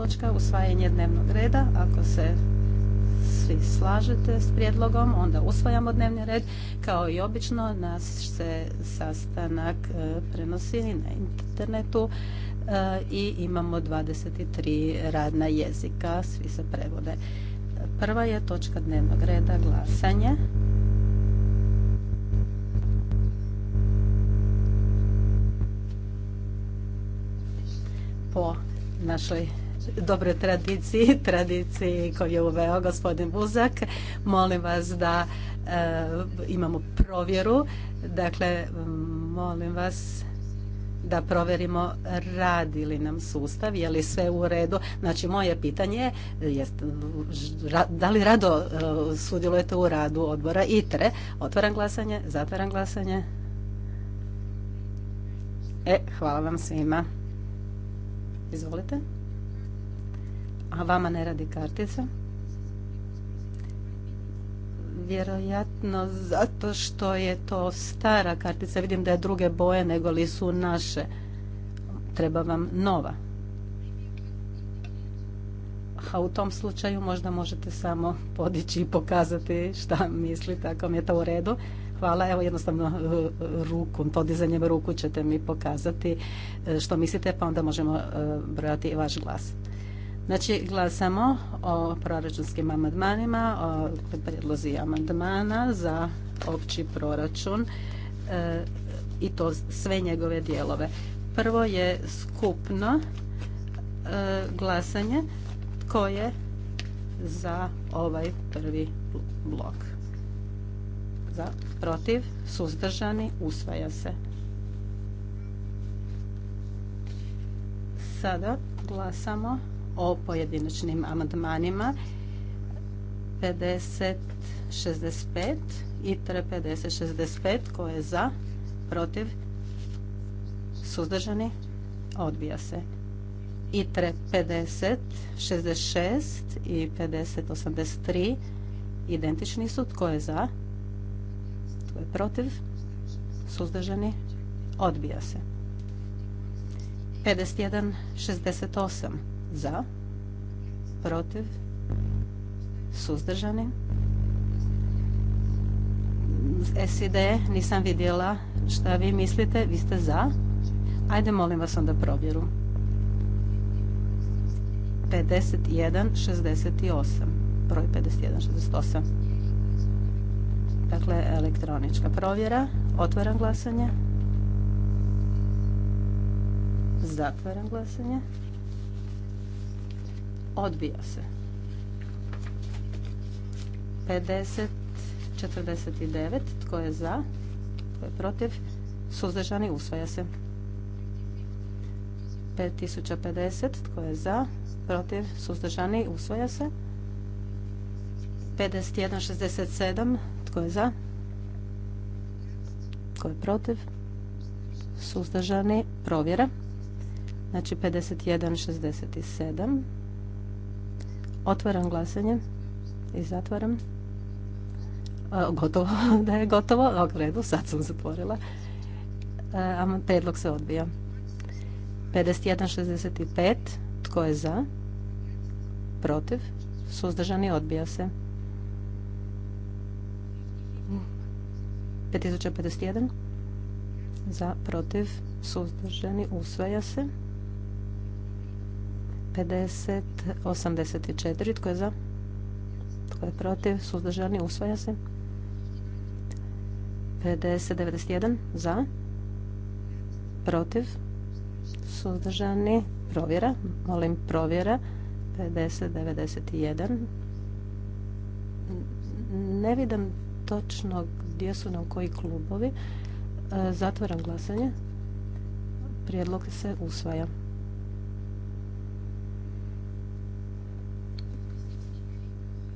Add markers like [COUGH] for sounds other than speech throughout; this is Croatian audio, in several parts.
točka usvajanje dnevnog reda. Ako se svi slažete s prijedlogom, onda usvajamo dnevni red. Kao i obično, nas se sastanak e, prenosi na internetu e, i imamo 23 radna jezika, svi se prevode. Prva je točka dnevnog reda glasanje. Po našoj dobroj tradiciji, [LAUGHS] tradiciji koju je uveo gospodin Buzak. Molim vas da eh, imamo provjeru. Dakle, molim vas da provjerimo radi li nam sustav, je li sve u redu. Znači, moje pitanje je da li rado eh, sudjelujete u radu odbora ITRE? Otvaram glasanje, zatvaram glasanje. E, hvala vam svima. Izvolite. A vama ne radi kartica? Vjerojatno zato što je to stara kartica. Vidim da je druge boje nego li su naše. Treba vam nova. A u tom slučaju možda možete samo podići i pokazati šta mislite ako mi je to u redu. Hvala. Evo jednostavno e, rukom, podizanjem ruku ćete mi pokazati e, što mislite pa onda možemo e, brojati i vaš glas. Znači, glasamo o proračunskim amandmanima, o predlozi amandmana za opći proračun e, i to sve njegove dijelove. Prvo je skupno e, glasanje tko je za ovaj prvi blok. Za, protiv, suzdržani, usvaja se. Sada glasamo o pojedinačnim amandmanima 50 65 i 50 65 koje je za protiv suzdržani odbija se i 50 66 i 50 83 identični su tko je za tko je protiv suzdržani odbija se 51 68 za protiv, suzdržani. SID, nisam vidjela šta vi mislite, vi ste za. Ajde, molim vas onda provjeru. 51, 68. Broj 51, 68. Dakle, elektronička provjera. Otvaram glasanje. Zatvaram glasanje. Odbija se. 50, 49. Tko je za? Tko je protiv? Suzdržani usvaja se. 5050. Tko je za? Protiv? Suzdržani usvaja se. 5167. Tko je za? Tko je protiv? Suzdržani provjera. Znači 5167. Otvaram glasanje i zatvaram. gotovo, [LAUGHS] da je gotovo. A, redu, sad sam zatvorila. A, predlog se odbija. 51.65. Tko je za? Protiv? Suzdržani odbija se. 5051. Za, protiv, suzdržani, usvaja se. 50, 84. Tko je za? Tko je protiv? Suzdržani? Usvaja se. 50, 91. Za? Protiv? Suzdržani? Provjera. Molim provjera. 50, 91. Ne vidim točno gdje su nam koji klubovi. E, zatvaram glasanje. Prijedlog se usvaja.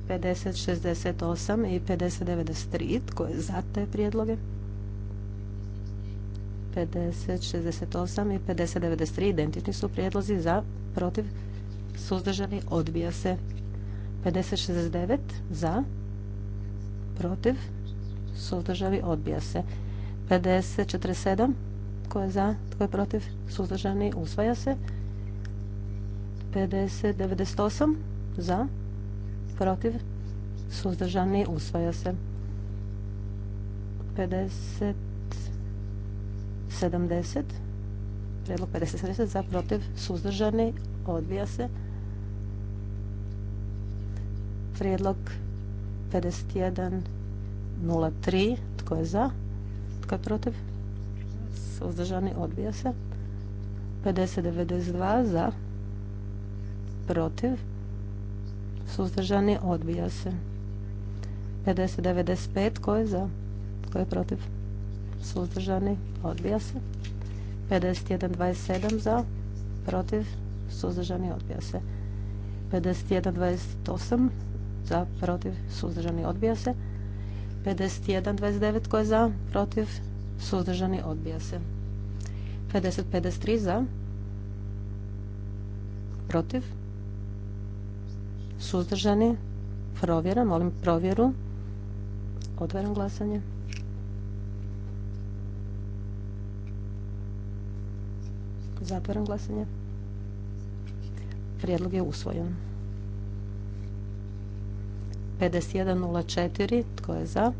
5068 i 5093. Tko je za te prijedloge? 5068 i 5093. Identični su prijedlozi za, protiv, suzdržani, odbija se. 5069 za, protiv, suzdržani, odbija se. 5047 tko je za, tko je protiv, suzdržani, usvaja se. 5098 za, protiv, suzdržani, usvaja se. 50, 70, prijedlog 50, 70, za, protiv, suzdržani, odbija se. Prijedlog 51, 03, tko je za, tko je protiv, suzdržani, odbija se. 50, 92, za, protiv, suzdržani, odbija se. 50-95, ko je za? Ko je protiv? Suzdržani, odbija se. 51-27 za, protiv, suzdržani, odbija se. 51-28 za, protiv, suzdržani, odbija se. 51-29 ko je za, protiv, suzdržani, odbija se. 50-53 za, protiv, Suzdržani? Provjera. Molim provjeru. Otvaram glasanje. Zatvaram glasanje. Prijedlog je usvojen. 51.04. Tko je za?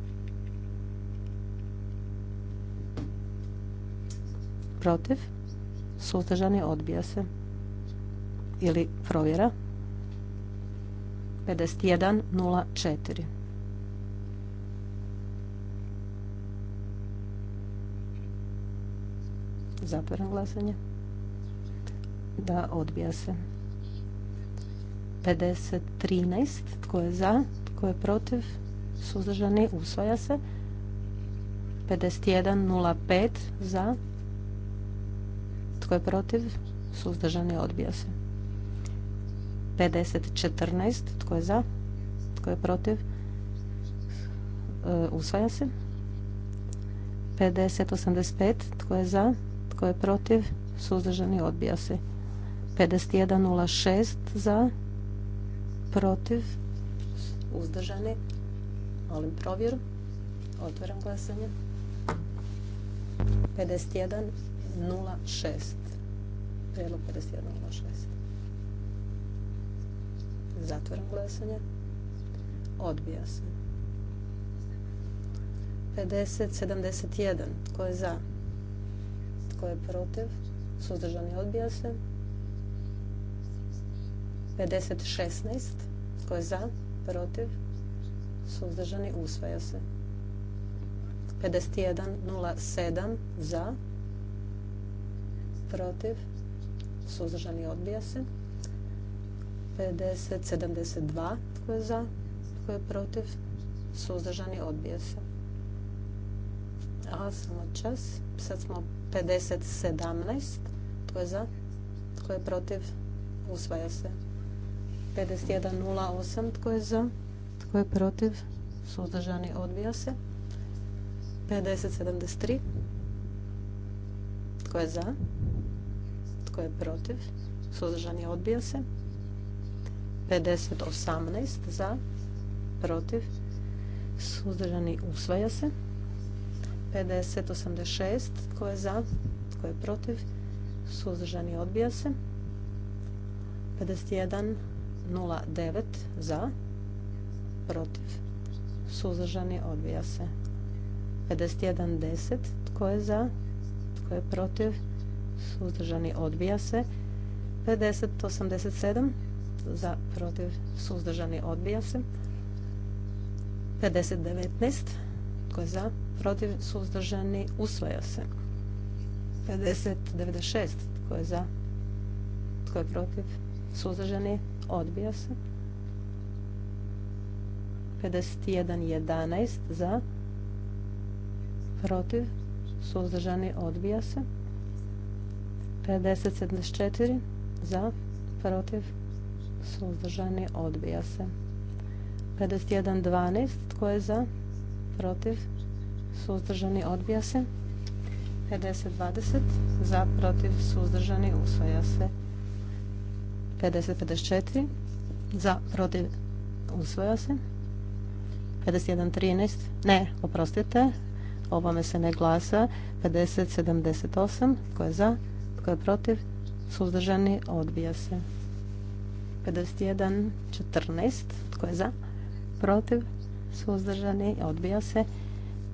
Protiv? Suzdržani odbija se. Ili provjera? 5104. Zatvoram glasanje. Da, odbija se. 5013. Tko je za? Tko je protiv? Suzdržani? Usvaja se. 5105. Za? Tko je protiv? Suzdržani? Odbija se. 5014. Tko je za? Tko je protiv? E, usvaja se. 5085. Tko je za? Tko je protiv? Suzdržani odbija se. 5106 za. Protiv. Uzdržani. Molim provjeru. Otvaram glasanje. 5106. Prijedlog 5106. Zatvaram glasanje. Odbija se. 50-71. je za? Ko je protiv? Suzdržani odbija se. 50-16. je za? Protiv? Suzdržani usvaja se. 51-07. Za? Protiv? Suzdržani odbija se. 50, 72. Tko je za? Tko je protiv? Suzdržani odbija se. A, samo čas. Sad smo 50, 17. Tko je za? Tko je protiv? Usvaja se. 51.08. Tko je za? Tko je protiv? Suzdržani odbija se. 50.73. Tko je za? Tko je protiv? Suzdržani odbija se. 5018 za, protiv, suzdržani usvaja se. 5086 tko je za, tko je protiv, suzdržani odbija se. 09 za, protiv, suzdržani odbija se. 5110 tko je za, tko je protiv, suzdržani odbija se. 5087 za protiv suzdržani odbija se. 5019 tko je za protiv suzdržani usvaja se. 5096 tko je za tko je protiv suzdržani odbija se. 5111 za protiv suzdržani odbija se. 5074 za protiv suzdržani, odbija se. 51.12. Tko je za? Protiv? Suzdržani, odbija se. 50.20. Za, protiv, suzdržani, usvaja se. 50.54. Za, protiv, usvaja se. 51.13. Ne, oprostite. Ovome se ne glasa. 50.78. Tko je za? Tko je protiv? Suzdržani, odbija se. 51, 14. Tko je za? Protiv? Suzdržani? Odbija se.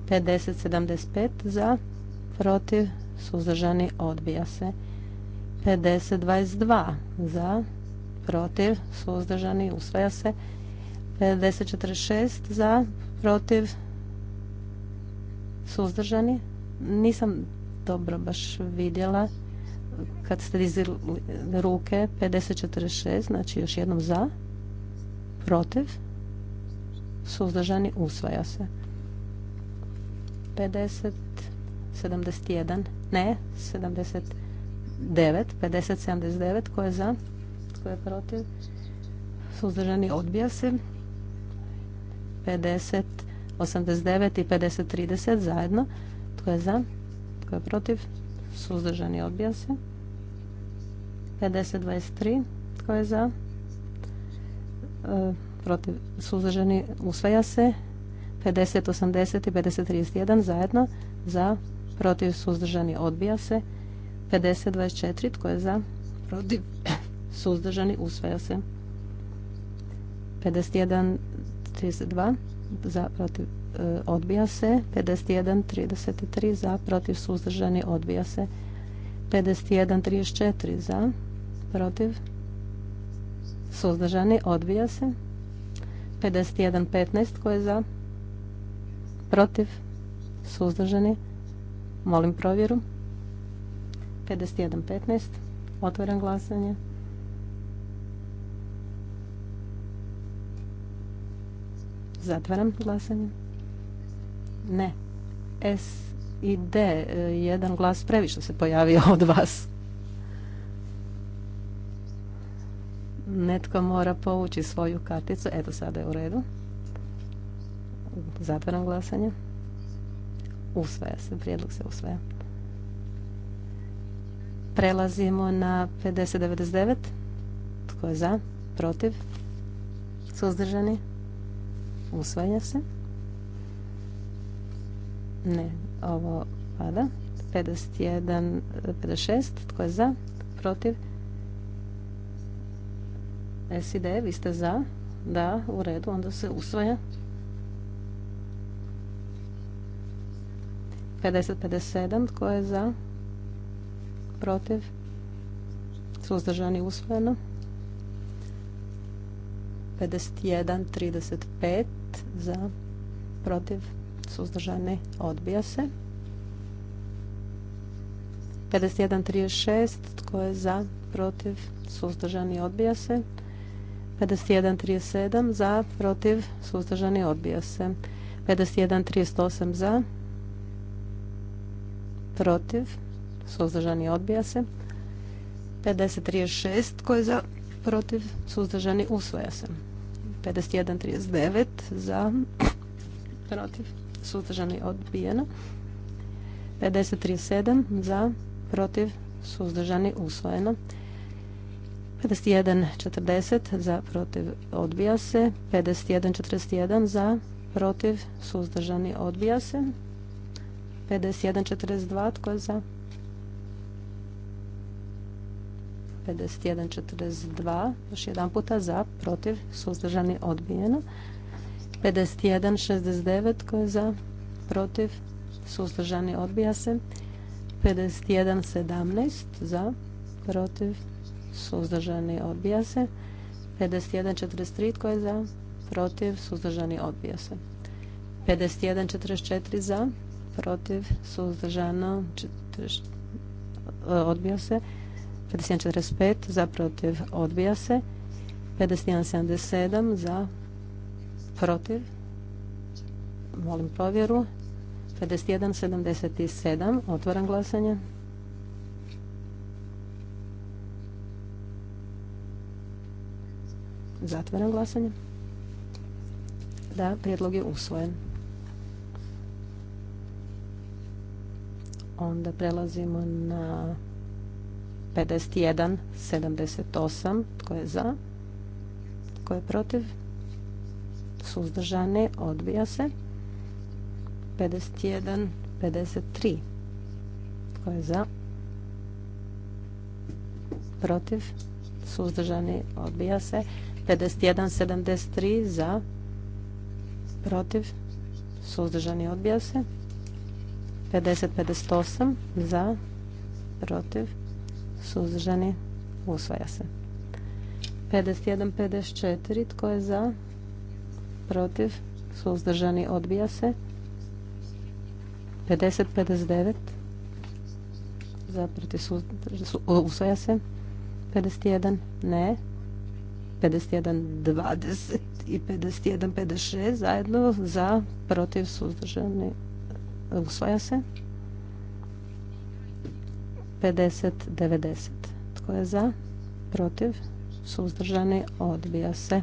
50, 75. Za? Protiv? Suzdržani? Odbija se. 50, 22. Za? Protiv? Suzdržani? Usvaja se. 50, 46. Za? Protiv? Suzdržani? Nisam dobro baš vidjela kad ste dizili ruke 50-46, znači još jednom za, protiv, suzdržani, usvaja se. 50, 71, ne, 79, 50, 79, ko je za, ko je protiv, suzdržani, odbija se. 50, 89 i 50, 30 zajedno, tko je za, tko je protiv, suzdržani odbija se. 50-23 tko je za e, protiv suzdržani usvaja se. 50-80 i 50-31 zajedno za protiv suzdržani odbija se. 50-24 tko je za protiv [COUGHS] suzdržani usvaja se. 51-32 za protiv E, odbija se. 51, 33 za, protiv suzdržani odbija se. 51, 34 za, protiv suzdržani odbija se. 51, 15 koje za, protiv suzdržani. Molim provjeru. 51, 15. Otvaram glasanje. Zatvaram glasanje. Ne. S i D. E, jedan glas previše se pojavio [LAUGHS] od vas. Netko mora povući svoju karticu. Eto, sada je u redu. Zatvaram glasanje. Usvaja se. Prijedlog se usvaja. Prelazimo na 5099. Tko je za? Protiv? Suzdržani? Usvaja se. Ne, ovo pada. 51, 56, tko je za? Protiv? SID, vi ste za? Da, u redu, onda se usvaja. 50-57, tko je za? Protiv? Suzdržani usvojeno. 51-35, za? Protiv? suzdržani, odbija se. 51.36, tko je za, protiv, suzdržani, odbija se. 51.37, za, protiv, suzdržani, odbija se. 51.38, za, protiv, suzdržani, odbija se. 50.36, tko je za, protiv, suzdržani, usvoja se. 51.39, za, protiv, suzdržani odbijeno. 5037 za, protiv, suzdržani usvojeno. 5140 za, protiv, odbija se. 5141 za, protiv, suzdržani odbija se. 5142 tko je za? 5142 još jedan puta za, protiv, suzdržani odbijeno. 51, 69 je za, protiv, suzdržani odbija se. 51, 17 za, protiv, suzdržani odbija se. 51, 43 je za, protiv, suzdržani odbija se. 51, 44 za, protiv, suzdržano, e, odbija se. 51, 45 za, protiv, odbija se. 51, 77 za, protiv, molim provjeru, 51.77, otvaram glasanje. Zatvaram glasanje. Da, prijedlog je usvojen. Onda prelazimo na 51.78. Tko je za? Tko je protiv? suzdržane, odbija se. 51, 53. Tko je za? Protiv? Suzdržani, odbija se. 51, 73. Za? Protiv? Suzdržani, odbija se. 50, 58. Za? Protiv? Suzdržani, usvaja se. 51, 54. Tko je za? protiv, suzdržani, odbija se. 50, 59, za, protiv, usvaja se. 51, ne. 51, 20 i 51, 56 zajedno, za, protiv, suzdržani, Usvoja se. 50, 90, tko je za, protiv, suzdržani, odbija se.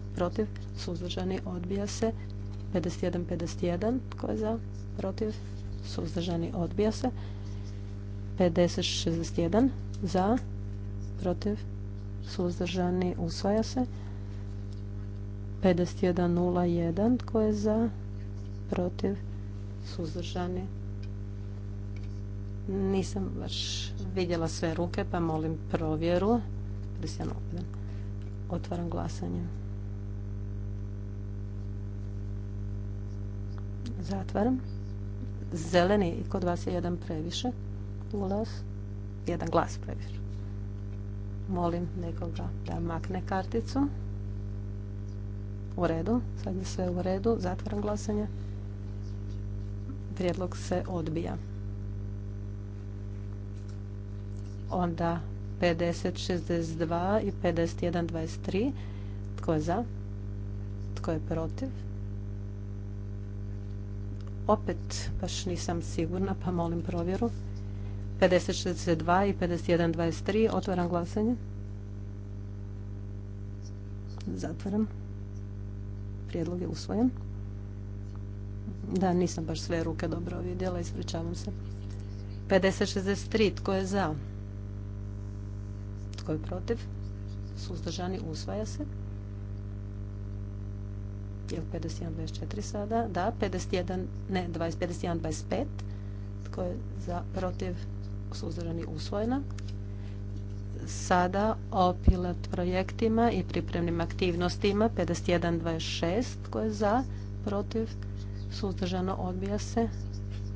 protiv, suzdržani, odbija se. 51, 51, tko je za, protiv, suzdržani, odbija se. 50, 61, za, protiv, suzdržani, usvaja se. 01, tko je za, protiv, suzdržani. Nisam baš vidjela sve ruke pa molim provjeru. Otvaram glasanje. Zatvaram. Zeleni i kod vas je jedan previše. ulaz. Jedan glas previše. Molim nekoga da makne karticu. U redu. Sad je sve u redu. Zatvaram glasanje. Prijedlog se odbija. Onda 50, 62 i 51, 23. Tko je za? Tko je protiv? opet baš nisam sigurna, pa molim provjeru. 5062 i 5123, otvaram glasanje. Zatvaram. Prijedlog je usvojen. Da, nisam baš sve ruke dobro vidjela, ispričavam se. 5063, tko je za? Tko je protiv? Suzdržani usvaja se. Je 51, 24 sada? Da, 51, ne, 20, 51, Tko je za, protiv, suzdržani, usvojena. Sada o pilot projektima i pripremnim aktivnostima 51.26 koje je za, protiv, suzdržano, odbija se.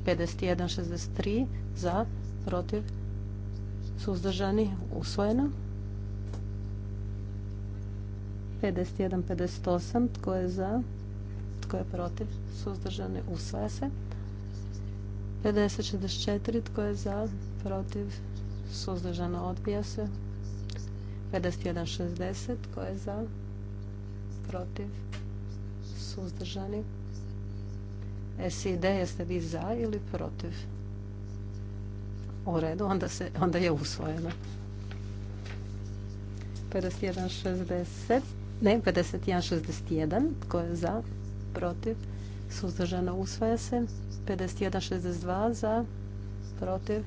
51.63 Za, protiv, suzdržani, usvojena. 51, 58. Tko je za? Tko je protiv? Suzdržani usvaja se. 50, 64. Tko je za? Protiv? Suzdržano odbija se. 51, 60. Tko je za? Protiv? Suzdržani. SID jeste vi za ili protiv? U redu, onda, se, onda je usvojeno. 51.60 ne, 51.61. Tko je za? Protiv? Suzdržano usvaja se. 51.62. Za? Protiv?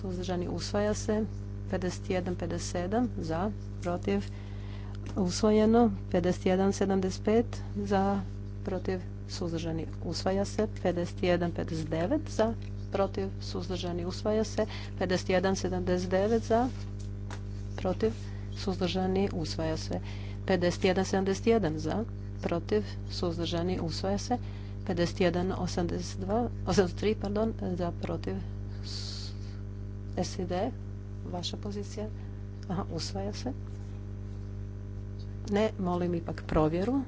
Suzdržani usvaja se. 51.57. Za? Protiv? Usvojeno. 51.75. Za? Protiv? Suzdržani usvaja se. 51.59. Za? Protiv? Suzdržani usvaja se. 51.79. Za? Protiv? Suzdržani usvaja se. 51.71 za, protiv, suzdržani, usvaja se. osamdeset 83, pardon, za, protiv, SID, vaša pozicija, aha, usvaja se. Ne, molim ipak provjeru.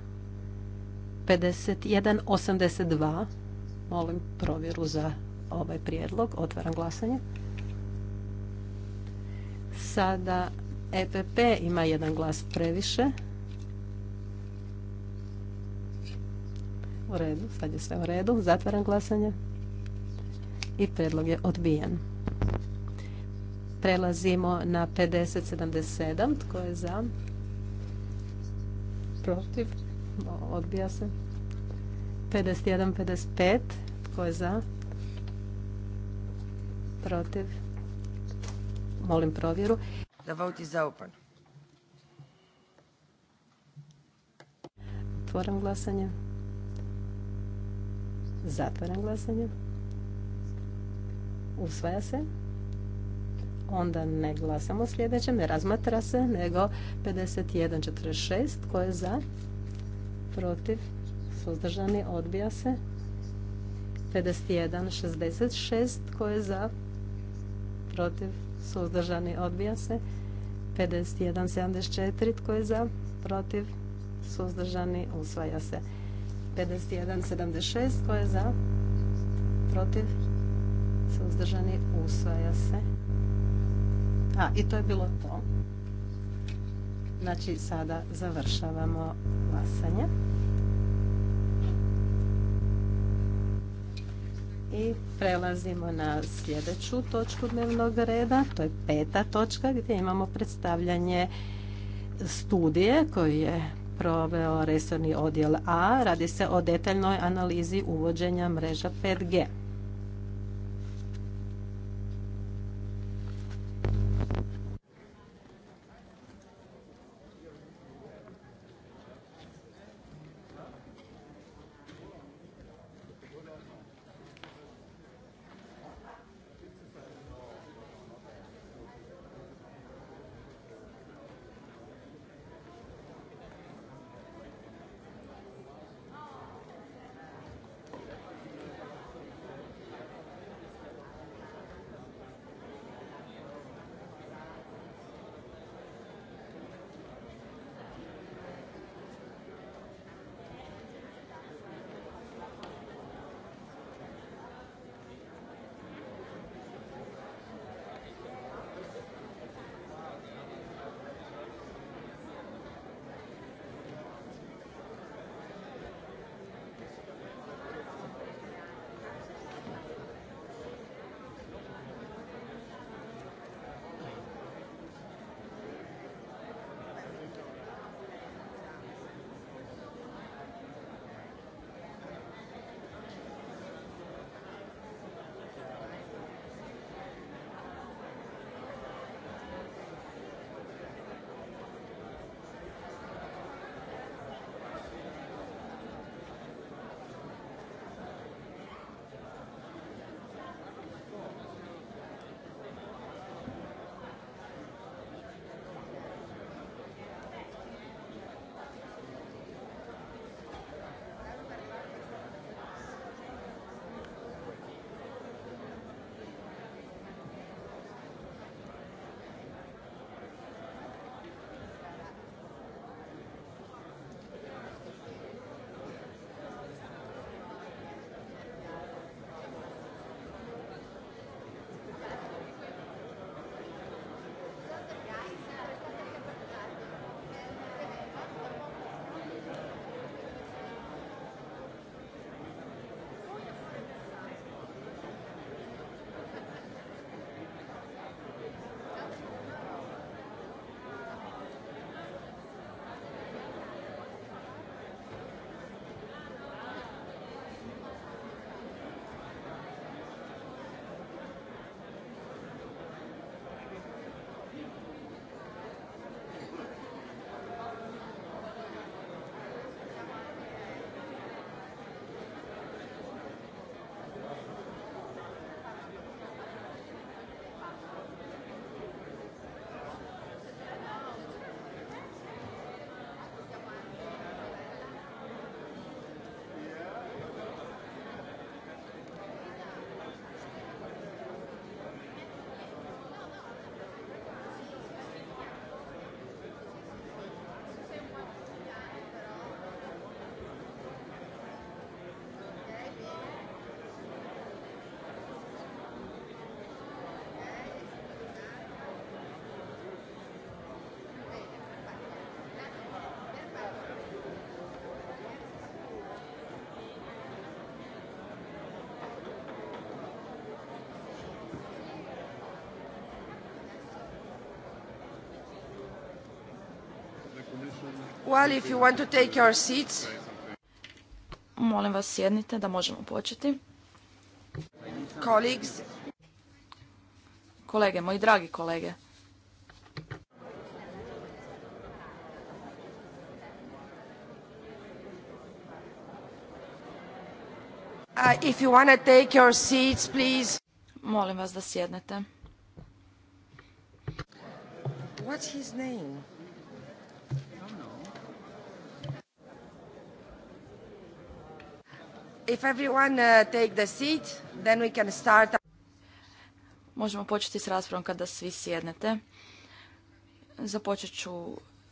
51.82, molim provjeru za ovaj prijedlog, otvaram glasanje. Sada EPP ima jedan glas previše. U redu, sad je sve u redu. Zatvaram glasanje. I predlog je odbijen. Prelazimo na 5077. Tko je za? Protiv? Odbija se. 51-55. Tko je za? Protiv? Molim provjeru. Da vote is open. Otvoram glasanje. Zatvaram glasanje. Usvaja se. Onda ne glasamo sljedećem, ne razmatra se, nego 51.46. Ko je za? Protiv? Suzdržani? Odbija se. 51.66. Ko je za? Protiv? Suzdržani? Odbija se. 51.74. Tko je za? Protiv? Suzdržani? Usvaja se. 51.76. Tko je za? Protiv? Suzdržani? Usvaja se. A, i to je bilo to. Znači, sada završavamo glasanje. I prelazimo na sljedeću točku dnevnog reda. To je peta točka gdje imamo predstavljanje studije koju je proveo resorni odjel A. Radi se o detaljnoj analizi uvođenja mreža 5G. if you want to take your seats. Molim vas sjednite da možemo početi. Colleagues. Kolege, moji dragi kolege. Uh, if you want to take your seats, please. Molim vas da sjednete. What's his name? If everyone uh, take the seat, then we can start. Možemo početi s raspravom kada svi sjednete. Započet ću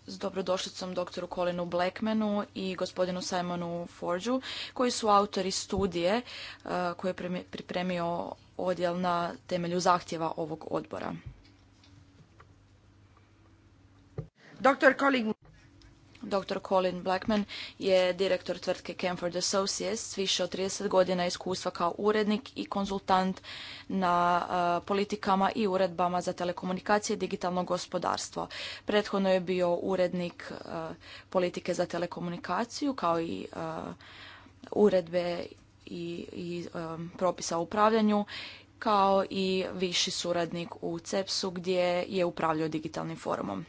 s dobrodošlicom doktoru Colinu Blackmanu i gospodinu Simonu Forđu, koji su autori studije uh, koje je pripremio odjel na temelju zahtjeva ovog odbora. Dr. Colin Dr. Colin Blackman je direktor tvrtke Camford Associates s više od 30 godina iskustva kao urednik i konzultant na e, politikama i uredbama za telekomunikacije i digitalno gospodarstvo. Prethodno je bio urednik e, politike za telekomunikaciju kao i e, uredbe i, i propisa o upravljanju kao i viši suradnik u CEPS-u gdje je upravljao digitalnim forumom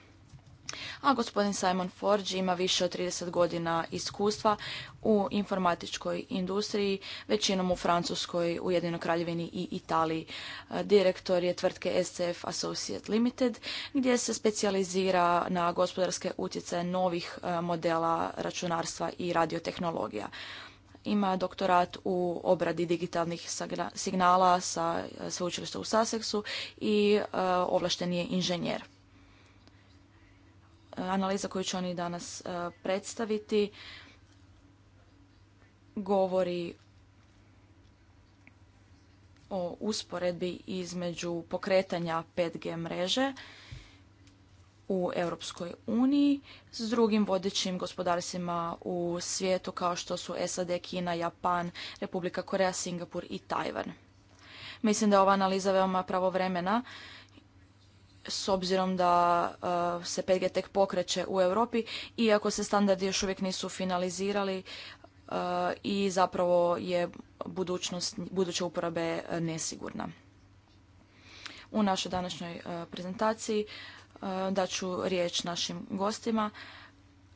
a gospodin Simon Forge ima više od 30 godina iskustva u informatičkoj industriji, većinom u Francuskoj, Jedinoj Kraljevini i Italiji. Direktor je tvrtke SCF Associate Limited, gdje se specijalizira na gospodarske utjecaje novih e, modela računarstva i radiotehnologija. Ima doktorat u obradi digitalnih signala sa e, sveučilišta u Sussexu i e, ovlašten je inženjer. E, analiza koju će oni danas e, predstaviti govori o usporedbi između pokretanja 5G mreže u Europskoj uniji s drugim vodećim gospodarstvima u svijetu kao što su SAD, Kina, Japan, Republika Koreja, Singapur i Tajvan. Mislim da je ova analiza veoma pravovremena s obzirom da eh, se 5G tek pokreće u Europi, iako se standardi još uvijek nisu finalizirali eh, i zapravo je budućnost, buduća uporabe eh, nesigurna. U našoj današnjoj prezentaciji daću riječ našim gostima,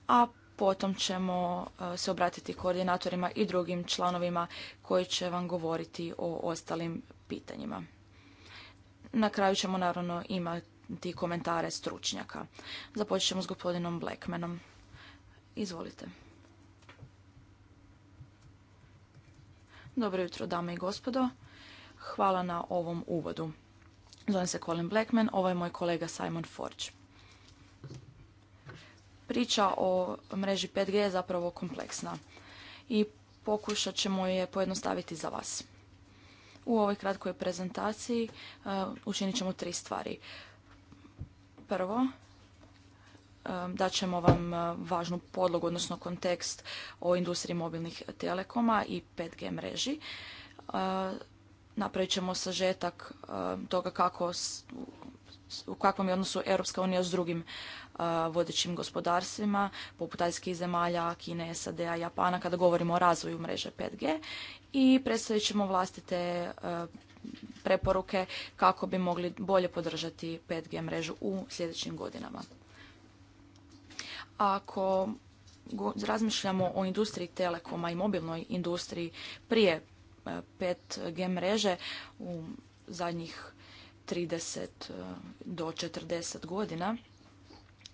a potom ćemo se obratiti koordinatorima i drugim članovima koji će vam govoriti o ostalim pitanjima. Na kraju ćemo naravno imati ti komentare stručnjaka. Započet ćemo s gospodinom Blackmanom. Izvolite. Dobro jutro, dame i gospodo. Hvala na ovom uvodu. Zovem se Colin Blackman, ovo je moj kolega Simon Forge. Priča o mreži 5G je zapravo kompleksna i pokušat ćemo je pojednostaviti za vas. U ovoj kratkoj prezentaciji e, učinit ćemo tri stvari. Prvo, e, dat ćemo vam e, važnu podlogu, odnosno kontekst o industriji mobilnih telekoma i 5G mreži. E, napravit ćemo sažetak toga kako, u kakvom je odnosu Europska unija s drugim vodećim gospodarstvima, poput tajskih zemalja, Kine, SAD-a, Japana, kada govorimo o razvoju mreže 5G. I predstavit ćemo vlastite preporuke kako bi mogli bolje podržati 5G mrežu u sljedećim godinama. Ako razmišljamo o industriji telekoma i mobilnoj industriji prije 5G e, mreže u zadnjih 30 e, do 40 godina,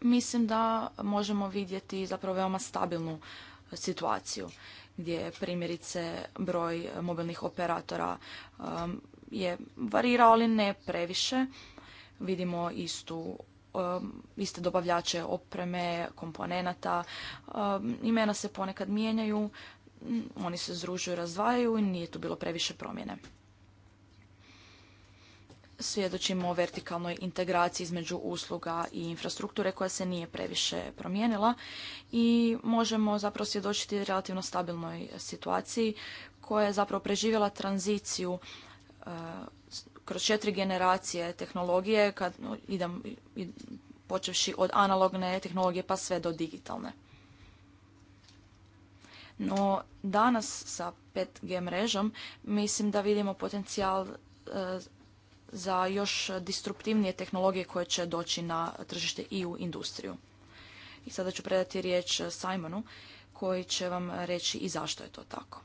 mislim da možemo vidjeti zapravo veoma stabilnu situaciju gdje primjerice broj mobilnih operatora e, je varirao, ali ne previše. Vidimo istu um, iste dobavljače opreme, komponenata. Um, imena se ponekad mijenjaju, mm, oni se zružuju, razdvajaju i nije tu bilo previše promjene. Svjedočimo o vertikalnoj integraciji između usluga i infrastrukture koja se nije previše promijenila i možemo zapravo svjedočiti relativno stabilnoj situaciji koja je zapravo preživjela tranziciju E, kroz četiri generacije tehnologije, kad idem, počevši od analogne tehnologije pa sve do digitalne. No, danas sa 5G mrežom mislim da vidimo potencijal e, za još disruptivnije tehnologije koje će doći na tržište i u industriju. I sada ću predati riječ Simonu koji će vam reći i zašto je to tako.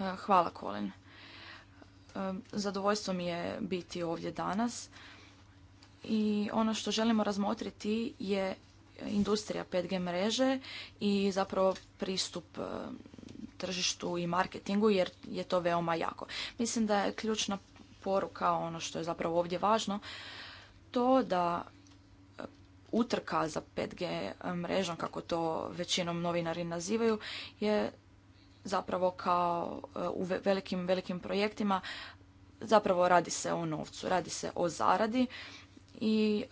E, hvala Colin. E, zadovoljstvo mi je biti ovdje danas i ono što želimo razmotriti je industrija 5G mreže i zapravo pristup e, tržištu i marketingu jer je to veoma jako. Mislim da je ključna poruka, ono što je zapravo ovdje važno, to da utrka za 5G mrežom, kako to većinom novinari nazivaju, je zapravo kao e, u velikim, velikim projektima zapravo radi se o novcu, radi se o zaradi i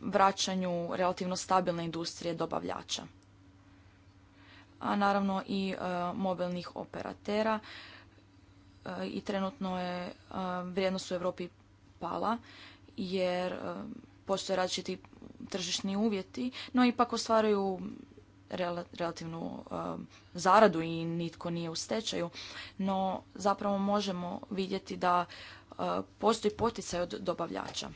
vraćanju relativno stabilne industrije dobavljača. A naravno i e, mobilnih operatera e, i trenutno je vrijednost u Europi pala jer postoje različiti tržišni uvjeti, no ipak ostvaraju relativnu um, zaradu i nitko nije u stečaju, no zapravo možemo vidjeti da uh, postoji poticaj od dobavljača.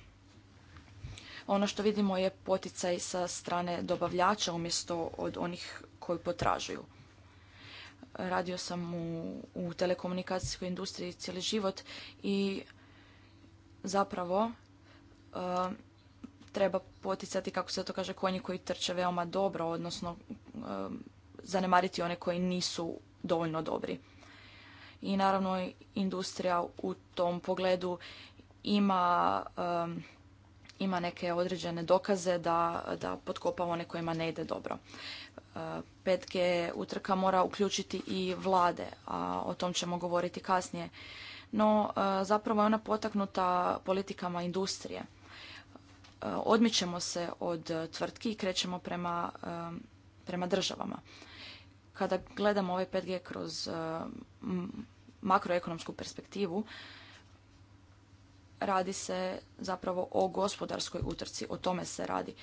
Ono što vidimo je poticaj sa strane dobavljača umjesto od onih koji potražuju. Radio sam u, telekomunikacijskoj industriji cijeli život i zapravo um, treba poticati, kako se to kaže, konji koji trče veoma dobro, odnosno um, zanemariti one koji nisu dovoljno dobri. I naravno industrija u tom pogledu ima, um, ima neke određene dokaze da, da potkopa one kojima ne ide dobro. 5G uh, utrka mora uključiti i vlade, a o tom ćemo govoriti kasnije. No, uh, zapravo je ona potaknuta politikama industrije Eh, odmičemo se od eh, tvrtki i krećemo eh, prema, državama. Kada gledamo ovaj 5G kroz makroekonomsku perspektivu, radi se zapravo o gospodarskoj utrci, o tome se radi.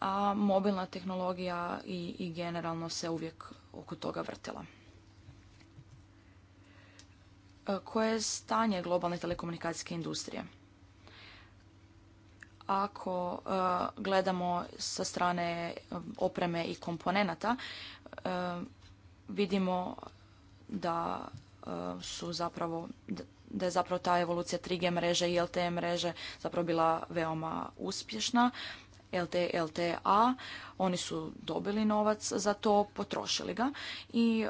A mobilna tehnologija i, generalno se uvijek oko toga vrtila. Koje je stanje globalne telekomunikacijske industrije? ako e, gledamo sa strane opreme i komponenata, e, vidimo da e, su zapravo da je zapravo ta evolucija 3G mreže i LTE mreže zapravo bila veoma uspješna. LTE, LTE-A, oni su dobili novac za to, potrošili ga i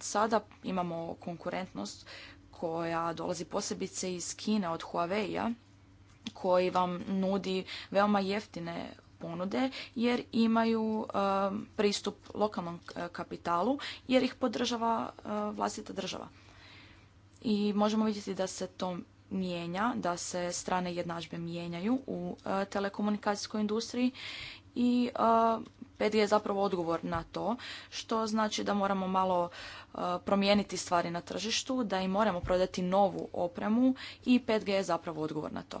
sada imamo konkurentnost koja dolazi posebice iz Kine od Huawei-a koji vam nudi veoma jeftine ponude jer imaju um, pristup lokalnom uh, kapitalu jer ih podržava uh, vlastita država. I možemo vidjeti da se to mijenja, da se strane jednadžbe mijenjaju u uh, telekomunikacijskoj industriji i 5G je zapravo odgovor na to, što znači da moramo malo promijeniti stvari na tržištu, da im moramo prodati novu opremu i 5G je zapravo odgovor na to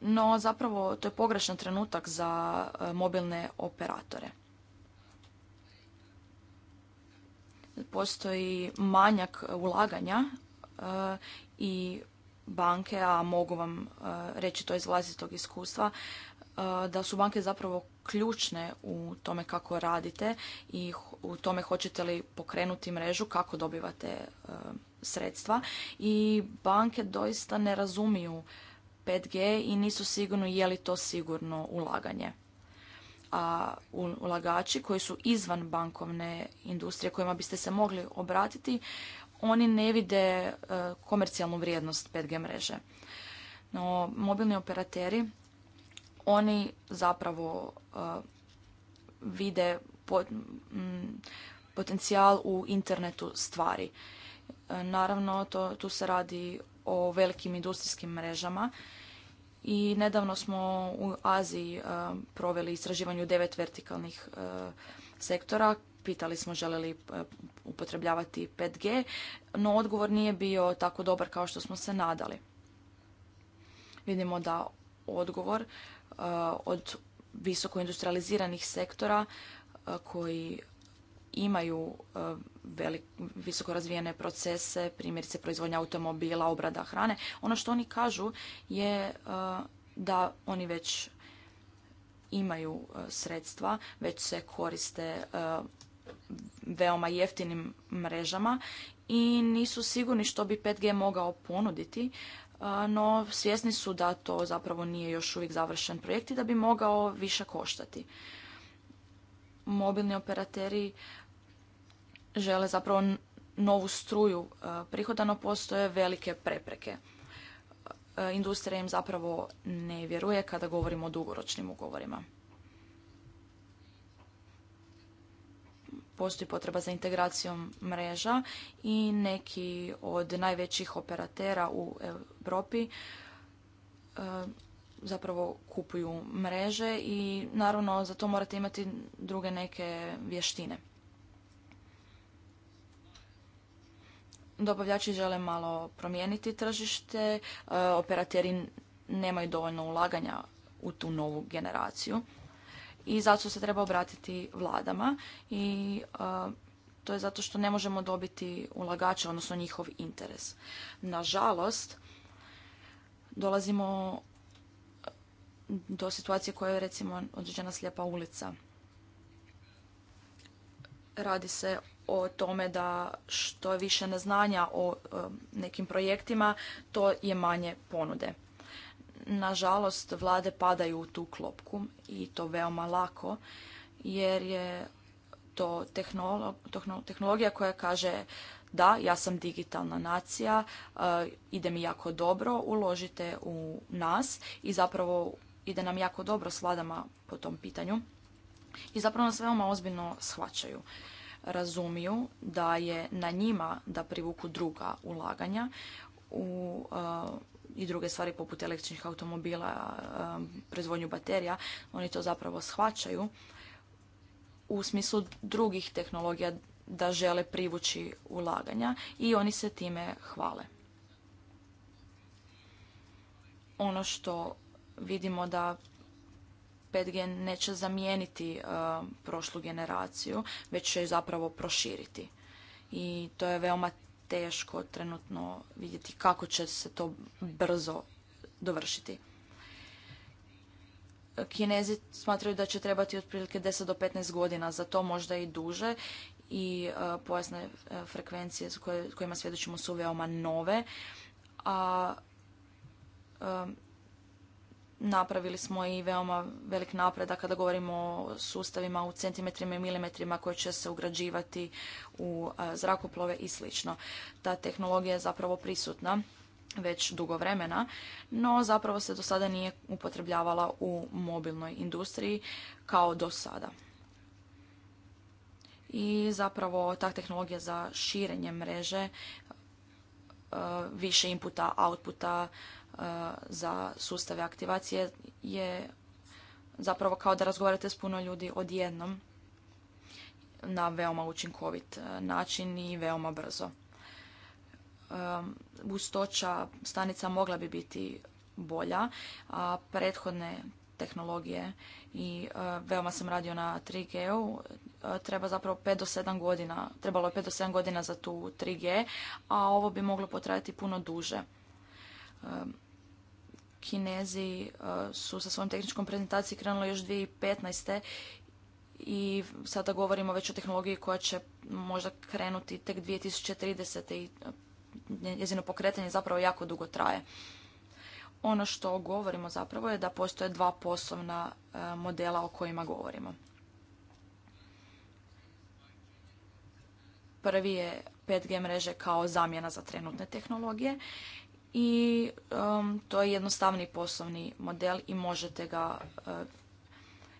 no zapravo to je pogrešan trenutak za e, mobilne operatore. Postoji manjak ulaganja e, i banke, a mogu vam e, reći to iz vlastitog iskustva, da su banke zapravo ključne u tome kako radite i u tome hoćete li pokrenuti mrežu, kako dobivate sredstva. I banke doista ne razumiju 5G i nisu sigurni je li to sigurno ulaganje. A ulagači koji su izvan bankovne industrije kojima biste se mogli obratiti, oni ne vide e, komercijalnu vrijednost 5G mreže. No, mobilni operateri, oni zapravo e, vide potencijal u internetu stvari. E, naravno, to, tu se radi o velikim industrijskim mrežama i nedavno smo u Aziji e, proveli istraživanje u devet vertikalnih e, sektora. Pitali smo žele li e, upotrebljavati 5G, no odgovor nije bio tako dobar kao što smo se nadali. Vidimo da odgovor od visoko industrializiranih sektora koji imaju visokorazvijene visoko razvijene procese, primjerice proizvodnja automobila, obrada hrane. Ono što oni kažu je e, da oni već imaju e, sredstva, već se koriste e, veoma jeftinim mrežama i nisu sigurni što bi 5G mogao ponuditi, no svjesni su da to zapravo nije još uvijek završen projekt i da bi mogao više koštati. Mobilni operateri žele zapravo novu struju e, prihoda, no postoje velike prepreke. E, industrija im zapravo ne vjeruje kada govorimo o dugoročnim ugovorima. Postoji potreba za integracijom mreža i neki od najvećih operatera u Europi e, zapravo kupuju mreže i naravno za to morate imati druge neke vještine. Dobavljači žele malo promijeniti tržište, e, operateri nemaju dovoljno ulaganja u tu novu generaciju i zato se treba obratiti vladama i e, to je zato što ne možemo dobiti ulagača, odnosno njihov interes. Nažalost, dolazimo do situacije koja je recimo određena slijepa ulica. Radi se o tome da što je više neznanja o e, nekim projektima, to je manje ponude. Nažalost, vlade padaju u tu klopku i to veoma lako, jer je to tehnologija koja kaže da, ja sam digitalna nacija, e, ide mi jako dobro, uložite u nas i zapravo ide nam jako dobro s vladama po tom pitanju. I zapravo nas veoma ozbiljno shvaćaju razumiju da je na njima da privuku druga ulaganja u eh, i druge stvari poput električnih automobila, eh, proizvodnju baterija, oni to zapravo shvaćaju u smislu drugih tehnologija da žele privući ulaganja i oni se time hvale. Ono što vidimo da 5G neće zamijeniti e, prošlu generaciju, već će ju zapravo proširiti. I to je veoma teško trenutno vidjeti kako će se to brzo dovršiti. Kinezi smatraju da će trebati otprilike 10 do 15 godina, za to možda i duže i e, pojasne e, frekvencije kojima svjedočimo su veoma nove, a Napravili smo i veoma velik napredak kada govorimo o sustavima u centimetrima i milimetrima koje će se ugrađivati u zrakoplove i sl. Ta tehnologija je zapravo prisutna već dugo vremena, no zapravo se do sada nije upotrebljavala u mobilnoj industriji kao do sada. I zapravo ta tehnologija za širenje mreže, više inputa, outputa, E, za sustave aktivacije je zapravo kao da razgovarate s puno ljudi odjednom na veoma učinkovit e, način i veoma brzo. E, gustoća stanica mogla bi biti bolja, a prethodne tehnologije i veoma sam radio na 3G-u, treba zapravo 5 do 7 godina, trebalo je 5 do 7 godina za tu 3G, a ovo bi moglo potrajati puno duže. Kinezi e, su sa svojom tehničkom prezentacijom krenuli još 2015. i sada govorimo već o tehnologiji koja će možda krenuti tek 2030. i e, njezino pokretanje zapravo jako dugo traje. Ono što govorimo zapravo je da postoje dva poslovna e, modela o kojima govorimo. Prvi je 5G mreže kao zamjena za trenutne tehnologije i um, to je jednostavni poslovni model i možete ga uh,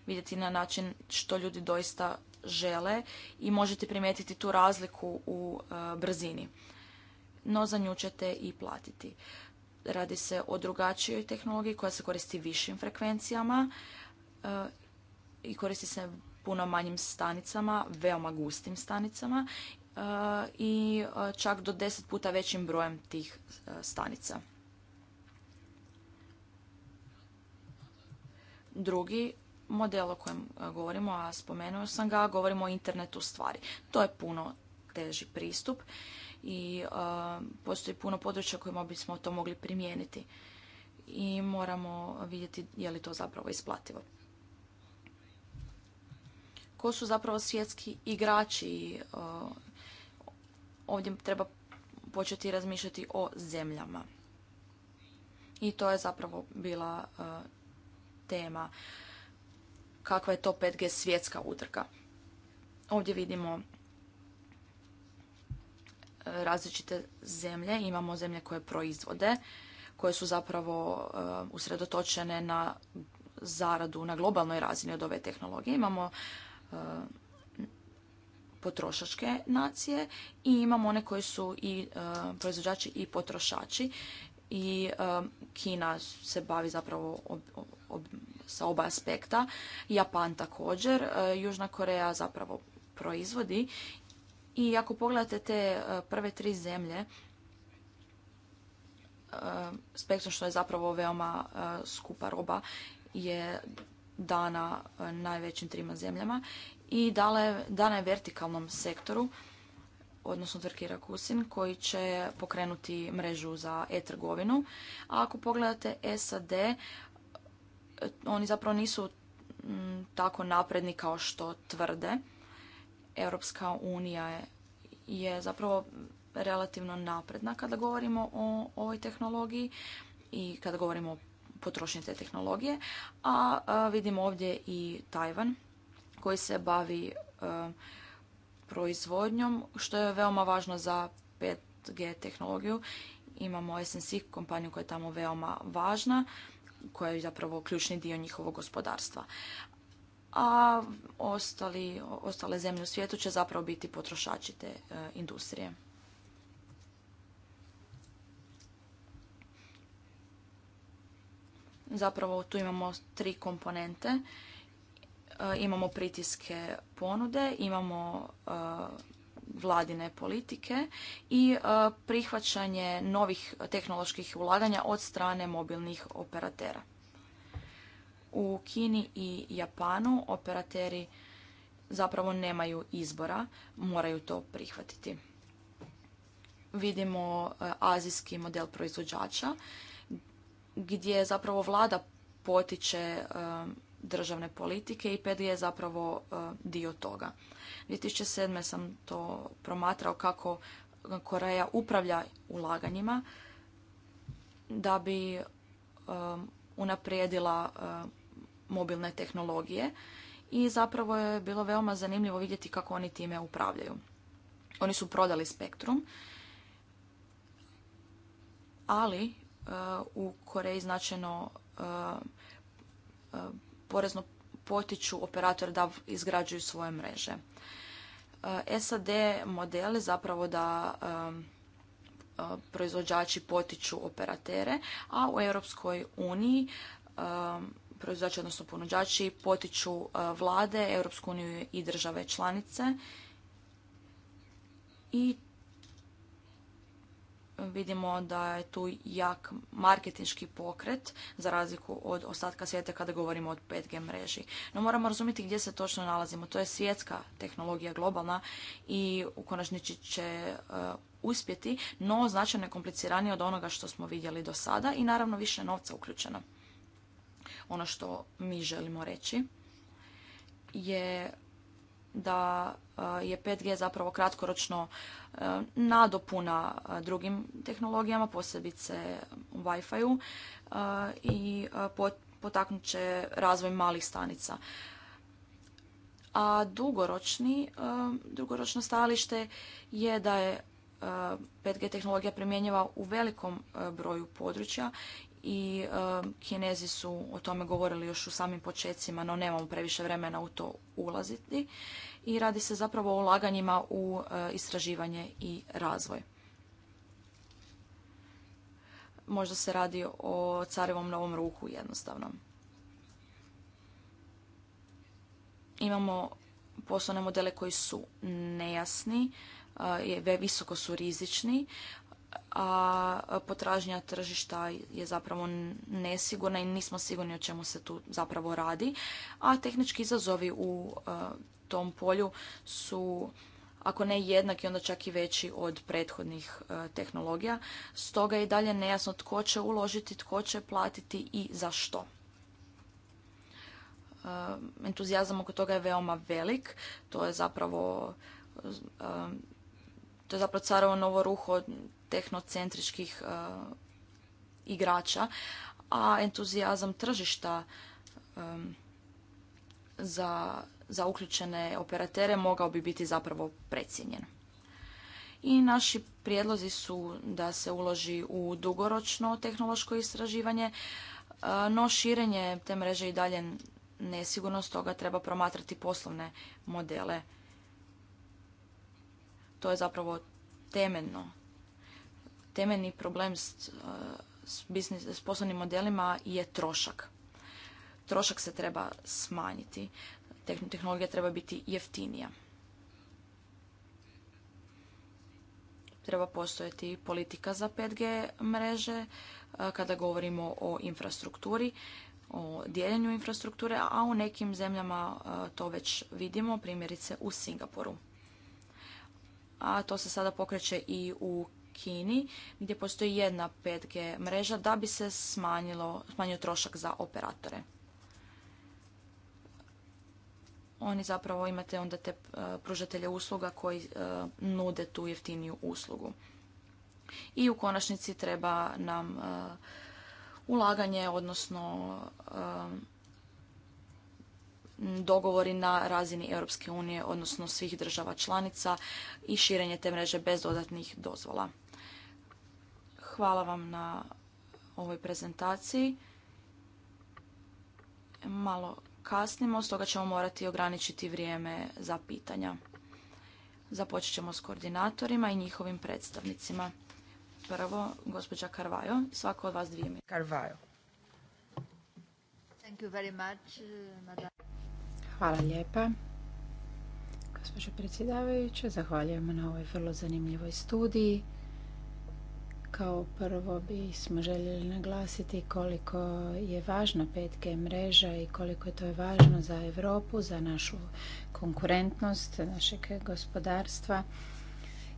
vidjeti na način što ljudi doista žele i možete primijetiti tu razliku u uh, brzini. No za nju ćete i platiti. Radi se o drugačijoj tehnologiji koja se koristi višim frekvencijama uh, i koristi se puno manjim stanicama, veoma gustim stanicama i e, čak do 10 puta većim brojem tih e, stanica. Drugi model o kojem e, govorimo, a spomenuo sam ga, govorimo o internetu stvari. To je puno teži pristup i postoji puno područja kojima bismo to mogli primijeniti i moramo vidjeti je li to zapravo isplativo. Ko su zapravo svjetski igrači ovdje treba početi razmišljati o zemljama. I to je zapravo bila e, tema kakva je to 5G svjetska utrka. Ovdje vidimo e, različite zemlje. Imamo zemlje koje proizvode, koje su zapravo e, usredotočene na zaradu na globalnoj razini od ove tehnologije. Imamo potrošačke nacije i imamo one koji su i e, proizvođači i potrošači i e, Kina se bavi zapravo sa oba aspekta, Japan također, e, Južna Koreja zapravo proizvodi i ako pogledate te prve tri zemlje, spektrum što je zapravo veoma skupa roba je dana najvećim trima zemljama i dana je vertikalnom sektoru, odnosno tvrtki Rakusin, koji će pokrenuti mrežu za e-trgovinu. A ako pogledate SAD, oni zapravo nisu mm, tako napredni kao što tvrde. Europska unija je zapravo relativno napredna kada govorimo o ovoj tehnologiji i kada govorimo o potrošnji te tehnologije. A vidimo ovdje i Tajvan koji se bavi e, proizvodnjom, što je veoma važno za 5G tehnologiju. Imamo SNC kompaniju koja je tamo veoma važna, koja je zapravo ključni dio njihovog gospodarstva. A ostali, ostale zemlje u svijetu će zapravo biti potrošači te e, industrije. Zapravo tu imamo tri komponente E, imamo pritiske ponude, imamo e, vladine politike i e, prihvaćanje novih tehnoloških ulaganja od strane mobilnih operatera. U Kini i Japanu operateri zapravo nemaju izbora, moraju to prihvatiti. Vidimo azijski model proizvođača gdje zapravo vlada potiče državne politike i PED je zapravo e, dio toga. 2007. sam to promatrao kako Koreja upravlja ulaganjima da bi e, unaprijedila e, mobilne tehnologije i zapravo je bilo veoma zanimljivo vidjeti kako oni time upravljaju. Oni su prodali spektrum, ali u Koreji značajno porezno potiču operatore da izgrađuju svoje mreže. E, SAD model je zapravo da e, proizvođači potiču operatere, a u Europskoj uniji proizvođači, odnosno ponuđači, potiču e, vlade, Europsku uniju i države članice i vidimo da je tu jak marketinški pokret za razliku od ostatka svijeta kada govorimo o 5G mreži. No moramo razumjeti gdje se točno nalazimo. To je svjetska tehnologija globalna i u konačnici će e, uspjeti, no značajno je kompliciranije od onoga što smo vidjeli do sada i naravno više novca uključeno. Ono što mi želimo reći je da Eh, je 5G zapravo kratkoročno eh, nadopuna eh, drugim tehnologijama, posebice Wi-Fi-u i potaknut će razvoj malih stanica. A dugoročni, dugoročno stajalište je da je 5G tehnologija primjenjiva u velikom broju područja i kinezi su o tome govorili još u samim počecima, no nemamo previše vremena u to ulaziti. I radi se zapravo o ulaganjima u eh, istraživanje i razvoj. Možda se radi o carevom novom ruku, jednostavno. Imamo poslovne modele koji su nejasni, eh, visoko su rizični, a potražnja tržišta je zapravo nesigurna i nismo sigurni o čemu se tu zapravo radi. A tehnički izazovi u e, tom polju su ako ne jednaki, onda čak i veći od prethodnih e, tehnologija. Stoga je i dalje nejasno tko će uložiti, tko će platiti i za što. E, entuzijazam oko toga je veoma velik. To je zapravo to je zapravo ovo novo ruho tehnocentričkih e, igrača, a entuzijazam tržišta e, za, za uključene operatere mogao bi biti zapravo precijenjen. I naši prijedlozi su da se uloži u dugoročno tehnološko istraživanje, e, no širenje te mreže i dalje nesigurno, stoga treba promatrati poslovne modele. To je zapravo temeljno temeljni problem s, e, s, poslovnim modelima je trošak. Trošak se treba smanjiti. Tehnologija treba biti jeftinija. Treba postojati politika za 5G mreže e, kada govorimo o infrastrukturi o dijeljenju infrastrukture, a u nekim zemljama e, to već vidimo, primjerice u Singapuru. A to se sada pokreće i u Kini gdje postoji jedna 5G mreža da bi se smanjilo, smanjio trošak za operatore. Oni zapravo imate onda te e, pružatelje usluga koji e, nude tu jeftiniju uslugu. I u konačnici treba nam e, ulaganje, odnosno dogovori na razini Europske unije, odnosno svih država članica i širenje te mreže bez dodatnih dozvola. Hvala vam na ovoj prezentaciji. Malo kasnimo, stoga ćemo morati ograničiti vrijeme za pitanja. Započet ćemo s koordinatorima i njihovim predstavnicima. Prvo, gospođa Karvajo, svako od vas dvije minuta. Karvajo. Thank you uh, Hvala lijepa. Gospođo predsjedavajuća, zahvaljujemo na ovoj vrlo zanimljivoj studiji. Kao prvo bismo željeli naglasiti koliko je važna 5G mreža i koliko je to je važno za Europu, za našu konkurentnost, našeg gospodarstva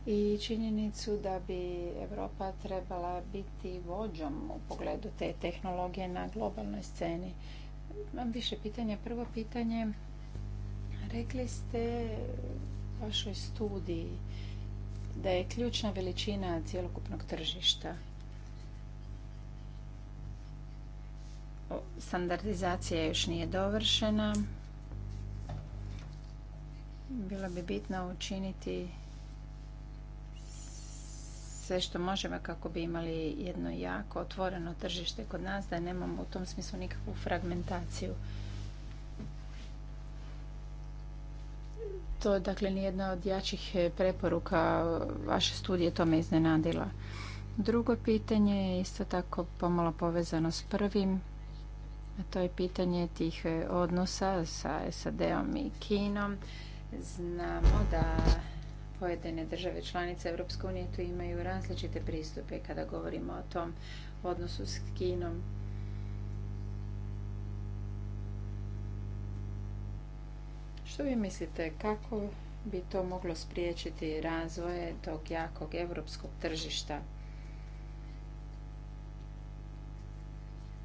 i činjenicu da bi Europa trebala biti vođom u pogledu te tehnologije na globalnoj sceni. Imam više pitanja. Prvo pitanje Rekli ste u vašoj studiji da je ključna veličina cjelokupnog tržišta standardizacija još nije dovršena. Bilo bi bitno učiniti sve što možemo kako bi imali jedno jako otvoreno tržište kod nas, da nemamo u tom smislu nikakvu fragmentaciju. to dakle nijedna od jačih e, preporuka vaše studije to me iznenadila. Drugo pitanje je isto tako pomalo povezano s prvim, a to je pitanje tih e, odnosa sa SAD-om i Kinom. Znamo da pojedine države članice Europske unije tu imaju različite pristupe kada govorimo o tom odnosu s Kinom Što vi mislite, kako bi to moglo spriječiti razvoje tog jakog europskog tržišta?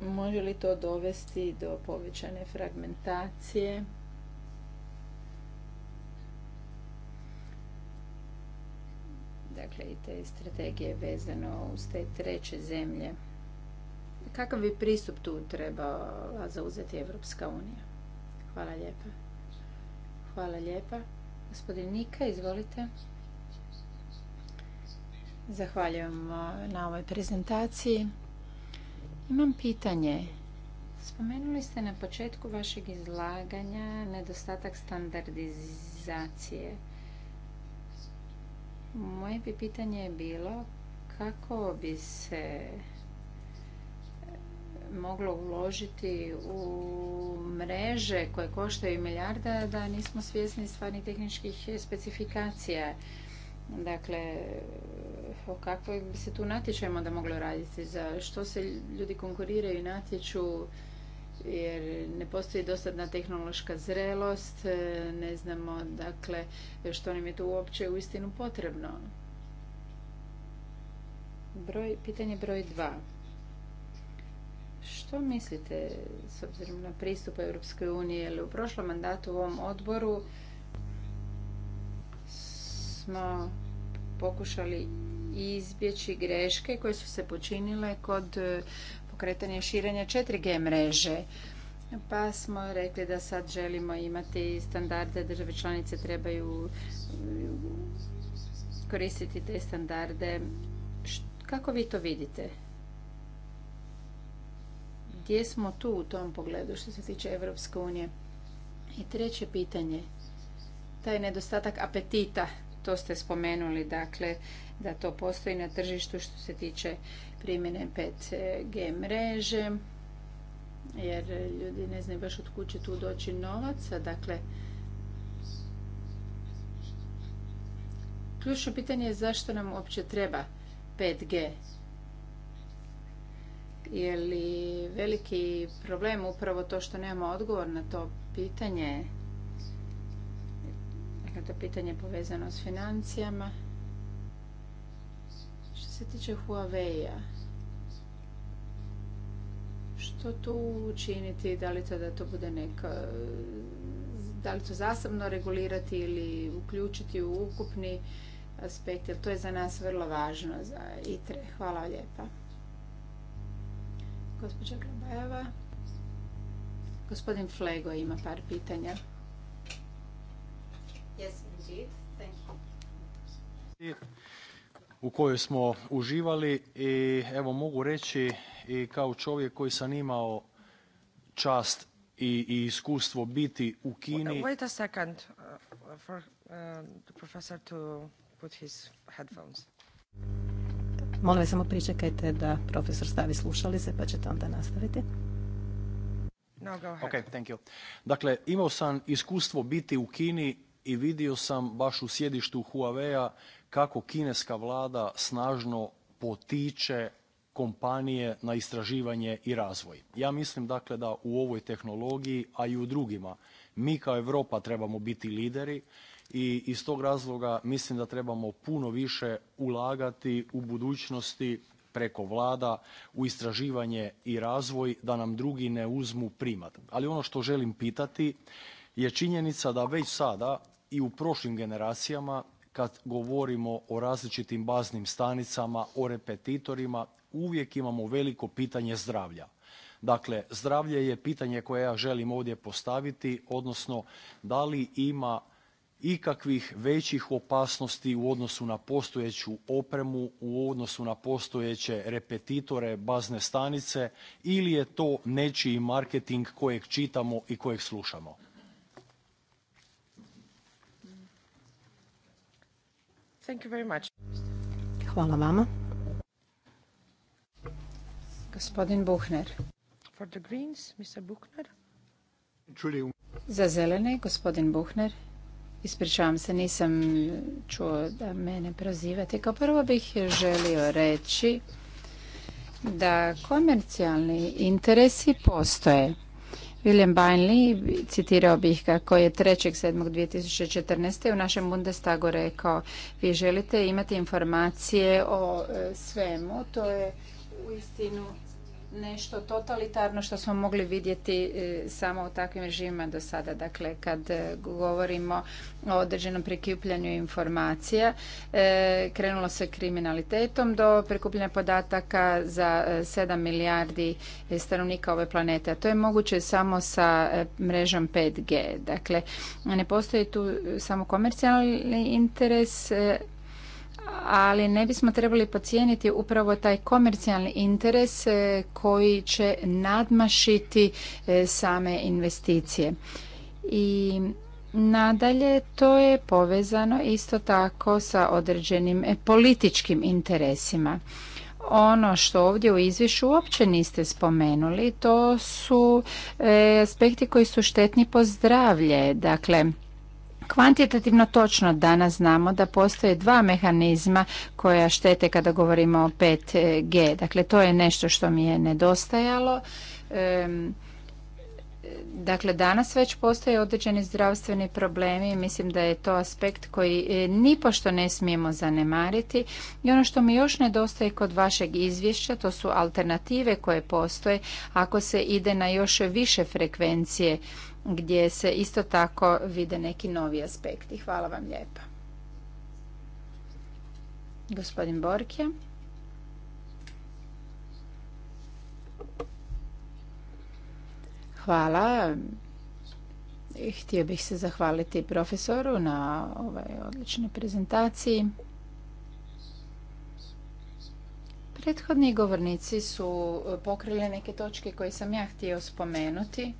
Može li to dovesti do povećane fragmentacije? Dakle, i te strategije vezano uz te treće zemlje. Kakav bi pristup tu treba zauzeti Evropska unija? Hvala lijepa. Hvala lijepa. Gospodin Nika, izvolite. Zahvaljujem uh, na ovoj prezentaciji. Imam pitanje. Spomenuli ste na početku vašeg izlaganja nedostatak standardizacije. Moje bi pitanje je bilo kako bi se moglo uložiti u mreže koje koštaju milijarda da nismo svjesni stvarnih tehničkih specifikacija. Dakle, o bi se tu natječajima da moglo raditi, za što se ljudi konkuriraju i natječu, jer ne postoji dostatna tehnološka zrelost, ne znamo dakle što nam je tu uopće uistinu potrebno. Broj, pitanje broj dva. Što mislite s obzirom na pristup Europske unije? Jer u prošlom mandatu u ovom odboru smo pokušali izbjeći greške koje su se počinile kod e, pokretanja i širenja 4G mreže. Pa smo rekli da sad želimo imati standarde, države članice trebaju e, koristiti te standarde. Kako vi to vidite? Gdje smo tu u tom pogledu što se tiče Evropske unije? I treće pitanje, taj nedostatak apetita, to ste spomenuli, dakle, da to postoji na tržištu što se tiče primjene 5G mreže, jer ljudi ne znaju baš od kuće tu doći novaca, dakle, Ključno pitanje je zašto nam uopće treba 5G je li veliki problem upravo to što nemamo odgovor na to pitanje? na dakle, to pitanje povezano s financijama. Što se tiče Huawei-a, što tu učiniti? Da li to da to bude neka da li to zasebno regulirati ili uključiti u ukupni aspekt, jer to je za nas vrlo važno za ITRE. Hvala lijepa. Gospođa Grabajeva. Gospodin Flego ima par pitanja. Yes, indeed. Thank you. u kojoj smo uživali i evo mogu reći i kao čovjek koji sam imao čast i, i iskustvo biti u Kini. Wait a second uh, for uh, the professor to put his headphones. Molim vas samo pričekajte da profesor stavi slušalice pa ćete onda nastaviti. No, go Okay, thank you. Dakle, imao sam iskustvo biti u Kini i vidio sam baš u sjedištu Huawei-a kako kineska vlada snažno potiče kompanije na istraživanje i razvoj. Ja mislim dakle da u ovoj tehnologiji, a i u drugima, mi kao Europa trebamo biti lideri i iz tog razloga mislim da trebamo puno više ulagati u budućnosti preko vlada u istraživanje i razvoj da nam drugi ne uzmu primat. Ali ono što želim pitati je činjenica da već sada i u prošlim generacijama kad govorimo o različitim baznim stanicama, o repetitorima, uvijek imamo veliko pitanje zdravlja. Dakle, zdravlje je pitanje koje ja želim ovdje postaviti, odnosno da li ima ikakvih većih opasnosti u odnosu na postojeću opremu, u odnosu na postojeće repetitore, bazne stanice ili je to nečiji marketing kojeg čitamo i kojeg slušamo? Hvala vama. Gospodin Buchner. Za zelene, gospodin Buchner. Ispričavam se, nisam čuo da mene prozivate. Kao prvo bih želio reći da komercijalni interesi postoje. William Bainley, citirao bih ga, koji je 3.7.2014. u našem Bundestagu rekao vi želite imati informacije o e, svemu, to je u istinu nešto totalitarno što smo mogli vidjeti e, samo u takvim režimima do sada. Dakle, kad e, govorimo o određenom prikupljanju informacija, e, krenulo se kriminalitetom do prikupljanja podataka za 7 milijardi stanovnika ove planete. A to je moguće samo sa mrežom 5G. Dakle, ne postoji tu samo komercijalni interes, ali ne bismo trebali pocijeniti upravo taj komercijalni interes e, koji će nadmašiti e, same investicije. I nadalje to je povezano isto tako sa određenim e, političkim interesima. Ono što ovdje u izvješću uopće niste spomenuli, to su aspekti koji su štetni po zdravlje. Dakle, Kvantitativno točno danas znamo da postoje dva mehanizma koja štete kada govorimo o 5G. Dakle, to je nešto što mi je nedostajalo. Dakle, danas već postoje određeni zdravstveni problemi i mislim da je to aspekt koji e, nipošto ne smijemo zanemariti. I ono što mi još nedostaje kod vašeg izvješća, to su alternative koje postoje ako se ide na još više frekvencije gdje se isto tako vide neki novi aspekti. Hvala vam lijepa. Gospodin Borke. Hvala. Htio bih se zahvaliti profesoru na ovaj odličnoj prezentaciji. Prethodni govornici su pokrili neke točke koje sam ja htio spomenuti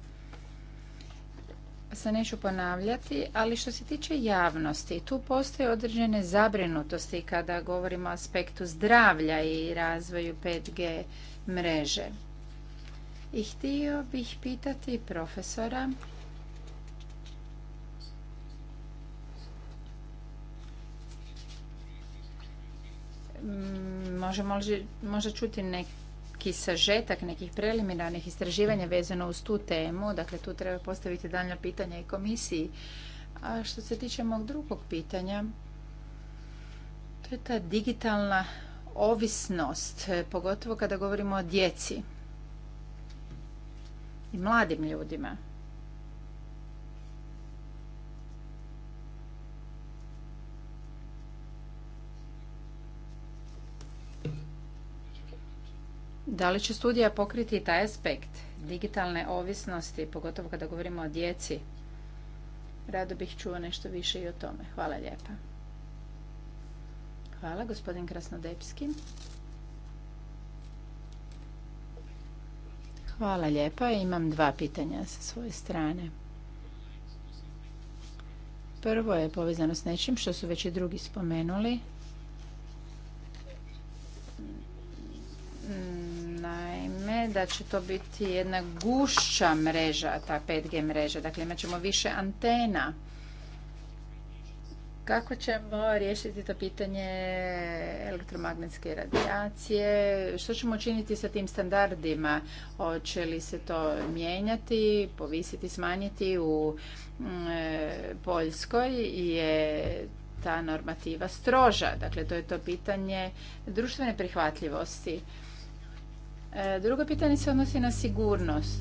se neću ponavljati, ali što se tiče javnosti, tu postoje određene zabrinutosti kada govorimo o aspektu zdravlja i razvoju 5G mreže. I htio bih pitati profesora može li možda čuti neke i sažetak nekih preliminarnih istraživanja vezano uz tu temu. Dakle, tu treba postaviti daljnja pitanja i komisiji. A što se tiče mog drugog pitanja, to je ta digitalna ovisnost, pogotovo kada govorimo o djeci i mladim ljudima. Da li će studija pokriti taj aspekt digitalne ovisnosti, pogotovo kada govorimo o djeci? Rado bih čuo nešto više i o tome. Hvala lijepa. Hvala, gospodin Krasnodepski. Hvala lijepa. Imam dva pitanja sa svoje strane. Prvo je povezano s nečim što su već i drugi spomenuli da će to biti jedna gušća mreža, ta 5G mreža. Dakle, imat ćemo više antena. Kako ćemo riješiti to pitanje elektromagnetske radijacije? Što ćemo učiniti sa tim standardima? Hoće li se to mijenjati, povisiti, smanjiti? U mm, e, Poljskoj je ta normativa stroža. Dakle, to je to pitanje društvene prihvatljivosti. E, drugo pitanje se odnosi na sigurnost.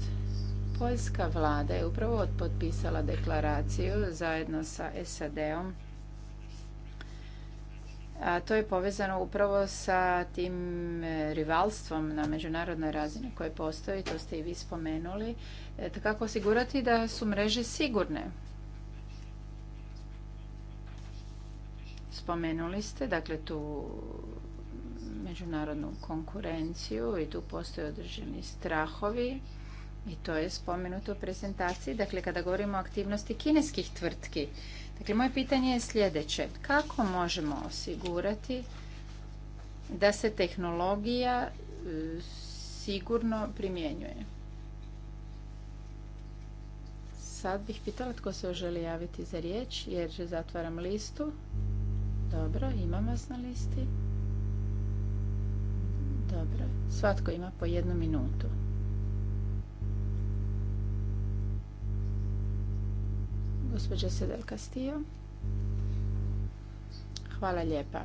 Poljska vlada je upravo potpisala deklaraciju zajedno sa SAD-om a to je povezano upravo sa tim e, rivalstvom na međunarodnoj razini koje postoji, to ste i vi spomenuli. E, kako osigurati da su mreže sigurne? Spomenuli ste, dakle tu međunarodnu konkurenciju i tu postoje određeni strahovi i to je spomenuto u prezentaciji. Dakle, kada govorimo o aktivnosti kineskih tvrtki, dakle, moje pitanje je sljedeće. Kako možemo osigurati da se tehnologija e, sigurno primjenjuje? Sad bih pitala tko se želi javiti za riječ, jer zatvaram listu. Dobro, imam vas na listi. Dobro, svatko ima po jednu minutu. Gospođa Sedel Castillo. Hvala lijepa.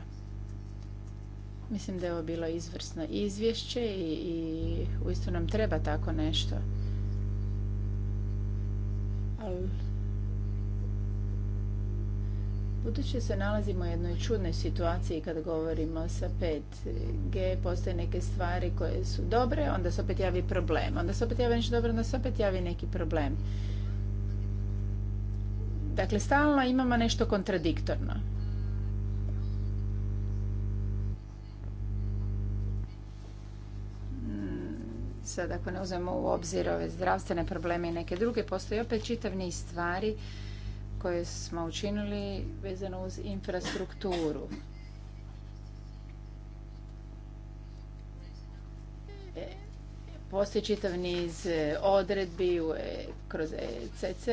Mislim da je ovo bilo izvrsno izvješće i, i uistinu nam treba tako nešto. Ali Budući se nalazimo u jednoj čudnoj situaciji kad govorimo sa 5G, postoje neke stvari koje su dobre, onda se opet javi problem, onda se opet javi nešto dobro, onda se opet javi neki problem. Dakle, stalno imamo nešto kontradiktorno. Hmm, sad ako ne uzmemo u obzir ove zdravstvene probleme i neke druge, postoji opet čitav niz stvari koje smo učinili vezano uz infrastrukturu. E, postoji čitav niz e, odredbi e, kroz ECC,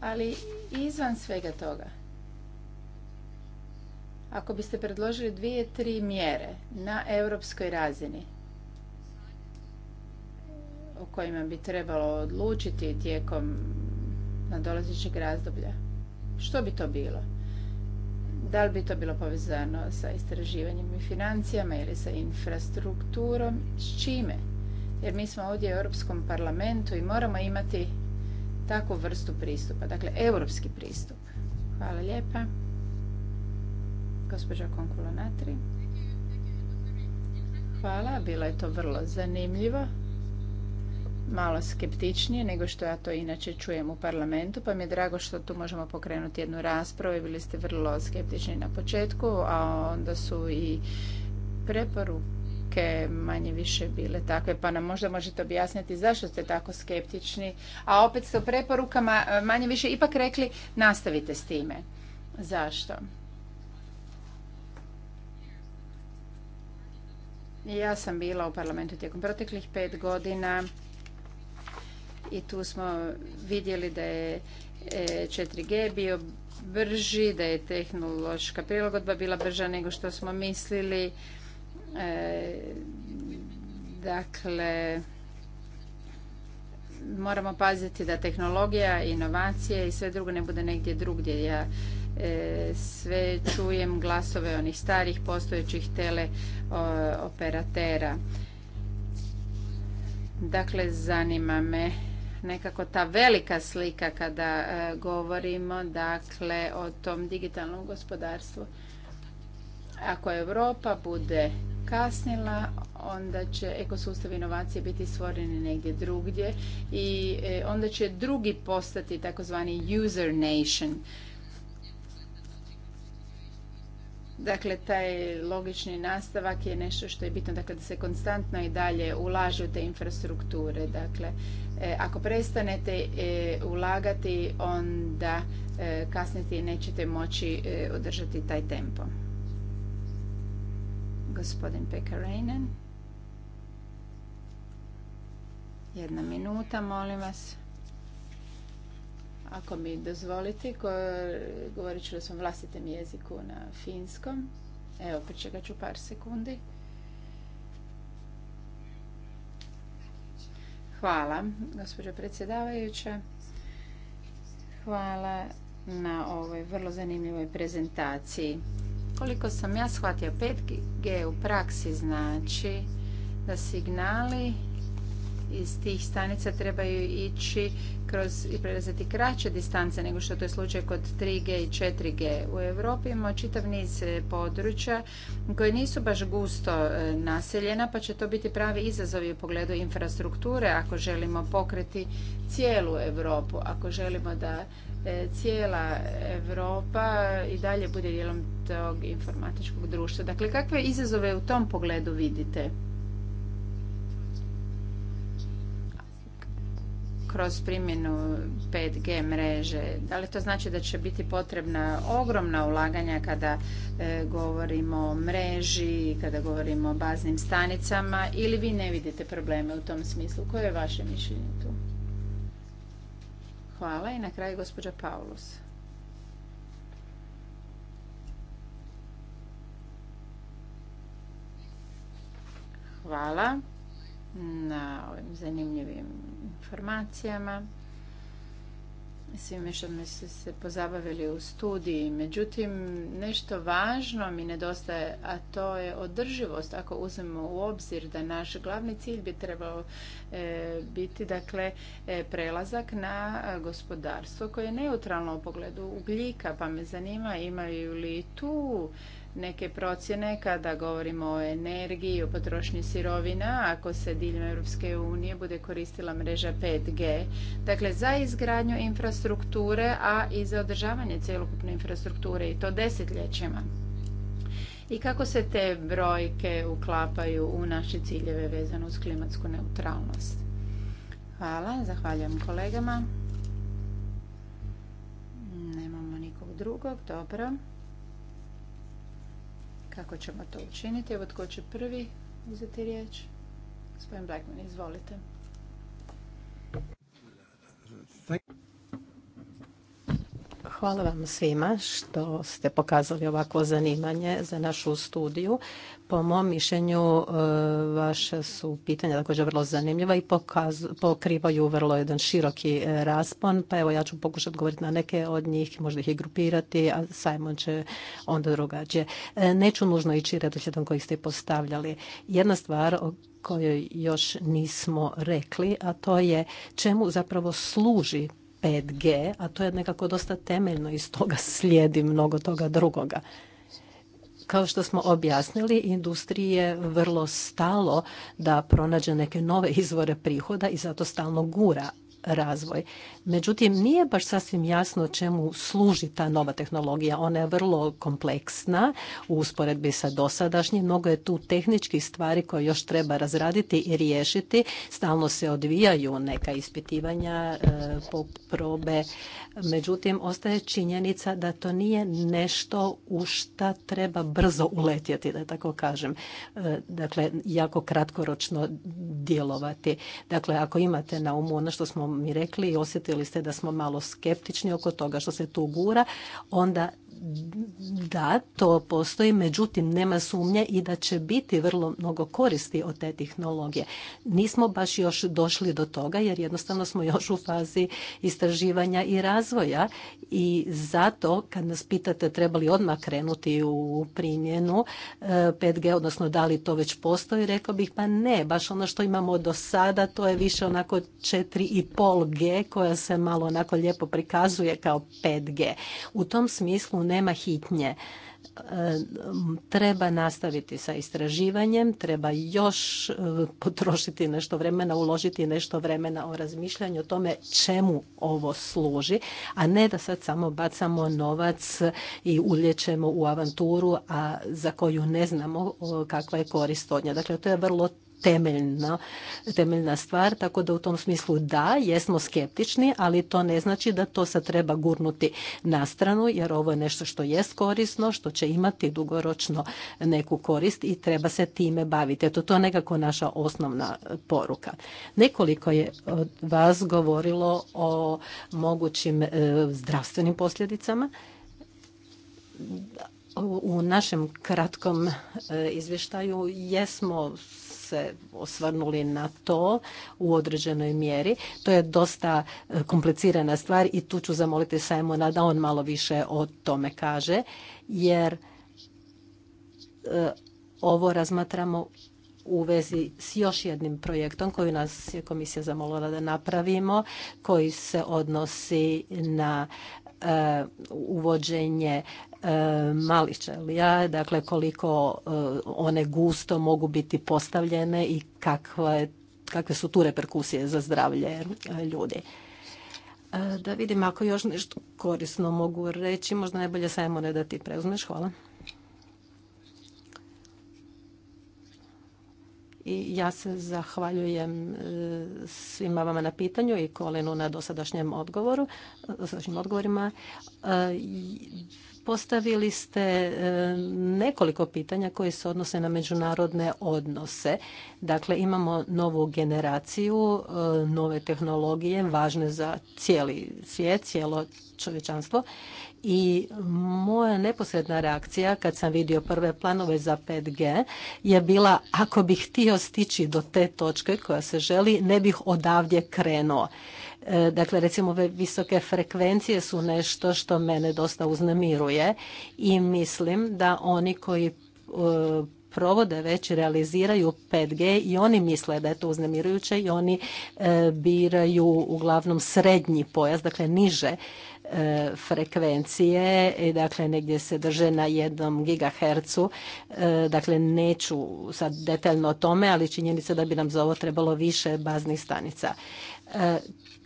ali izvan svega toga. Ako biste predložili dvije, tri mjere na europskoj razini, o kojima bi trebalo odlučiti tijekom nadolazećeg razdoblja. Što bi to bilo? Da li bi to bilo povezano sa istraživanjem i financijama ili sa infrastrukturom? S čime? Jer mi smo ovdje u Europskom parlamentu i moramo imati takvu vrstu pristupa. Dakle, europski pristup. Hvala lijepa. Gospođa Konkulonatri. Hvala, bilo je to vrlo zanimljivo malo skeptičnije nego što ja to inače čujem u parlamentu, pa mi je drago što tu možemo pokrenuti jednu raspravu i bili ste vrlo skeptični na početku, a onda su i preporuke manje više bile takve, pa nam možda možete objasniti zašto ste tako skeptični, a opet ste u preporukama e, manje više ipak rekli nastavite s time. Zašto? Ja sam bila u parlamentu tijekom proteklih pet godina i tu smo vidjeli da je 4G e, bio brži, da je tehnološka prilagodba bila brža nego što smo mislili. E, dakle, moramo paziti da tehnologija, inovacije i sve drugo ne bude negdje drugdje. Ja e, sve čujem glasove onih starih postojećih teleoperatera. Dakle, zanima me nekako ta velika slika kada e, govorimo dakle o tom digitalnom gospodarstvu. Ako Europa bude kasnila, onda će ekosustav inovacije biti stvoreni negdje drugdje i e, onda će drugi postati takozvani user nation. Dakle, taj logični nastavak je nešto što je bitno, dakle, da se konstantno i dalje ulaže u te infrastrukture. Dakle, E, ako prestanete e, ulagati, onda e, kasniti nećete moći održati taj tempo. Gospodin Pekarajnen. Jedna minuta, molim vas. Ako mi dozvolite, govorit ću o svom vlastitem jeziku na finskom. Evo, pričekat ću par sekundi. Hvala, gospođo predsjedavajuća. Hvala na ovoj vrlo zanimljivoj prezentaciji. Koliko sam ja shvatio, 5G u praksi znači da signali iz tih stanica trebaju ići kroz i prelaziti kraće distance nego što to je slučaj kod 3G i 4G. U Europi imamo čitav niz e, područja koje nisu baš gusto e, naseljena, pa će to biti pravi izazovi u pogledu infrastrukture ako želimo pokreti cijelu Europu, ako želimo da e, cijela Europa i dalje bude dijelom tog informatičkog društva. Dakle, kakve izazove u tom pogledu vidite? kroz primjenu 5G mreže? Da li to znači da će biti potrebna ogromna ulaganja kada e, govorimo o mreži, kada govorimo o baznim stanicama ili vi ne vidite probleme u tom smislu? Koje je vaše mišljenje tu? Hvala i na kraju gospođa Paulus. Hvala na ovim zanimljivim informacijama, svime što mi se pozabavili u studiji. Međutim, nešto važno mi nedostaje, a to je održivost. Ako uzmemo u obzir da naš glavni cilj bi trebao e, biti dakle, e, prelazak na gospodarstvo koje je neutralno u pogledu ugljika, pa me zanima imaju li tu neke procjene kada govorimo o energiji, o potrošnji sirovina, ako se diljem Europske unije bude koristila mreža 5G. Dakle, za izgradnju infrastrukture, a i za održavanje cjelokupne infrastrukture i to desetljećima. I kako se te brojke uklapaju u naše ciljeve vezano uz klimatsku neutralnost? Hvala, zahvaljujem kolegama. Nemamo nikog drugog, dobro kako ćemo to učiniti. Evo tko će prvi uzeti riječ? Gospodin Blackman, izvolite. Hvala vam svima što ste pokazali ovako zanimanje za našu studiju. Po mom mišljenju e, vaše su pitanja također vrlo zanimljiva i pokrivaju vrlo jedan široki e, raspon, pa evo ja ću pokušati govoriti na neke od njih, možda ih i grupirati, a Simon će onda drugačije. E, neću nužno ići redoslijedom kojih ste postavljali. Jedna stvar o kojoj još nismo rekli, a to je čemu zapravo služi 5G, a to je nekako dosta temeljno iz toga slijedi mnogo toga drugoga. Kao što smo objasnili, industriji je vrlo stalo da pronađe neke nove izvore prihoda i zato stalno gura razvoj. Međutim, nije baš sasvim jasno čemu služi ta nova tehnologija. Ona je vrlo kompleksna u usporedbi sa dosadašnjim. Mnogo je tu tehničkih stvari koje još treba razraditi i riješiti. Stalno se odvijaju neka ispitivanja, e, probe. Međutim, ostaje činjenica da to nije nešto u šta treba brzo uletjeti, da tako kažem. E, dakle, jako kratkoročno djelovati. Dakle, ako imate na umu ono što smo mi rekli i osjetili ste da smo malo skeptični oko toga što se tu gura, onda da, to postoji, međutim nema sumnje i da će biti vrlo mnogo koristi od te tehnologije. Nismo baš još došli do toga jer jednostavno smo još u fazi istraživanja i razvoja i zato kad nas pitate treba li odmah krenuti u primjenu 5G, eh, odnosno da li to već postoji, rekao bih pa ne, baš ono što imamo do sada to je više onako 4,5G koja se malo onako lijepo prikazuje kao 5G. U tom smislu nema hitnje. E, treba nastaviti sa istraživanjem, treba još e, potrošiti nešto vremena, uložiti nešto vremena o razmišljanju o tome čemu ovo služi, a ne da sad samo bacamo novac i ulječemo u avanturu, a za koju ne znamo kakva je korist od nje. Dakle, to je vrlo temeljna, temeljna stvar, tako da u tom smislu da, jesmo skeptični, ali to ne znači da to sad treba gurnuti na stranu, jer ovo je nešto što jest korisno, što će imati dugoročno neku korist i treba se time baviti. Eto, to je nekako naša osnovna poruka. Nekoliko je od vas govorilo o mogućim e, zdravstvenim posljedicama u našem kratkom e, izvještaju jesmo se osvrnuli na to u određenoj mjeri. To je dosta e, komplicirana stvar i tu ću zamoliti Simona da on malo više o tome kaže, jer e, ovo razmatramo u vezi s još jednim projektom koji nas je komisija zamolila da napravimo, koji se odnosi na uvođenje e, malih ćelija, dakle koliko e, one gusto mogu biti postavljene i kakve, su tu reperkusije za zdravlje e, ljudi. Da vidim ako još nešto korisno mogu reći, možda najbolje sajmo ne da ti preuzmeš. Hvala. I ja se zahvaljujem e, svima vama na pitanju i Kolinu na dosadašnjem odgovoru, dosadašnjim odgovorima. E, postavili ste e, nekoliko pitanja koji se odnose na međunarodne odnose. Dakle, imamo novu generaciju, nove tehnologije, važne za cijeli svijet, cijelo čovječanstvo i moja neposredna reakcija kad sam vidio prve planove za 5G je bila ako bih htio stići do te točke koja se želi ne bih odavdje krenuo. E, dakle, recimo ove visoke frekvencije su nešto što mene dosta uznemiruje i mislim da oni koji e, provode već realiziraju 5G i oni misle da je to uznemirujuće i oni e, biraju uglavnom srednji pojas, dakle niže E, frekvencije, e, dakle negdje se drže na jednom gigahercu, e, dakle neću sad detaljno o tome, ali činjenica da bi nam za ovo trebalo više baznih stanica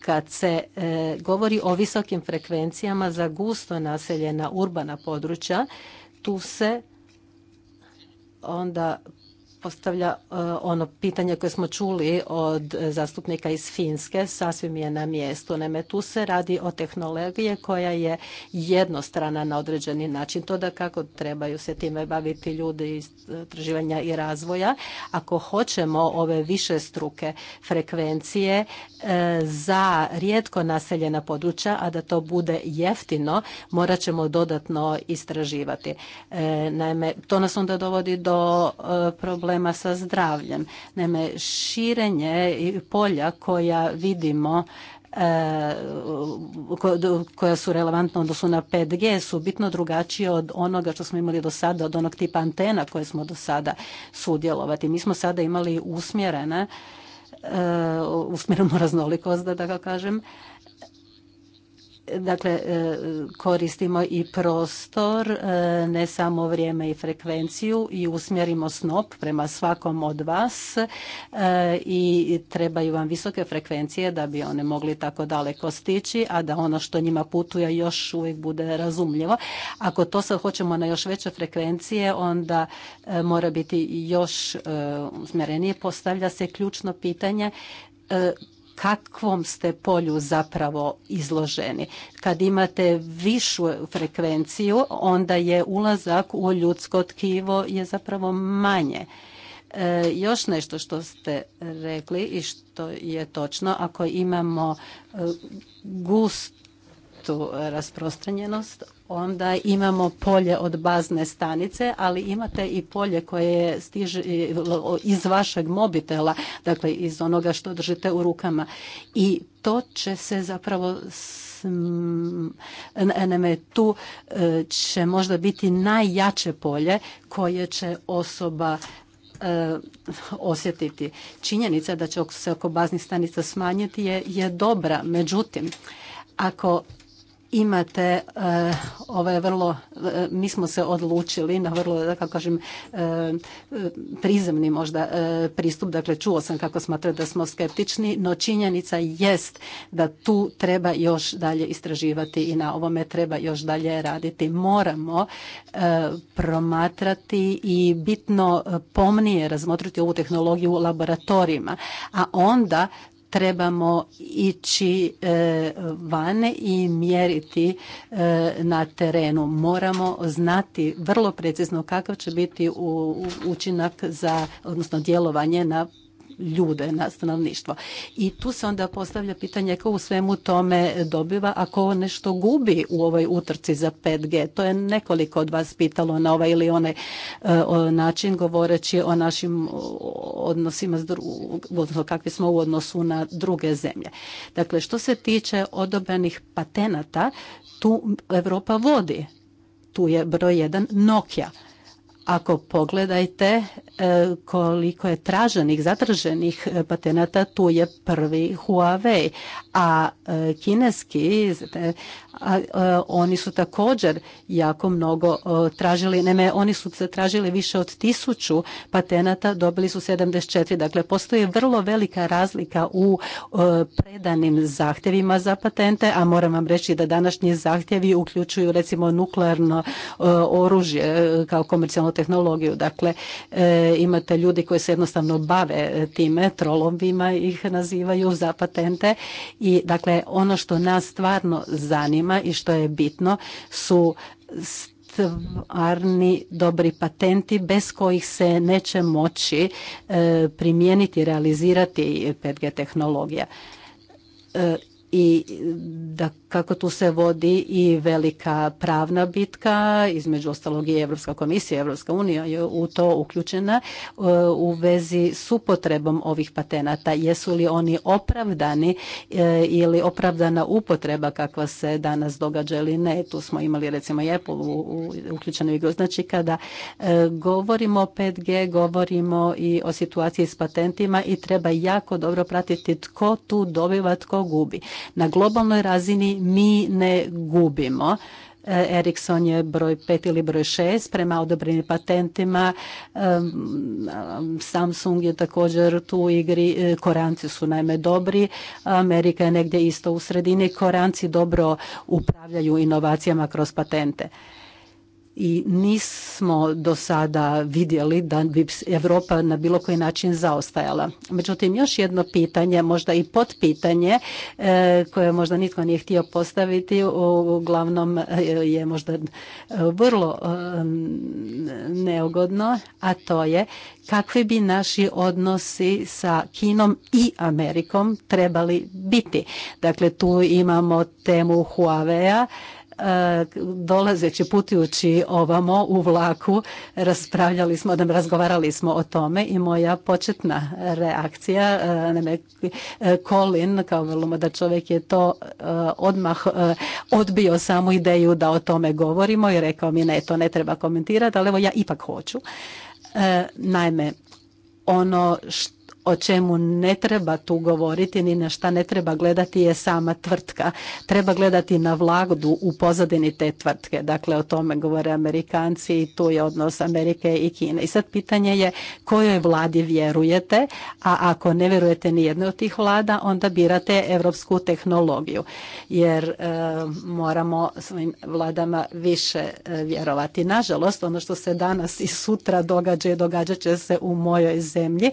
kad se govori o visokim frekvencijama za gusto naseljena urbana područja, tu se onda postavlja e, ono pitanje koje smo čuli od zastupnika iz Finske, sasvim je na mjestu. Naime, tu se radi o tehnologije koja je jednostrana na određeni način. To da kako trebaju se time baviti ljudi iz istraživanja i razvoja. Ako hoćemo ove više struke frekvencije e, za rijetko naseljena područja, a da to bude jeftino, morat ćemo dodatno istraživati. E, naime, to nas onda dovodi do problema problema sa zdravljem. Naime, širenje polja koja vidimo e, koja su relevantna odnosu na 5G su bitno drugačije od onoga što smo imali do sada, od onog tipa antena koje smo do sada sudjelovati. Mi smo sada imali usmjerene, e, usmjerenu [LAUGHS] raznolikost, da tako kažem, Dakle, e, koristimo i prostor, e, ne samo vrijeme i frekvenciju i usmjerimo snop prema svakom od vas e, i trebaju vam visoke frekvencije da bi one mogli tako daleko stići, a da ono što njima putuje još uvijek bude razumljivo. Ako to sad hoćemo na još veće frekvencije, onda mora biti još usmjerenije. Postavlja se ključno pitanje kakvom ste polju zapravo izloženi. Kad imate višu frekvenciju, onda je ulazak u ljudsko tkivo je zapravo manje. E, još nešto što ste rekli i što je točno, ako imamo e, gust tu rasprostranjenost, onda imamo polje od bazne stanice, ali imate i polje koje stiže iz vašeg mobitela, dakle iz onoga što držite u rukama. I to će se zapravo naime tu e, će možda biti najjače polje koje će osoba e, osjetiti. Činjenica da će se oko baznih stanica smanjiti je, je dobra, međutim, ako imate ovaj vrlo, e, mi smo se odlučili na vrlo, da kako kažem, e, prizemni možda pristup, dakle čuo sam kako smatra da smo skeptični, no činjenica jest da tu treba još dalje istraživati i na ovome treba još dalje raditi. Moramo promatrati i bitno pomnije razmotriti ovu tehnologiju u laboratorijima, a onda trebamo ići e, vane i mjeriti e, na terenu. Moramo znati vrlo precizno kakav će biti učinak za, odnosno djelovanje na ljude, na stanovništvo. I tu se onda postavlja pitanje ko u svemu tome dobiva, ako nešto gubi u ovoj utrci za 5G. To je nekoliko od vas pitalo na ovaj ili onaj e, način govoreći o našim odnosima, kakvi smo u odnosu na druge zemlje. Dakle, što se tiče odobrenih patenata, tu Europa vodi. Tu je broj jedan Nokia. Ako pogledajte E, koliko je traženih, zatraženih e, patenata, tu je prvi Huawei, a e, kineski, oni su također jako mnogo tražili, naime oni su tražili više od tisuću patenata, dobili su 74, dakle postoji vrlo velika razlika u predanim zahtjevima za patente, a moram vam reći da današnji zahtjevi uključuju recimo nuklearno oružje kao komercijalnu tehnologiju, dakle imate ljudi koji se jednostavno bave e, time, trolovima ih nazivaju za patente i dakle ono što nas stvarno zanima i što je bitno su stvarni dobri patenti bez kojih se neće moći e, primijeniti, realizirati 5G tehnologija e, i da kako tu se vodi i velika pravna bitka, između ostalog i Europska komisija, Evropska unija je u to uključena e, u vezi s upotrebom ovih patenata. Jesu li oni opravdani e, ili opravdana upotreba kakva se danas događa ili ne. Tu smo imali recimo i Apple uključenu igru. Znači kada e, govorimo o 5G, govorimo i o situaciji s patentima i treba jako dobro pratiti tko tu dobiva, tko gubi na globalnoj razini mi ne gubimo. E, Ericsson je broj 5 ili broj šest prema odobrenim patentima. Samsung je također tu u igri. E, Koranci su najme dobri. Amerika je negdje isto u sredini. Koranci dobro upravljaju inovacijama kroz patente i nismo do sada vidjeli da bi Europa na bilo koji način zaostajala. Međutim, još jedno pitanje, možda i potpitanje e, koje možda nitko nije htio postaviti, uglavnom e, je možda e, vrlo neugodno, a to je kakvi bi naši odnosi sa Kinom i Amerikom trebali biti. Dakle, tu imamo temu Huawei-a dolazeći putujući ovamo u vlaku raspravljali smo, razgovarali smo o tome i moja početna reakcija, e, neme, e, Colin kao vrlo da čovjek je to e, odmah odbio samu ideju da o tome govorimo i rekao mi ne, to ne treba komentirati, ali evo ja ipak hoću. Naime, ono što o čemu ne treba tu govoriti ni na šta ne treba gledati je sama tvrtka. Treba gledati na vladu u pozadini te tvrtke. Dakle, o tome govore Amerikanci i tu je odnos Amerike i Kine. I sad pitanje je kojoj vladi vjerujete, a ako ne vjerujete ni jednoj od tih vlada, onda birate evropsku tehnologiju. Jer e, moramo svojim vladama više e, vjerovati. Nažalost, ono što se danas i sutra događa i događat će se u mojoj zemlji,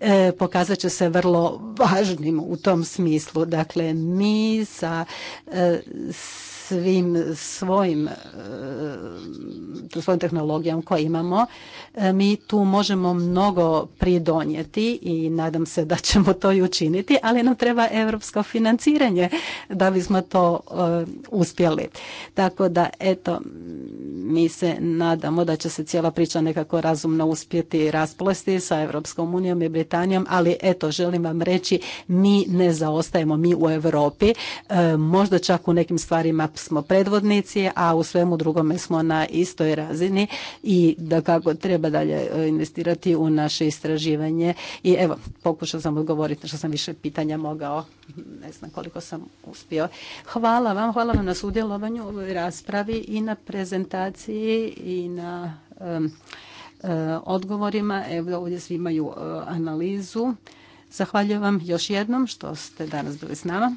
e, pokazat će se vrlo važnim u tom smislu. Dakle, mi sa e, svim svojim e, svojim tehnologijom koje imamo, e, mi tu možemo mnogo pridonijeti i nadam se da ćemo to i učiniti, ali nam treba europsko financiranje da bismo to e, uspjeli. Tako da, eto, mi se nadamo da će se cijela priča nekako razumno uspjeti rasplesti sa Europskom unijom i Britanijom, ali eto, želim vam reći, mi ne zaostajemo, mi u Europi, možda čak u nekim stvarima smo predvodnici, a u svemu drugome smo na istoj razini i da kako treba dalje e, investirati u naše istraživanje. I evo, pokušao sam odgovoriti što sam više pitanja mogao, ne znam koliko sam uspio. Hvala vam, hvala vam na sudjelovanju u ovoj raspravi i na prezentaciji i na e, odgovorima. Evo ovdje svi imaju e, analizu. Zahvaljujem vam još jednom što ste danas bili s nama.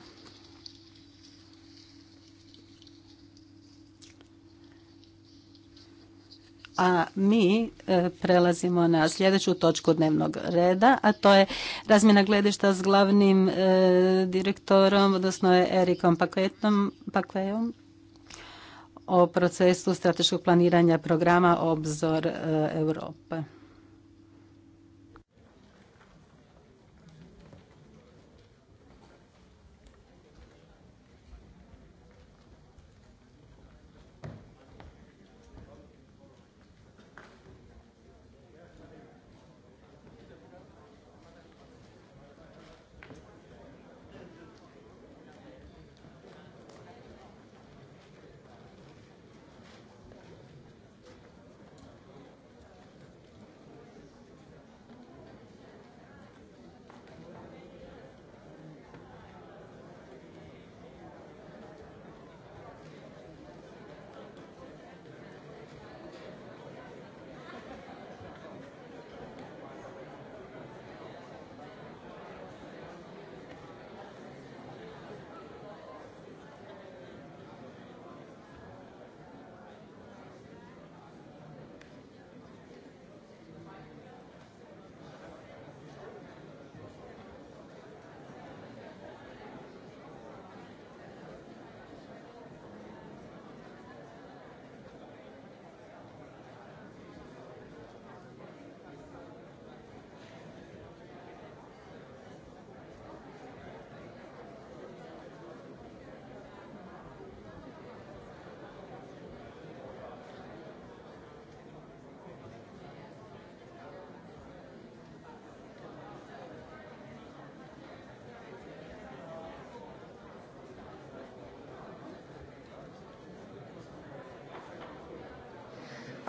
a mi e, prelazimo na sljedeću točku dnevnog reda, a to je razmjena gledišta s glavnim e, direktorom, odnosno Erikom Pakvetom, Pakvejom o procesu strateškog planiranja programa Obzor e, Europe.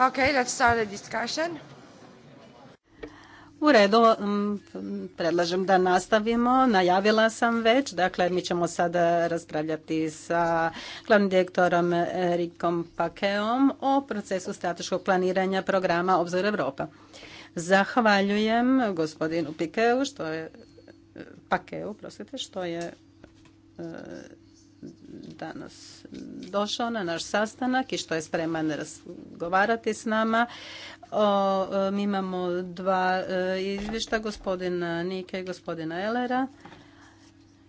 Okay, let's start the discussion. U redu, predlažem da nastavimo. Najavila sam već, dakle mi ćemo sada raspravljati sa glavnim direktorom Rikom Pakeom o procesu strateškog planiranja programa Obzor Europa. Zahvaljujem gospodinu Pikeu što je Pakeu, prosite, što je e, danas došao na naš sastanak i što je spreman razgovarati s nama. E, mi imamo dva e, izvješta, gospodina Nike i gospodina Elera.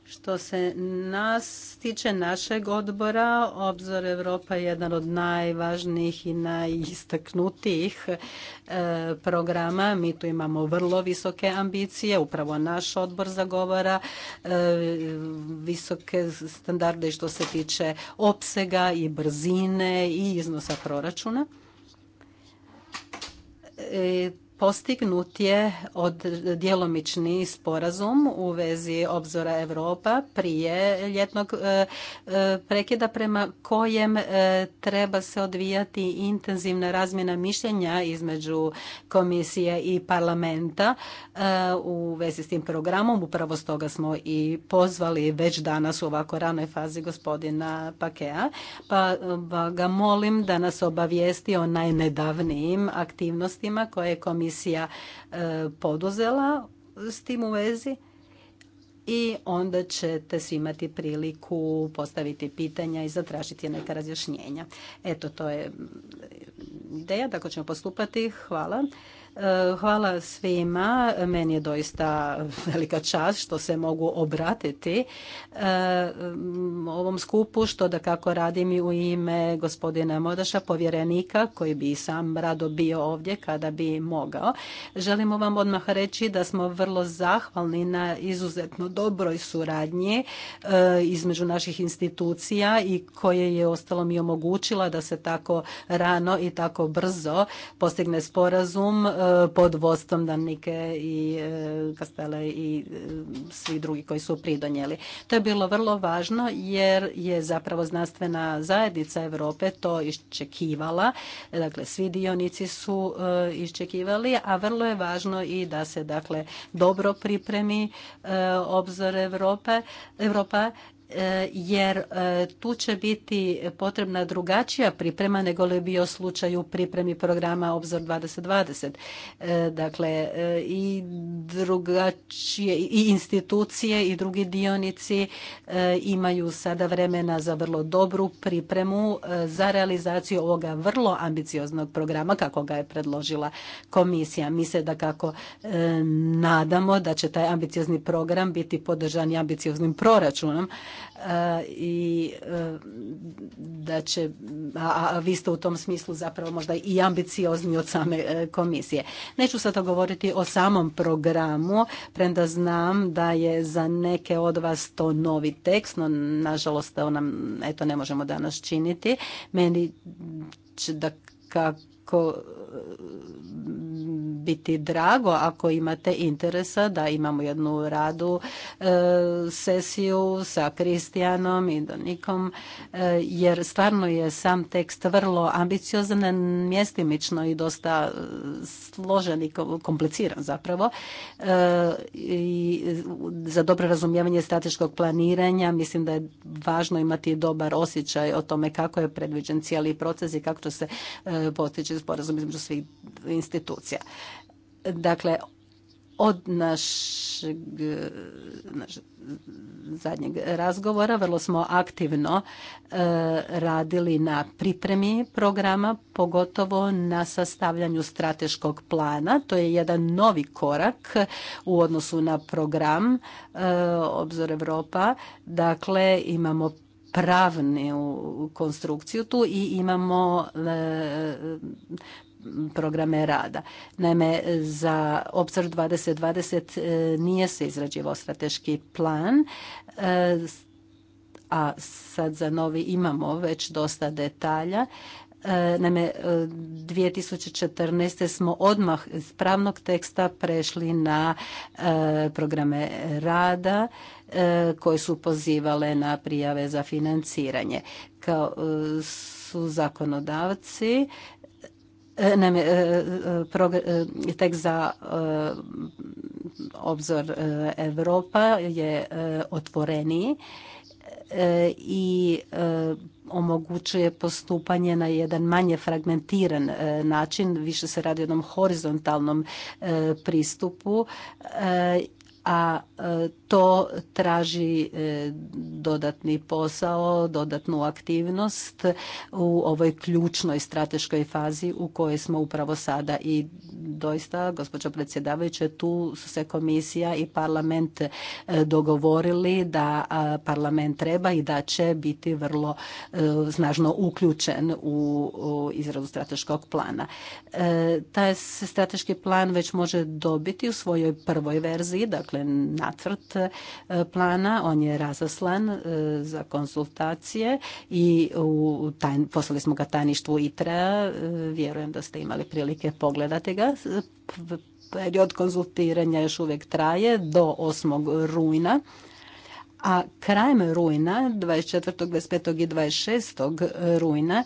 Što se nas tiče našeg odbora, Obzor Europa je jedan od najvažnijih i najistaknutijih e, programa. Mi tu imamo vrlo visoke ambicije, upravo naš odbor zagovara e, visoke standarde što se tiče opsega i brzine i iznosa proračuna e, Postignut je od djelomični sporazum u vezi obzora Europa prije ljetnog e, e, prekida prema kojem e, treba se odvijati intenzivna razmjena mišljenja između komisije i parlamenta u vezi s tim programom. Upravo stoga smo i pozvali već danas u ovako ranoj fazi gospodina Pakea, pa ga molim da nas obavijesti o najnedavnijim aktivnostima koje je komisija komisija e, poduzela s tim u vezi i onda ćete svi imati priliku postaviti pitanja i zatražiti neka razjašnjenja. Eto, to je ideja, tako ćemo postupati. Hvala. Eh, hvala svima. Meni je doista velika čast što se mogu obratiti eh, ovom skupu, što da kako radim i u ime gospodina Modaša, povjerenika, koji bi sam rado bio ovdje kada bi mogao. Želimo vam odmah reći da smo vrlo zahvalni na izuzetno dobroj suradnji eh, između naših institucija i koje je ostalo mi omogućila da se tako rano i tako brzo postigne sporazum Eh, pod vodstvom Danike i eh, Kastele i eh, svi drugi koji su pridonijeli. To je bilo vrlo važno jer je zapravo znanstvena zajednica Europe to iščekivala. Dakle, svi dionici su iščekivali, a vrlo je važno i da se dakle dobro pripremi obzor Europe, Europa E, jer e, tu će biti potrebna drugačija priprema nego li je bio slučaj u pripremi programa Obzor 2020. E, dakle, i drugačije i institucije i drugi dionici imaju sada vremena za vrlo dobru pripremu za realizaciju ovoga vrlo ambicioznog programa kako ga je predložila komisija. Mi se da kako nadamo da će taj ambiciozni program biti podržan i ambicioznim proračunom E, i e, da će, a vi ste u tom smislu zapravo možda i ambiciozni od same e, komisije. Neću sada govoriti o samom programu, premda znam da je za neke od vas to novi tekst, no nažalost to nam eto ne možemo danas činiti. Meni će da kako biti drago ako imate interesa da imamo jednu radu e, sesiju sa Kristijanom i Donikom e, jer stvarno je sam tekst vrlo ambiciozan, mjestimično i dosta e, složen i kompliciran zapravo. I za dobro razumijevanje strateškog planiranja mislim da je važno imati dobar osjećaj o tome kako je predviđen cijeli proces i kako će se postići sporazum između svih institucija. Dakle, od našeg, zadnjeg razgovora vrlo smo aktivno e, radili na pripremi programa, pogotovo na sastavljanju strateškog plana. To je jedan novi korak u odnosu na program e, Obzor Europa. Dakle, imamo pravnu konstrukciju tu i imamo e, programe rada. Naime, za obzor 2020 e, nije se izrađivao strateški plan, e, a sad za novi imamo već dosta detalja. E, naime, 2014. smo odmah iz pravnog teksta prešli na programe rada koje su pozivale na prijave za financiranje. Kao su zakonodavci E, nam e, e, je tekst za obzor Europa je otvoreniji i omogućuje postupanje na jedan manje fragmentiran način, više se radi o jednom horizontalnom pristupu a e, to traži e, dodatni posao, dodatnu aktivnost u ovoj ključnoj strateškoj fazi u kojoj smo upravo sada i doista, gospođo predsjedavajuće, tu su se komisija i parlament e, dogovorili da parlament treba i da će biti vrlo snažno uključen u izradu strateškog plana. Taj strateški plan već može dobiti u svojoj prvoj verziji, dakle Dakle, nacrt e, plana, on je razaslan e, za konsultacije i poslali smo ga tajništvu ITRA, e, vjerujem da ste imali prilike pogledati ga. Period konzultiranja još uvijek traje do 8. rujna a krajem rujna, 24., 25. i 26. rujna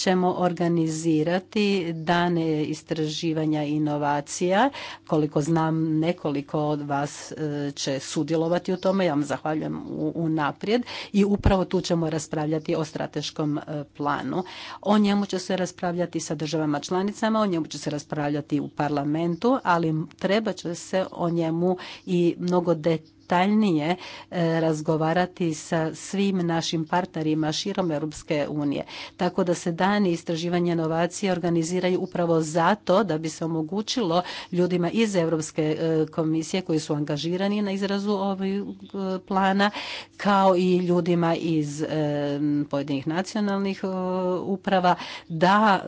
ćemo organizirati dane istraživanja i inovacija. Koliko znam, nekoliko od vas e, će sudjelovati u tome. Ja vam zahvaljujem unaprijed i upravo tu ćemo raspravljati o strateškom e, planu. O njemu će se raspravljati sa državama članicama, o njemu će se raspravljati u parlamentu, ali treba će se o njemu i mnogo detaljnije detaljnije e, razgovarati sa svim našim partnerima širom Europske unije. Tako da se dani istraživanja inovacije organiziraju upravo zato da bi se omogućilo ljudima iz Europske e, komisije koji su angažirani na izrazu ovog e, plana kao i ljudima iz pojedinih nacionalnih uprava da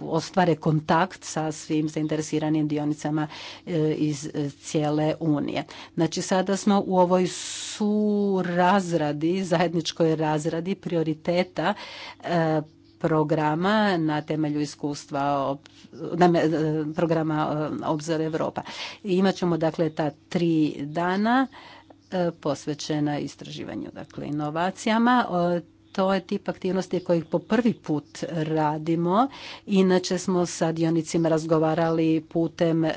ostvare kontakt sa svim zainteresiranim dionicama e, iz e, cijele Unije. Znači sada smo u ovoj surazradi, zajedničkoj razradi prioriteta e, programa na temelju iskustva programa Obzor Europa. I imat dakle ta tri dana posvećena istraživanju, dakle inovacijama to je tip aktivnosti koji po prvi put radimo. Inače smo sa dionicima razgovarali putem e,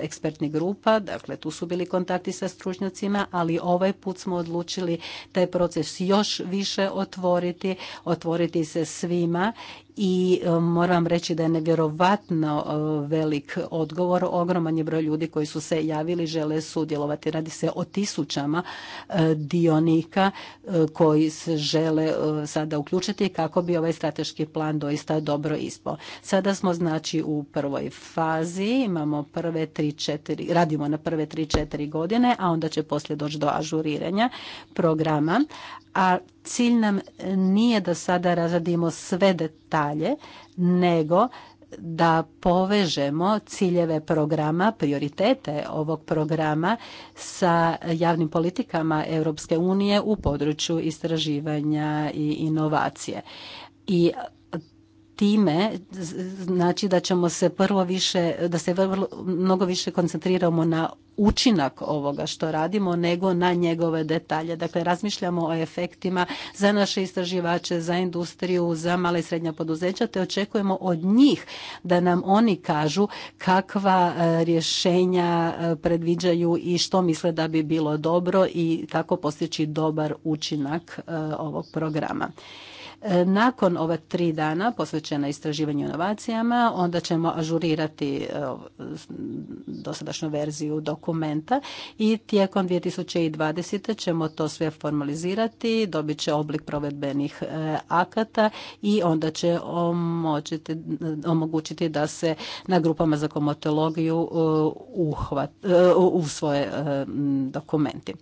ekspertnih grupa, dakle tu su bili kontakti sa stručnjacima, ali ovaj put smo odlučili taj proces još više otvoriti, otvoriti se svima i e, moram vam reći da je nevjerovatno e, velik odgovor. Ogroman je broj ljudi koji su se javili, žele sudjelovati. Radi se o tisućama e, dionika koji se žele sada uključiti kako bi ovaj strateški plan doista dobro ispao. Sada smo znači u prvoj fazi, imamo prve tri, četiri, radimo na prve tri, četiri godine, a onda će poslije doći do ažuriranja programa, a cilj nam nije da sada razradimo sve detalje, nego da povežemo ciljeve programa, prioritete ovog programa sa javnim politikama Europske unije u području istraživanja i inovacije. I time znači da ćemo se prvo više, da se vrlo, mnogo više koncentriramo na učinak ovoga što radimo nego na njegove detalje. Dakle, razmišljamo o efektima za naše istraživače, za industriju, za male i srednja poduzeća, te očekujemo od njih da nam oni kažu kakva e, rješenja e, predviđaju i što misle da bi bilo dobro i kako postići dobar učinak e, ovog programa. Nakon ova tri dana posvećena istraživanju inovacijama, onda ćemo ažurirati e, dosadašnju verziju dokumenta i tijekom 2020. ćemo to sve formalizirati, dobit će oblik provedbenih e, akata i onda će omogućiti da se na grupama za komotologiju e, usvoje dokumenti.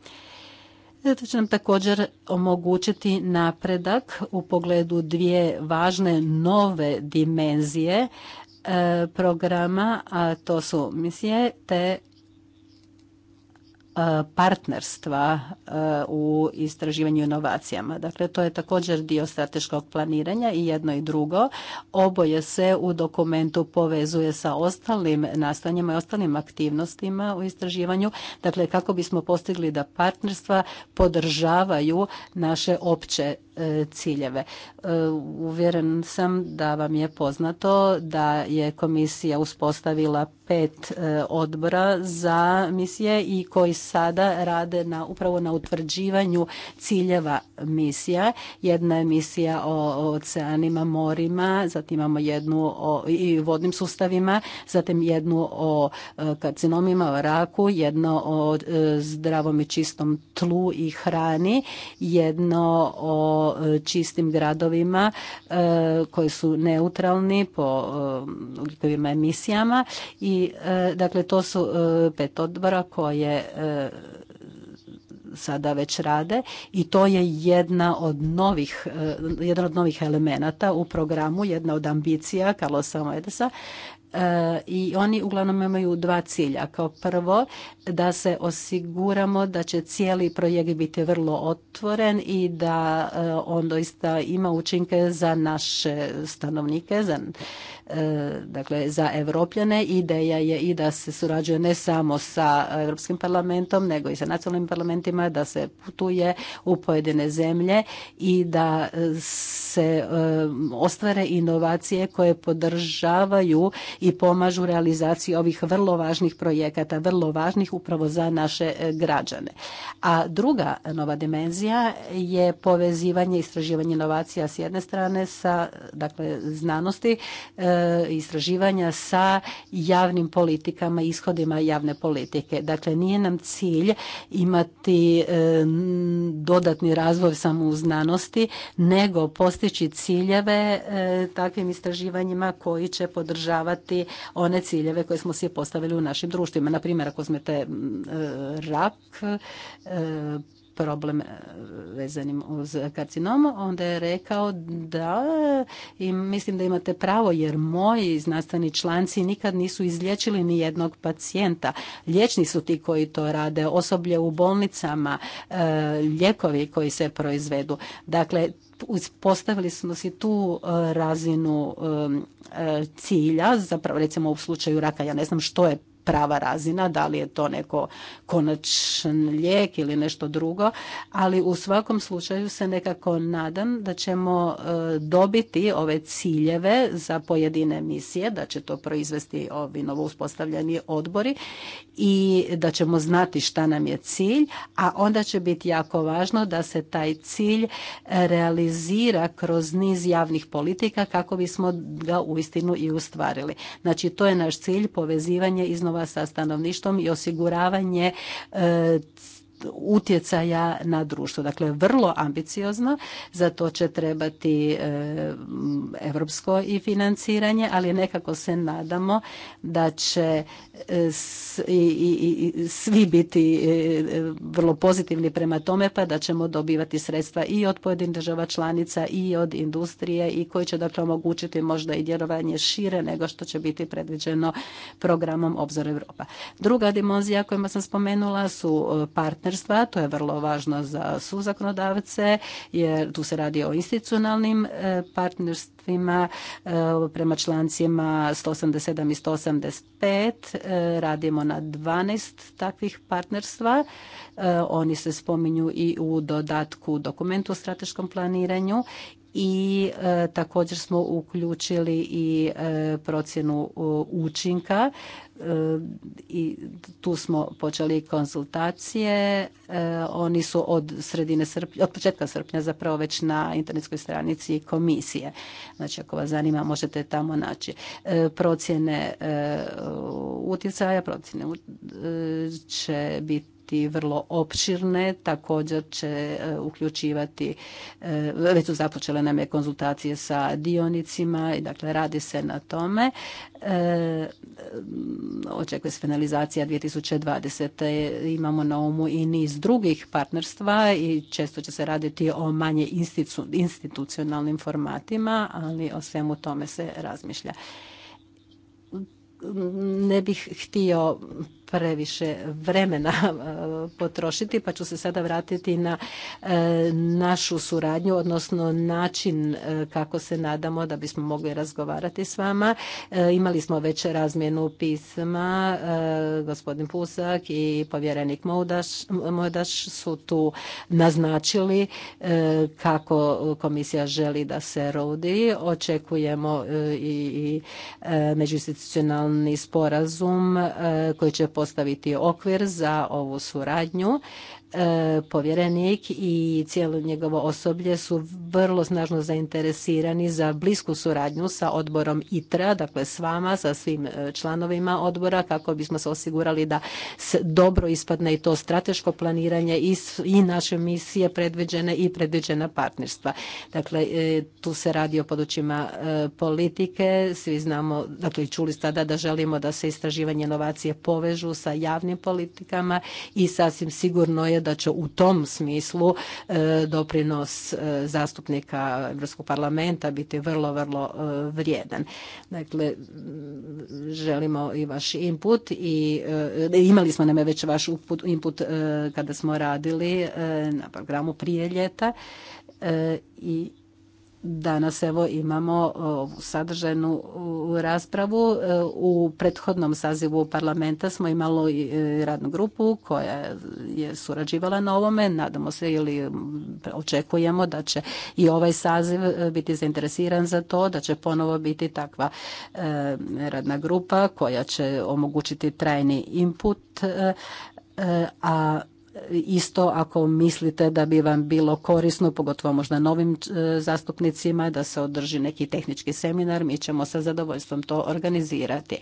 To će nam također omogućiti napredak u pogledu dvije važne nove dimenzije e, programa, a to su misije te E, partnerstva e, u istraživanju inovacijama. Dakle, to je također dio strateškog planiranja i jedno i drugo. Oboje se u dokumentu povezuje sa ostalim nastanjima i ostalim aktivnostima u istraživanju. Dakle, kako bismo postigli da partnerstva podržavaju naše opće E, ciljeve. E, uvjeren sam da vam je poznato da je komisija uspostavila pet e, odbora za misije i koji sada rade na, upravo na utvrđivanju ciljeva misija. Jedna je misija o oceanima, morima, zatim imamo jednu o i vodnim sustavima, zatim jednu o karcinomima, o raku, jedno o zdravom i čistom tlu i hrani, jedno o čistim gradovima e, koji su neutralni po e, ugljikovim emisijama i e, dakle to su pet odbora koje sada već rade i to je jedna od novih, jedan od novih elemenata u programu, jedna od ambicija Carlosa Moedesa E, i oni uglavnom imaju dva cilja. Kao prvo da se osiguramo da će cijeli projekt biti vrlo otvoren i da e, on doista ima učinke za naše stanovnike, za E, dakle za Evropljane. Ideja je i da se surađuje ne samo sa Europskim parlamentom, nego i sa nacionalnim parlamentima, da se putuje u pojedine zemlje i da e, se e, ostvare inovacije koje podržavaju i pomažu realizaciji ovih vrlo važnih projekata, vrlo važnih upravo za naše građane. A druga nova dimenzija je povezivanje, istraživanje inovacija s jedne strane sa dakle, znanosti Eh, istraživanja sa javnim politikama, ishodima javne politike. Dakle, nije nam cilj imati eh, dodatni razvoj samo u znanosti, nego postići ciljeve eh, takvim istraživanjima koji će podržavati one ciljeve koje smo si postavili u našim društvima. Naprimjer, ako smete mm, rak, problem e, vezanim uz karcinom, onda je rekao da i mislim da imate pravo jer moji znanstveni članci nikad nisu izlječili ni jednog pacijenta. Liječni su ti koji to rade, osoblje u bolnicama, e, lijekovi koji se proizvedu. Dakle, postavili smo si tu e, razinu cilja, zapravo recimo u slučaju raka, ja ne znam što je prava razina, da li je to neko konačan lijek ili nešto drugo, ali u svakom slučaju se nekako nadam da ćemo e, dobiti ove ciljeve za pojedine misije, da će to proizvesti ovi novo uspostavljeni odbori i da ćemo znati šta nam je cilj, a onda će biti jako važno da se taj cilj realizira kroz niz javnih politika kako bismo ga uistinu i ustvarili. Znači to je naš cilj povezivanje iz stanova sa stanovništvom i osiguravanje e, utjecaja na društvo. Dakle, vrlo ambiciozno, za to će trebati europsko i financiranje, ali nekako se nadamo da će e, i svi biti e, vrlo pozitivni prema tome, pa da ćemo dobivati sredstva i od pojedin država članica i od industrije i koji će dakle omogućiti možda i djelovanje šire nego što će biti predviđeno programom Obzor Europa. Druga dimenzija kojima sam spomenula su e, partner partnerstva. To je vrlo važno za suzakonodavce jer tu se radi o institucionalnim e, partnerstvima e, prema člancima 187 i 185. E, radimo na 12 takvih partnerstva. Oni se spominju i u dodatku dokumentu o strateškom planiranju i e, također smo uključili i e, procjenu e, učinka i tu smo počeli konzultacije. Oni su od sredine srpnja, od početka srpnja zapravo već na internetskoj stranici komisije. Znači ako vas zanima možete tamo naći procjene utjecaja, procjene će biti biti vrlo opširne, također će e, uključivati, e, već su započele nam je konzultacije sa dionicima i dakle radi se na tome. E, očekuje se finalizacija 2020. Imamo na umu i niz drugih partnerstva i često će se raditi o manje institucionalnim formatima, ali o svemu tome se razmišlja ne bih htio previše vremena [LAUGHS] e, potrošiti, pa ću se sada vratiti na e, našu suradnju, odnosno način e, kako se nadamo da bismo mogli razgovarati s vama. Imali smo već razmjenu pisma, gospodin Pusak i povjerenik Modaš su tu naznačili kako komisija želi da se rodi. Očekujemo i međuinstitucionalni sporazum koji će uspostaviti okvir za ovu suradnju E, povjerenik i cijelo njegovo osoblje su vrlo snažno zainteresirani za blisku suradnju sa odborom ITRA, dakle s vama, sa svim e, članovima odbora kako bismo se osigurali da dobro ispadne i to strateško planiranje i naše misije predviđene i predviđena partnerstva. Dakle, e, tu se radi o područjima politike, svi znamo, dakle čuli ste da želimo da se istraživanje inovacije povežu sa javnim politikama i sasvim sigurno je da će u tom smislu e, doprinos e, zastupnika Europskog parlamenta biti vrlo, vrlo e, vrijedan. Dakle, želimo i vaš input i imali smo nam već vaš input kada smo radili na programu prije ljeta i Danas evo imamo sadržajnu raspravu. E, u prethodnom sazivu parlamenta smo imali e, radnu grupu koja je surađivala na ovome. Nadamo se ili očekujemo da će i ovaj saziv e, biti zainteresiran za to, da će ponovo biti takva radna grupa koja će omogućiti trajni input, a isto ako mislite da bi vam bilo korisno, pogotovo možda novim e, zastupnicima, da se održi neki tehnički seminar, mi ćemo sa zadovoljstvom to organizirati.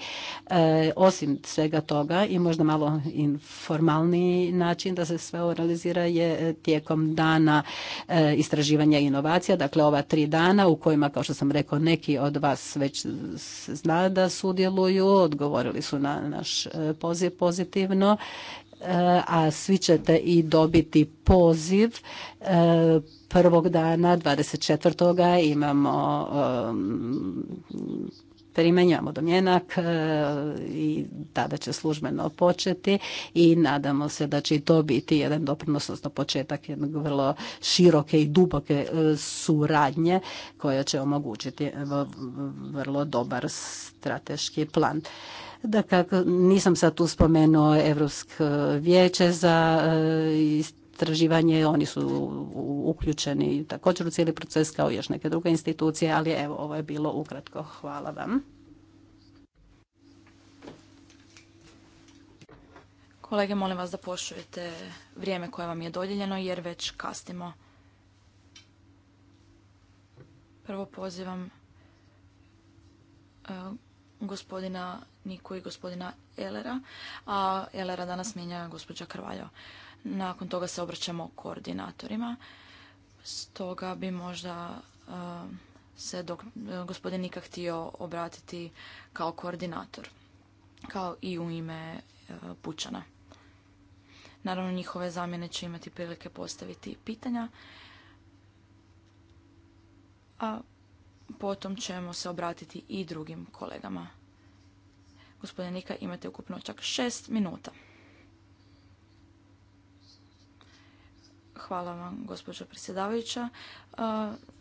E, osim svega toga i možda malo informalni način da se sve realizira je e, tijekom dana istraživanja i inovacija, dakle ova tri dana u kojima, kao što sam rekao, neki od vas već zna da sudjeluju, odgovorili su na naš poziv pozitivno a svi ćete i dobiti poziv e, prvog dana 24. imamo primenjamo domjenak e, i tada će službeno početi i nadamo se da će i to biti jedan doprinos, odnosno početak jednog vrlo široke i duboke e, suradnje koja će omogućiti vrlo dobar strateški plan. Da kako, nisam sad tu spomenuo Europsko e, vijeće za e, istraživanje, oni su uključeni također u cijeli proces kao i još neke druge institucije, ali evo ovo je bilo ukratko. Hvala vam. Kolege, molim vas da poštujete vrijeme koje vam je dodijeljeno jer već kasnimo. Prvo pozivam e, gospodina zastupniku i gospodina Elera, a Elera danas mijenja gospođa Krvaljo. Nakon toga se obraćamo koordinatorima. Stoga bi možda e, se dok, e, gospodin Nika htio obratiti kao koordinator, kao i u ime e, Pučana. Naravno, njihove zamjene će imati prilike postaviti pitanja. A potom ćemo se obratiti i drugim kolegama. Gospodine Nika, imate ukupno čak šest minuta. Hvala vam, gospođo predsjedavajuća. E,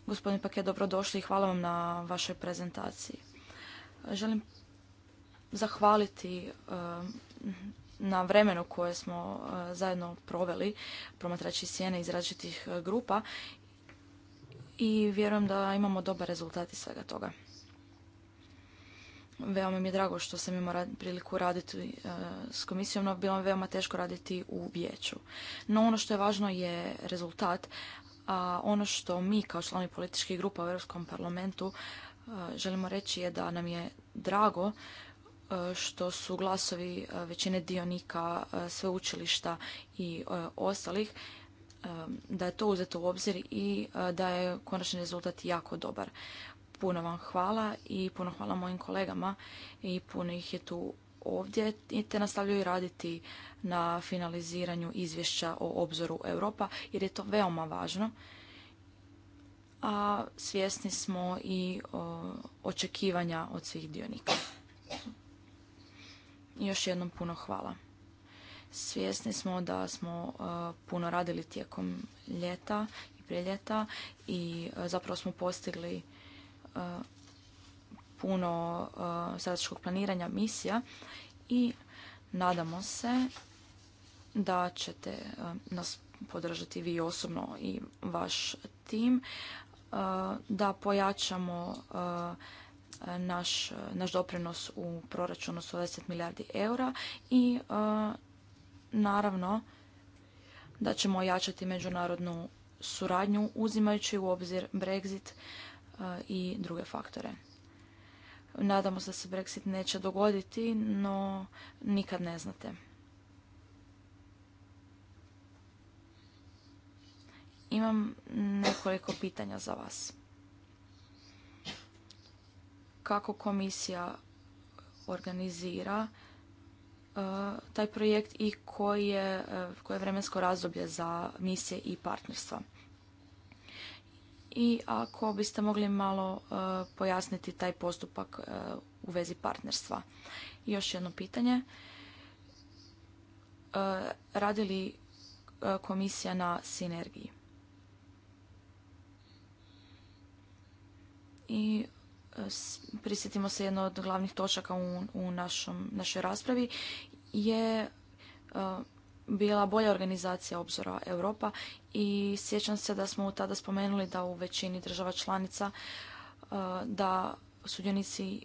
gospodin Paket, dobrodošli i hvala vam na vašoj prezentaciji. Želim zahvaliti e, na vremenu koje smo e, zajedno proveli, promatrači sjene iz različitih grupa i vjerujem da imamo dobar rezultat iz svega toga. Veoma mi je drago što sam imao priliku raditi e, s komisijom, no bilo mi veoma teško raditi u vijeću. No ono što je važno je rezultat, a ono što mi kao članovi političkih grupa u Europskom parlamentu e, želimo reći je da nam je drago e, što su glasovi većine dionika sveučilišta i ostalih, da je to uzeto u obzir i da je konačni rezultat jako dobar. Puno vam hvala i puno hvala mojim kolegama i puno ih je tu ovdje i te nastavljaju raditi na finaliziranju izvješća o obzoru Europa jer je to veoma važno. A svjesni smo i očekivanja od svih dionika. Još jednom puno hvala. Svjesni smo da smo puno radili tijekom ljeta i prije ljeta i zapravo smo postigli E, puno e, strateškog planiranja misija i nadamo se da ćete e, nas podržati vi osobno i vaš tim da pojačamo naš, doprinos u proračunu 20 milijardi eura i naravno da ćemo ojačati međunarodnu suradnju uzimajući u obzir Brexit i druge faktore. Nadamo se da se Brexit neće dogoditi, no nikad ne znate. Imam nekoliko pitanja za vas. Kako komisija organizira taj projekt i koje, koje vremensko razdoblje za misije i partnerstva i ako biste mogli malo e, pojasniti taj postupak e, u vezi partnerstva. još jedno pitanje. E, radi li komisija na sinergiji? I prisjetimo se jedno od glavnih točaka u našoj raspravi je bila bolja organizacija obzora Europa i sjećam se da smo tada spomenuli da u većini država članica e, da sudionici e,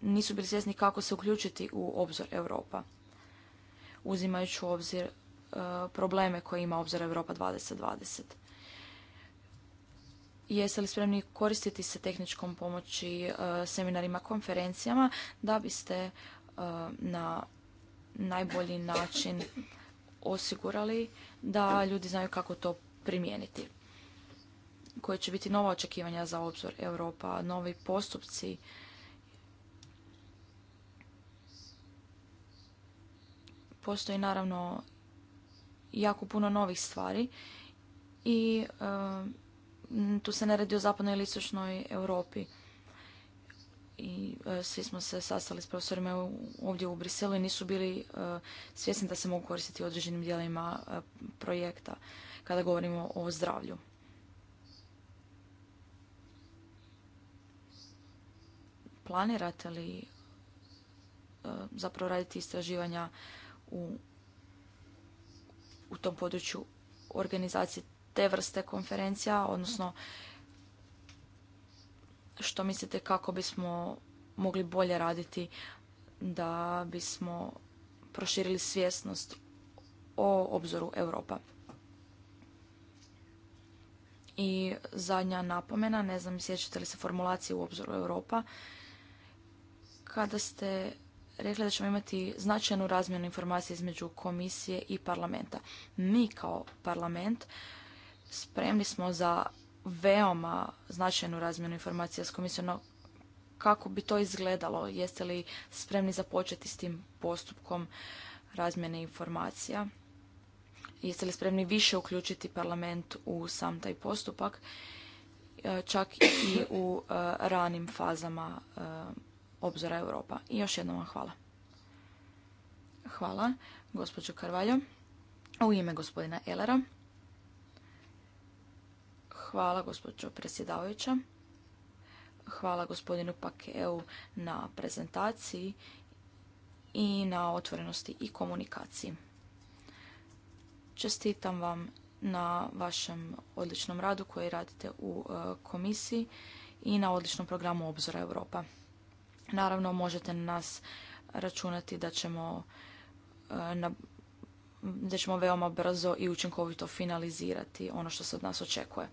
nisu bili svjesni kako se uključiti u obzor Europa, uzimajući u obzir e, probleme koje ima obzor Europa 2020. Jeste li spremni koristiti se tehničkom pomoći seminarima, konferencijama da biste na najbolji način osigurali da ljudi znaju kako to primijeniti. Koje će biti nova očekivanja za obzor Europa, novi postupci postoji naravno jako puno novih stvari i e, tu se ne radi o zapadnoj ili istočnoj Europi i e, svi smo se sastali s profesorima ovdje u Briselu i nisu bili e, svjesni da se mogu koristiti određenim dijelima e, projekta kada govorimo o zdravlju. Planirate li zapravo raditi istraživanja u, u tom području organizacije te vrste konferencija, odnosno što mislite kako bismo mogli bolje raditi da bismo proširili svjesnost o obzoru Europa. I zadnja napomena, ne znam sjećate li se formulacije u obzoru Europa, kada ste rekli da ćemo imati značajnu razmjenu informacije između komisije i parlamenta. Mi kao parlament spremni smo za veoma značajnu razmjenu informacija s komisijom, kako bi to izgledalo? Jeste li spremni započeti s tim postupkom razmjene informacija? Jeste li spremni više uključiti parlament u sam taj postupak, e, čak i u e, ranim fazama e, obzora Europa? I još jednom vam hvala. Hvala, gospođo Karvaljo. U ime gospodina Ellera. Hvala gospođo predsjedavajuća. Hvala gospodinu Pakeu na prezentaciji i na otvorenosti i komunikaciji. Čestitam vam na vašem odličnom radu koji radite u e, komisiji i na odličnom programu Obzora Europa. Naravno, možete na nas računati da ćemo, e, na, da ćemo veoma brzo i učinkovito finalizirati ono što se od nas očekuje.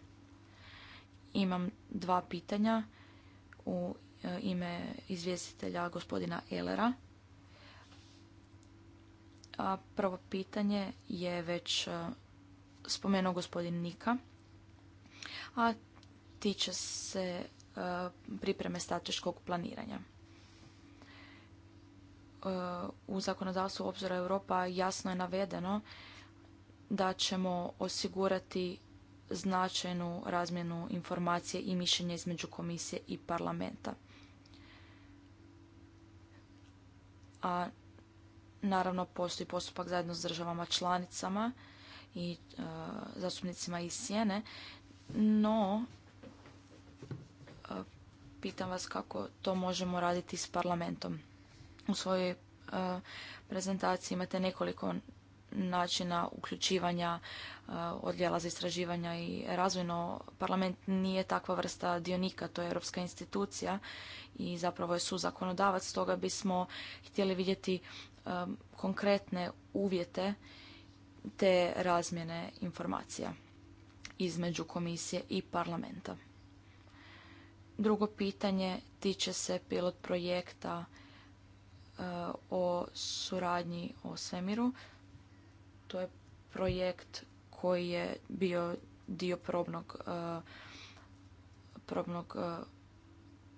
Imam dva pitanja u e, ime izvjestitelja gospodina Elera. A prvo pitanje je već e, spomenuo gospodin Nika, a tiče se e, pripreme strateškog planiranja. U zakonodavstvu obzora Europa jasno je navedeno da ćemo osigurati značajnu razmjenu informacije i mišljenja između komisije i parlamenta. A naravno postoji postupak zajedno s državama članicama i e, zastupnicima iz Sjene, no e, pitam vas kako to možemo raditi s parlamentom. U svojoj e, prezentaciji imate nekoliko načina uključivanja e, odjela za istraživanja i razvojno. Parlament nije takva vrsta dionika, to je europska institucija i zapravo je suzakonodavac, stoga bismo htjeli vidjeti e, konkretne uvjete te razmjene informacija između komisije i parlamenta. Drugo pitanje tiče se pilot projekta e, o suradnji o svemiru. To je projekt koji je bio dio probnog, eh, probnog eh,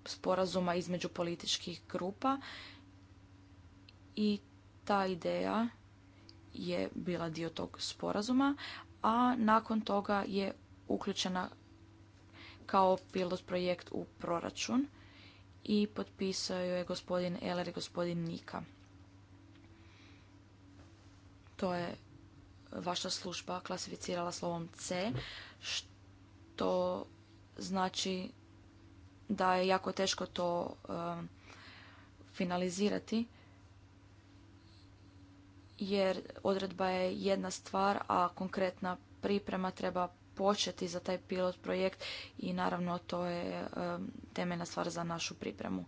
sporazuma između političkih grupa i ta ideja je bila dio tog sporazuma, a nakon toga je uključena kao pilot projekt u proračun i potpisao je gospodin Eler i gospodin Nika. To je vaša služba klasificirala slovom C, što znači da je jako teško to um, finalizirati, jer odredba je jedna stvar, a konkretna priprema treba početi za taj pilot projekt i naravno to je um, temeljna stvar za našu pripremu.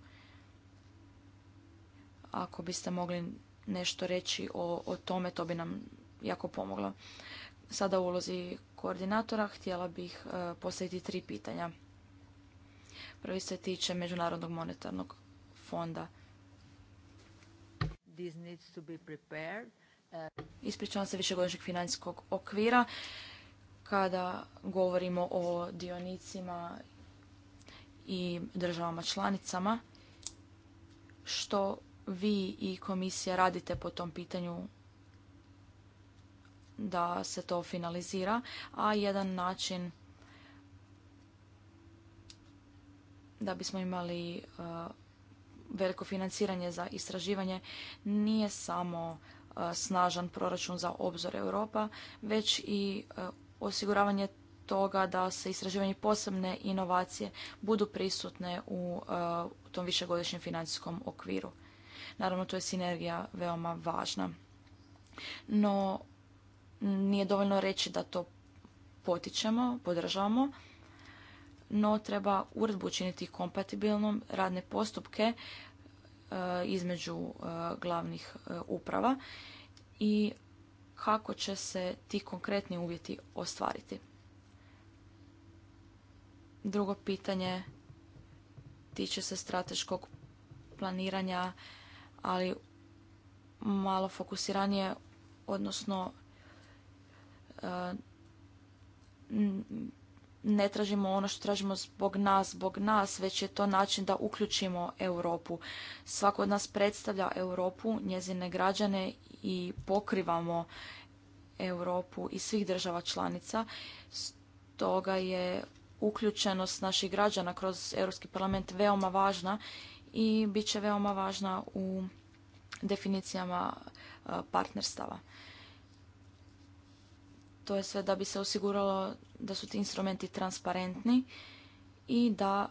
Ako biste mogli nešto reći o, o tome, to bi nam jako pomoglo. Sada u ulozi koordinatora htjela bih e, postaviti tri pitanja. Prvi se tiče Međunarodnog monetarnog fonda. E, ispričavam se višegodišnjeg financijskog okvira. Kada govorimo o dionicima i državama članicama, što vi i komisija radite po tom pitanju da se to finalizira, a jedan način da bismo imali uh, veliko financiranje za istraživanje nije samo uh, snažan proračun za obzor Europa, već i uh, osiguravanje toga da se istraživanje posebne inovacije budu prisutne u tom višegodišnjem financijskom okviru. Naravno, to je sinergija veoma važna. No, nije dovoljno reći da to potičemo, podržavamo, no treba uredbu učiniti kompatibilnom radne postupke e, između e, glavnih e, uprava i kako će se ti konkretni uvjeti ostvariti. Drugo pitanje tiče se strateškog planiranja, ali malo fokusiranije, odnosno E, ne tražimo ono što tražimo zbog nas, zbog nas, već je to način da uključimo Europu. Svako od nas predstavlja Europu, njezine građane i pokrivamo Europu i svih država članica. Stoga je uključenost naših građana kroz Europski parlament veoma važna i bit će veoma važna u definicijama e, partnerstava. To je sve da bi se osiguralo da su ti instrumenti transparentni i da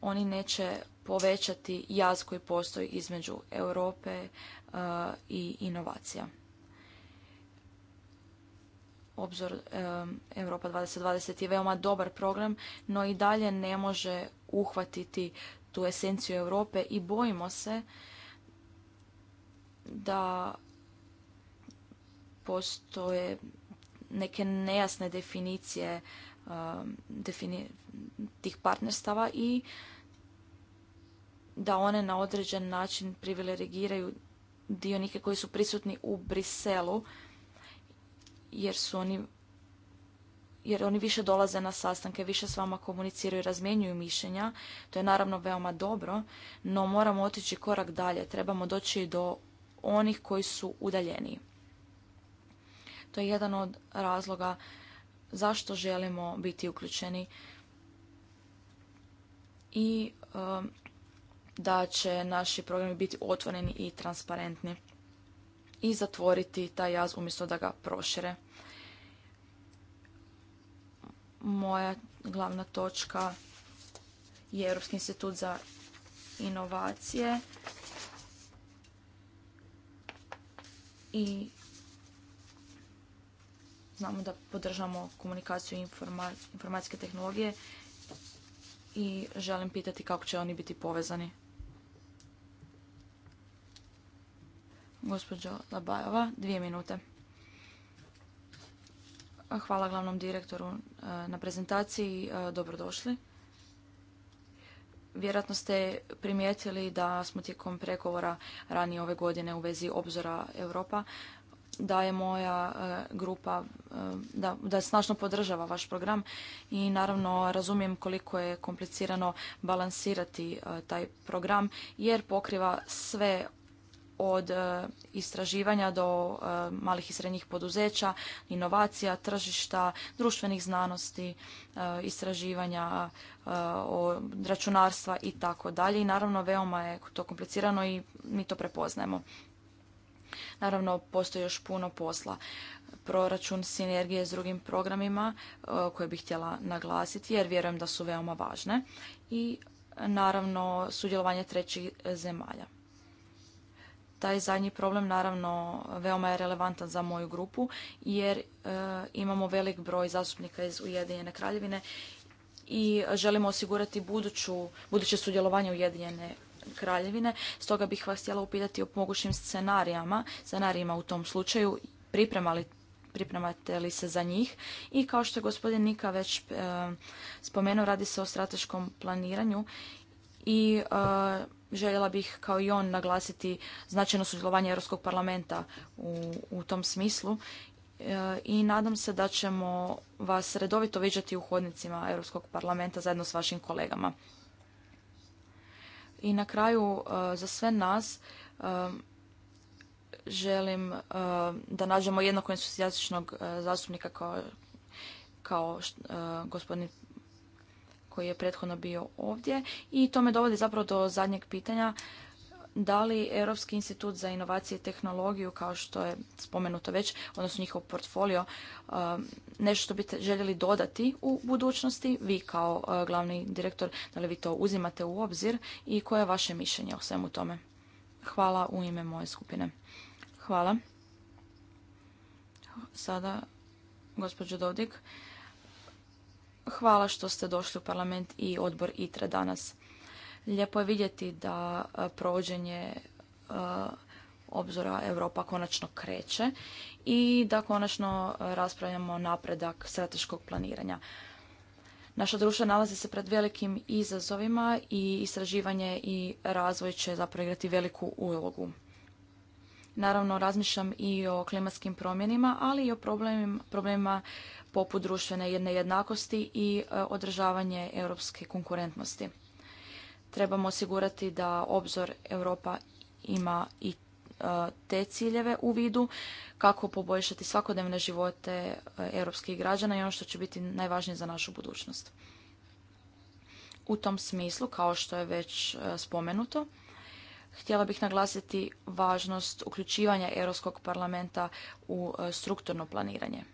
oni neće povećati jaz koji postoji između Europe eh, i inovacija. Obzor eh, Europa 2020 je veoma dobar program, no i dalje ne može uhvatiti tu esenciju Europe i bojimo se da postoje neke nejasne definicije um, tih partnerstava i da one na određen način privilegiraju dionike koji su prisutni u Briselu jer su oni jer oni više dolaze na sastanke, više s vama komuniciraju, razmjenjuju mišljenja. To je naravno veoma dobro, no moramo otići korak dalje. Trebamo doći do onih koji su udaljeniji. To je jedan od razloga zašto želimo biti uključeni i um, da će naši programi biti otvoreni i transparentni i zatvoriti taj jaz umjesto da ga prošire. Moja glavna točka je Europski institut za inovacije i Znamo da podržamo komunikaciju informacijske tehnologije i želim pitati kako će oni biti povezani. Gospođo Labajova, dvije minute. Hvala glavnom direktoru e, na prezentaciji. E, dobrodošli. Vjerojatno ste primijetili da smo tijekom pregovora ranije ove godine u vezi obzora Europa da je moja e, grupa, e, da, snažno podržava vaš program i naravno razumijem koliko je komplicirano balansirati e, taj program jer pokriva sve od istraživanja do malih i srednjih poduzeća, inovacija, tržišta, društvenih znanosti, istraživanja računarstva i tako dalje. I naravno veoma je to komplicirano i mi to prepoznajemo. Naravno, postoji još puno posla. Proračun sinergije s drugim programima e, koje bih htjela naglasiti jer vjerujem da su veoma važne i naravno sudjelovanje trećih zemalja. Taj zadnji problem naravno veoma je relevantan za moju grupu jer e, imamo velik broj zastupnika iz Ujedinjene kraljevine i želimo osigurati buduću, buduće sudjelovanje Ujedinjene kraljevine. Stoga bih vas htjela upitati o mogućim scenarijama, scenarijima u tom slučaju, pripremali pripremate li se za njih. I kao što je gospodin Nika već e, spomenuo, radi se o strateškom planiranju i e, željela bih kao i on naglasiti značajno sudjelovanje Europskog parlamenta u, u tom smislu e, i nadam se da ćemo vas redovito viđati u hodnicima Europskog parlamenta zajedno s vašim kolegama. I na kraju uh, za sve nas um, želim uh, da nađemo jednako entuzijastičnog uh, zastupnika kao, kao gospodin koji je prethodno bio ovdje. I to me dovodi zapravo do zadnjeg pitanja da li Europski institut za inovacije i tehnologiju, kao što je spomenuto već, odnosno njihov portfolio, uh, nešto bi biste željeli dodati u budućnosti, vi kao uh, glavni direktor, da li vi to uzimate u obzir i koje je vaše mišljenje o svemu tome? Hvala u ime moje skupine. Hvala. Sada, gospođo Dodik, hvala što ste došli u parlament i odbor ITRE danas. Lijepo je vidjeti da e, provođenje e, obzora Europa konačno kreće i da konačno raspravljamo napredak strateškog planiranja. Naša društva nalazi se pred velikim izazovima i istraživanje i razvoj će zapravo igrati veliku ulogu. Naravno, razmišljam i o klimatskim promjenima, ali i o problemima, poput društvene nejednakosti i e, održavanje europske konkurentnosti trebamo osigurati da obzor Europa ima i e, te ciljeve u vidu, kako poboljšati svakodnevne živote e, europskih građana i ono što će biti najvažnije za našu budućnost. U tom smislu, kao što je već e, spomenuto, htjela bih naglasiti važnost uključivanja Europskog parlamenta u strukturno planiranje.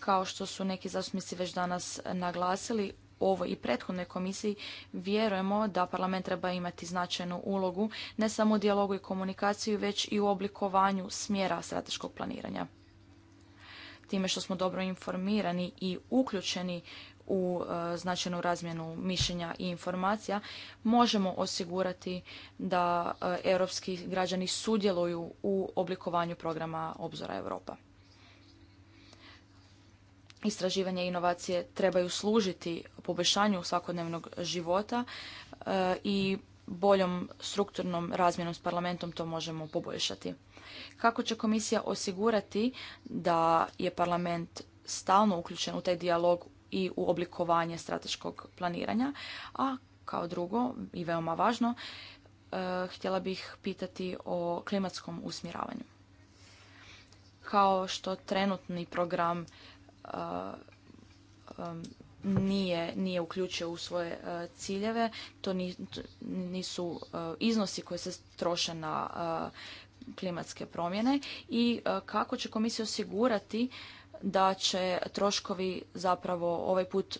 Kao što su neki zastupnici već danas naglasili, ovoj i prethodnoj komisiji vjerujemo da parlament treba imati značajnu ulogu ne samo u dijalogu i komunikaciju već i u oblikovanju smjera strateškog planiranja. Time što smo dobro informirani i uključeni u e, značajnu razmjenu mišljenja i informacija možemo osigurati da e, europski građani sudjeluju u oblikovanju programa Obzora Europa. Istraživanje i inovacije trebaju služiti poboljšanju svakodnevnog života e, i boljom strukturnom razmjenom s parlamentom to možemo poboljšati. Kako će komisija osigurati da je parlament stalno uključen u taj dijalog i u oblikovanje strateškog planiranja, a kao drugo i veoma važno, e, htjela bih pitati o klimatskom usmjeravanju. Kao što trenutni program nije, nije uključio u svoje ciljeve. To nisu iznosi koji se troše na klimatske promjene i kako će komisija osigurati da će troškovi zapravo ovaj put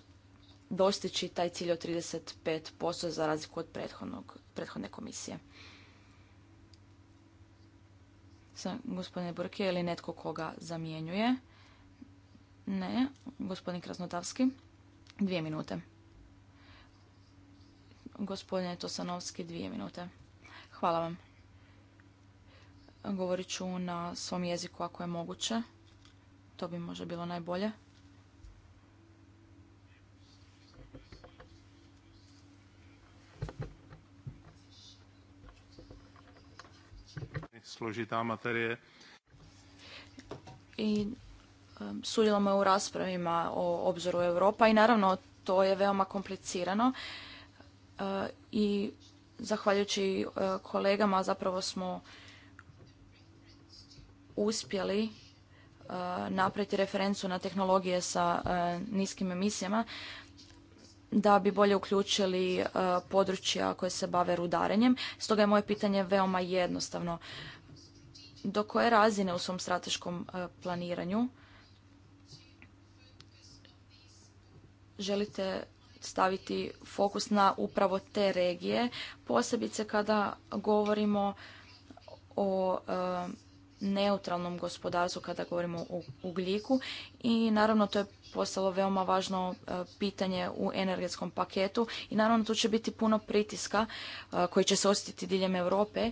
dostići taj cilj od 35% za razliku od prethodnog, prethodne komisije. Sam gospodine Burke ili netko koga zamjenjuje. Ne. Gospodin Krasnodavski. Dvije minute. Gospodine Tosanovski, dvije minute. Hvala vam. Govorit ću na svom jeziku ako je moguće. To bi možda bilo najbolje. složita materije I Um, sudjelujemo u raspravima o obzoru Europa i naravno to je veoma komplicirano uh, i zahvaljujući uh, kolegama zapravo smo uspjeli uh, napraviti referencu na tehnologije sa niskim emisijama da bi bolje uključili područja koje se bave rudarenjem. Stoga je moje pitanje veoma jednostavno. Do koje razine u svom strateškom planiranju želite staviti fokus na upravo te regije, posebice kada govorimo o e, neutralnom gospodarstvu kada govorimo o ugljiku i naravno to je postalo veoma važno e, pitanje u energetskom paketu i naravno tu će biti puno pritiska e, koji će se osjetiti diljem Europe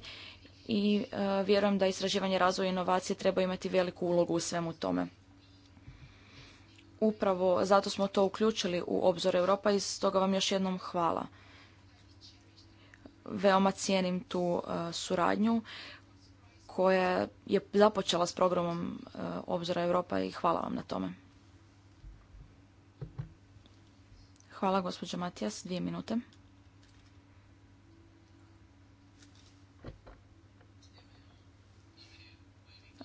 i vjerujem da istraživanje razvoja i inovacije treba imati veliku ulogu u svemu tome upravo zato smo to uključili u obzor Europa i stoga vam još jednom hvala. Veoma cijenim tu e, suradnju koja je započela s programom e, obzora Europa i hvala vam na tome. Hvala gospođa Matijas, dvije minute.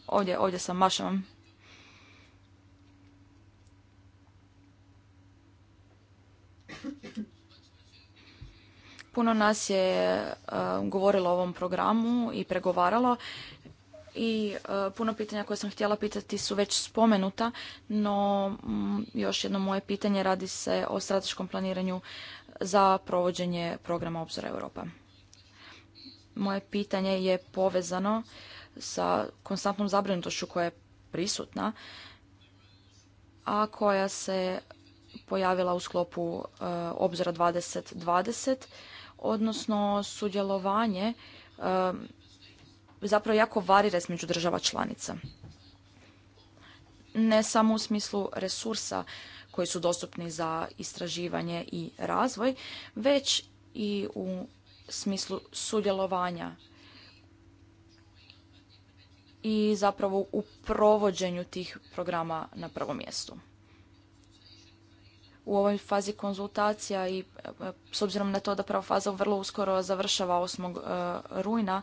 Ovdje, sam, mašam Puno nas je e, govorilo o ovom programu i pregovaralo i e, puno pitanja koje sam htjela pitati su već spomenuta, no još jedno moje pitanje radi se o strateškom planiranju za provođenje programa Obzora Europa. Moje pitanje je povezano sa konstantnom zabrinutošću koja je prisutna, a koja se pojavila u sklopu e, Obzora 2020 odnosno sudjelovanje zapravo jako varira između država članica. Ne samo u smislu resursa koji su dostupni za istraživanje i razvoj, već i u smislu sudjelovanja i zapravo u provođenju tih programa na prvom mjestu u ovoj fazi konzultacija i e, s obzirom na to da prva faza vrlo uskoro završava 8. E, rujna,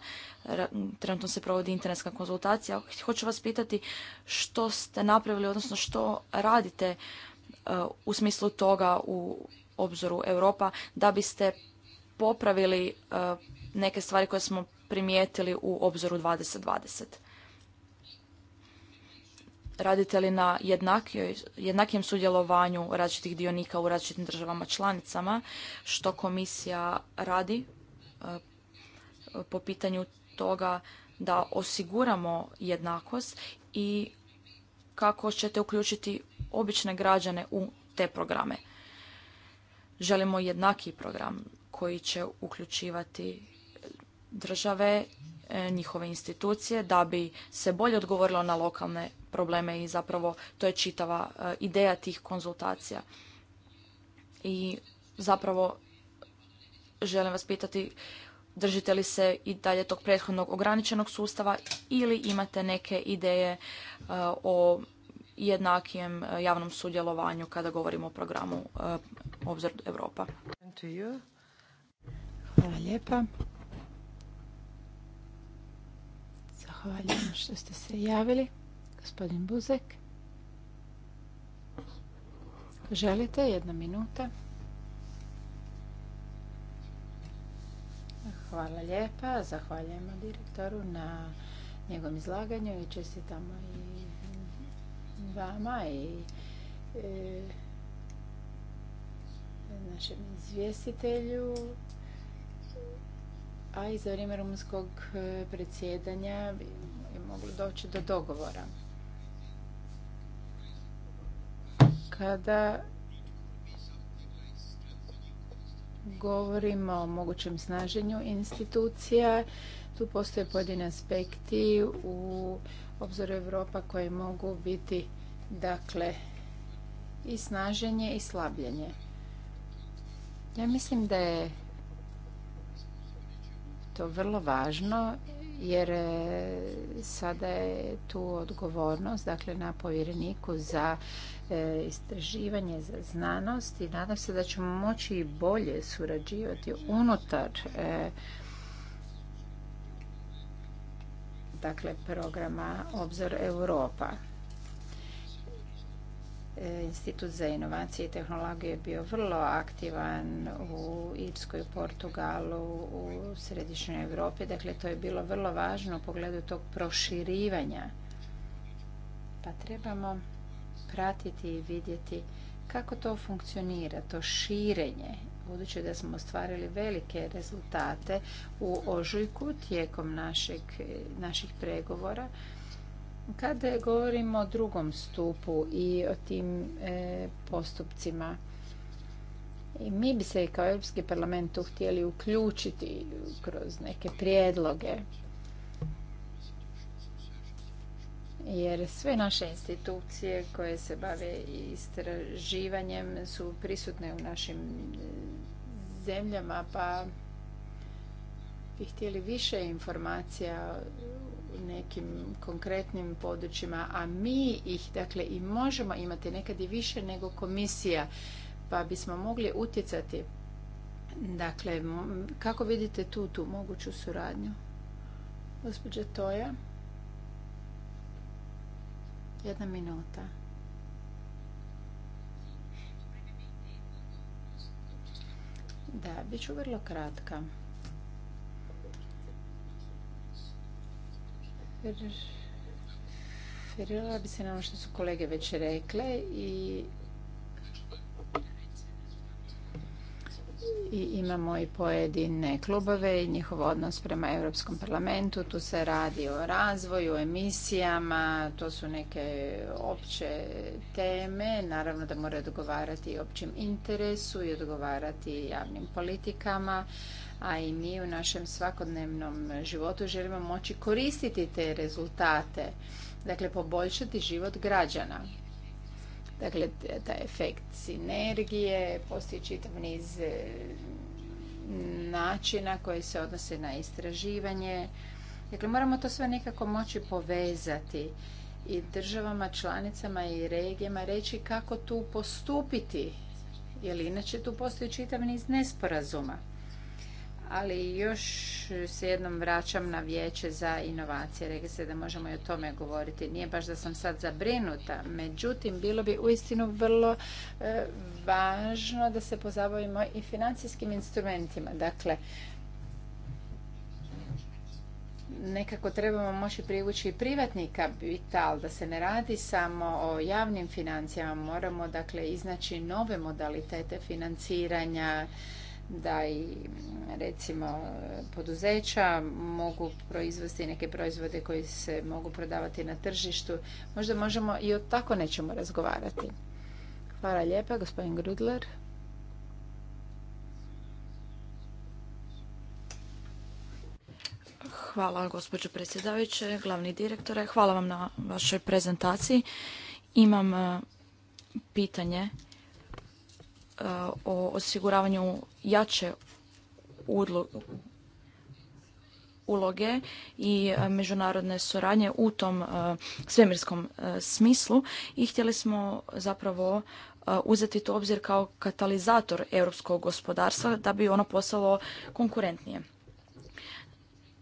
trenutno se provodi internetska konzultacija, hoću vas pitati što ste napravili, odnosno što radite e, u smislu toga u obzoru Europa da biste popravili neke stvari koje smo primijetili u obzoru 2020 radite li na jednakijem sudjelovanju različitih dionika u različitim državama članicama, što komisija radi e, po pitanju toga da osiguramo jednakost i kako ćete uključiti obične građane u te programe. Želimo jednaki program koji će uključivati države, e, njihove institucije da bi se bolje odgovorilo na lokalne probleme i zapravo to je čitava eh, ideja tih konzultacija. I zapravo želim vas pitati držite li se i dalje tog prethodnog ograničenog sustava ili imate neke ideje eh, o jednakijem eh, javnom sudjelovanju kada govorimo o programu Obzor Europa. Hvala lijepa. Zahvaljujem što ste se javili. Gospodin Buzek. Želite? Jedna minuta. Hvala lijepa. Zahvaljujemo direktoru na njegovom izlaganju i čestitamo i vama i e, našem izvjestitelju. A i za vrijeme rumunskog e, predsjedanja je moglo doći do dogovora. Kada govorimo o mogućem snaženju institucija, tu postoje pojedini aspekti u obzoru Evropa koji mogu biti dakle i snaženje i slabljenje. Ja mislim da je to vrlo važno jer e, sada je tu odgovornost dakle na povjereniku za e, istraživanje za znanost i nadam se da ćemo moći i bolje surađivati unutar e, dakle programa Obzor Europa. E, Institut za inovacije i tehnologije je bio vrlo aktivan u Irskoj, u Portugalu, u središnjoj Europi. Dakle, to je bilo vrlo važno u pogledu tog proširivanja. Pa trebamo pratiti i vidjeti kako to funkcionira, to širenje. Budući da smo ostvarili velike rezultate u ožujku tijekom naših pregovora, kada govorimo o drugom stupu i o tim e, postupcima, i mi bi se kao Europski parlament tu htjeli uključiti kroz neke prijedloge. Jer sve naše institucije koje se bave istraživanjem su prisutne u našim zemljama, pa bi htjeli više informacija nekim konkretnim područjima, a mi ih dakle i možemo imati nekad i više nego komisija, pa bismo mogli utjecati. Dakle, kako vidite tu tu moguću suradnju? Gospođa Toja. Jedna minuta. Da, bit ću vrlo kratka. Referirala bi se na ono što su kolege već rekle i i imamo i pojedine klubove i njihov odnos prema Europskom parlamentu. Tu se radi o razvoju, emisijama, to su neke opće teme. Naravno da mora odgovarati i općem interesu i odgovarati javnim politikama, a i mi u našem svakodnevnom životu želimo moći koristiti te rezultate, dakle poboljšati život građana. Dakle, taj efekt sinergije, postoji čitav niz e, načina koji se odnose na istraživanje. Dakle, moramo to sve nekako moći povezati i državama, članicama i regijama reći kako tu postupiti, jer inače tu postoji čitav niz nesporazuma ali još se jednom vraćam na vijeće za inovacije. Rekli se da možemo i o tome govoriti. Nije baš da sam sad zabrinuta. Međutim, bilo bi uistinu vrlo e, važno da se pozabavimo i financijskim instrumentima. Dakle, nekako trebamo moći privući i privatni kapital, da se ne radi samo o javnim financijama. Moramo, dakle, iznaći nove modalitete financiranja, da i recimo poduzeća mogu proizvesti neke proizvode koji se mogu prodavati na tržištu. Možda možemo i o tako nećemo razgovarati. Hvala lijepa, gospodin Grudler. Hvala, gospođo predsjedavajuće, glavni direktore. Hvala vam na vašoj prezentaciji. Imam e, pitanje E, o osiguravanju jače uloge i e, međunarodne suradnje u tom e, svemirskom smislu i htjeli smo zapravo uzeti to obzir kao katalizator europskog gospodarstva da bi ono postalo konkurentnije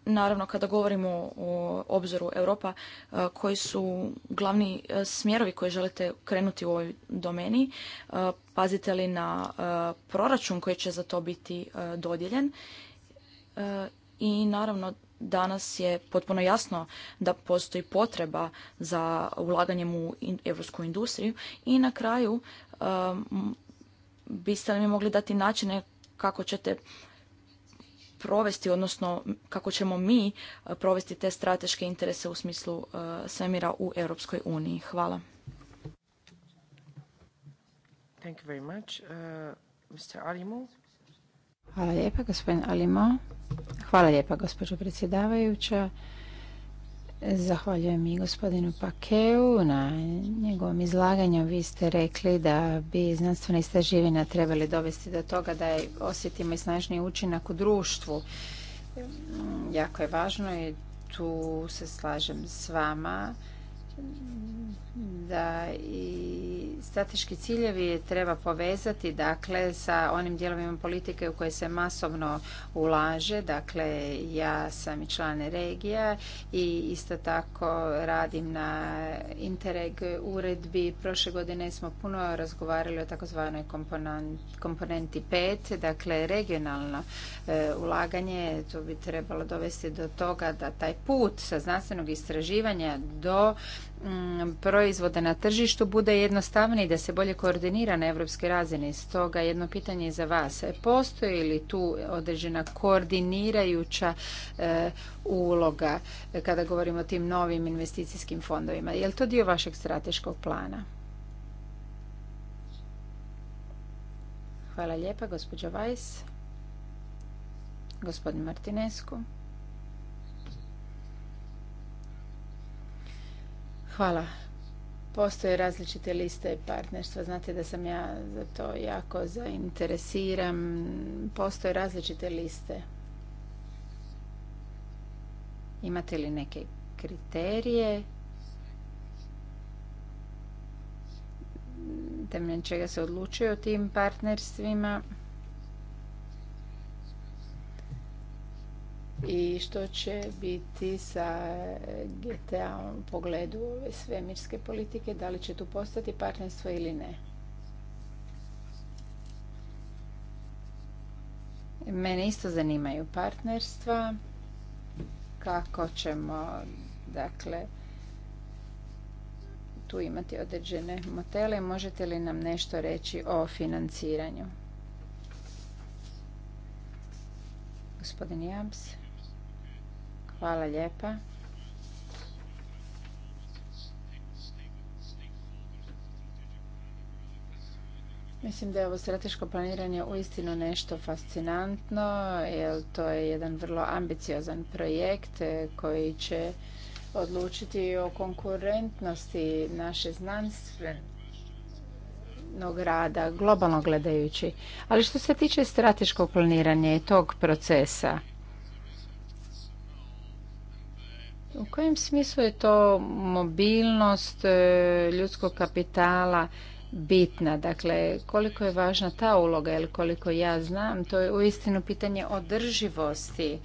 naravno kada govorimo o obzoru Europa, e, koji su glavni e, smjerovi koje želite krenuti u ovoj domeni, e, pazite li na proračun koji će za to biti dodijeljen i naravno danas je potpuno jasno da postoji potreba za ulaganjem u evropsku industriju i na kraju biste li mi mogli dati načine kako ćete provesti, odnosno kako ćemo mi e, provesti te strateške interese u smislu e, svemira u Europskoj uniji. Hvala. Thank you very much. Uh, Mr. Alimo. Hvala lijepa, gospodin Alimo. Hvala lijepa, gospođo predsjedavajuća. Zahvaljujem i gospodinu Pakeu na njegovom izlaganju. Vi ste rekli da bi znanstvene istraživanja trebali dovesti do toga da osjetimo i snažniji učinak u društvu. Jako je važno i tu se slažem s vama da i strateški ciljevi treba povezati dakle sa onim dijelovima politike u koje se masovno ulaže. Dakle, ja sam i član regija i isto tako radim na Interreg uredbi. Prošle godine smo puno razgovarali o takozvanoj komponenti 5, dakle regionalno e, ulaganje. to bi trebalo dovesti do toga da taj put sa znanstvenog istraživanja do Mm, proizvoda na tržištu bude jednostavniji, da se bolje koordinira na evropskoj razini. Stoga jedno pitanje za vas. E, postoji li tu određena koordinirajuća e, uloga e, kada govorimo o tim novim investicijskim fondovima? Je li to dio vašeg strateškog plana? Hvala lijepa, gospođo Vajs. Gospodin Martinesku. Hvala. Postoje različite liste partnerstva. Znate da sam ja za to jako zainteresiram. Postoje različite liste. Imate li neke kriterije? Temeljem čega se odlučuje o tim partnerstvima? i što će biti sa eh, GTA u pogledu ove svemirske politike, da li će tu postati partnerstvo ili ne. Mene isto zanimaju partnerstva, kako ćemo, dakle, tu imati određene motele. Možete li nam nešto reći o financiranju? Gospodin Jams? Hvala lijepa. Mislim da je ovo strateško planiranje uistinu nešto fascinantno, jer to je jedan vrlo ambiciozan projekt e, koji će odlučiti o konkurentnosti naše znanstvenog rada, globalno gledajući. Ali što se tiče strateškog planiranja i tog procesa, U kojem smislu je to mobilnost e, ljudskog kapitala bitna? Dakle, koliko je važna ta uloga ili koliko ja znam, to je uistinu pitanje održivosti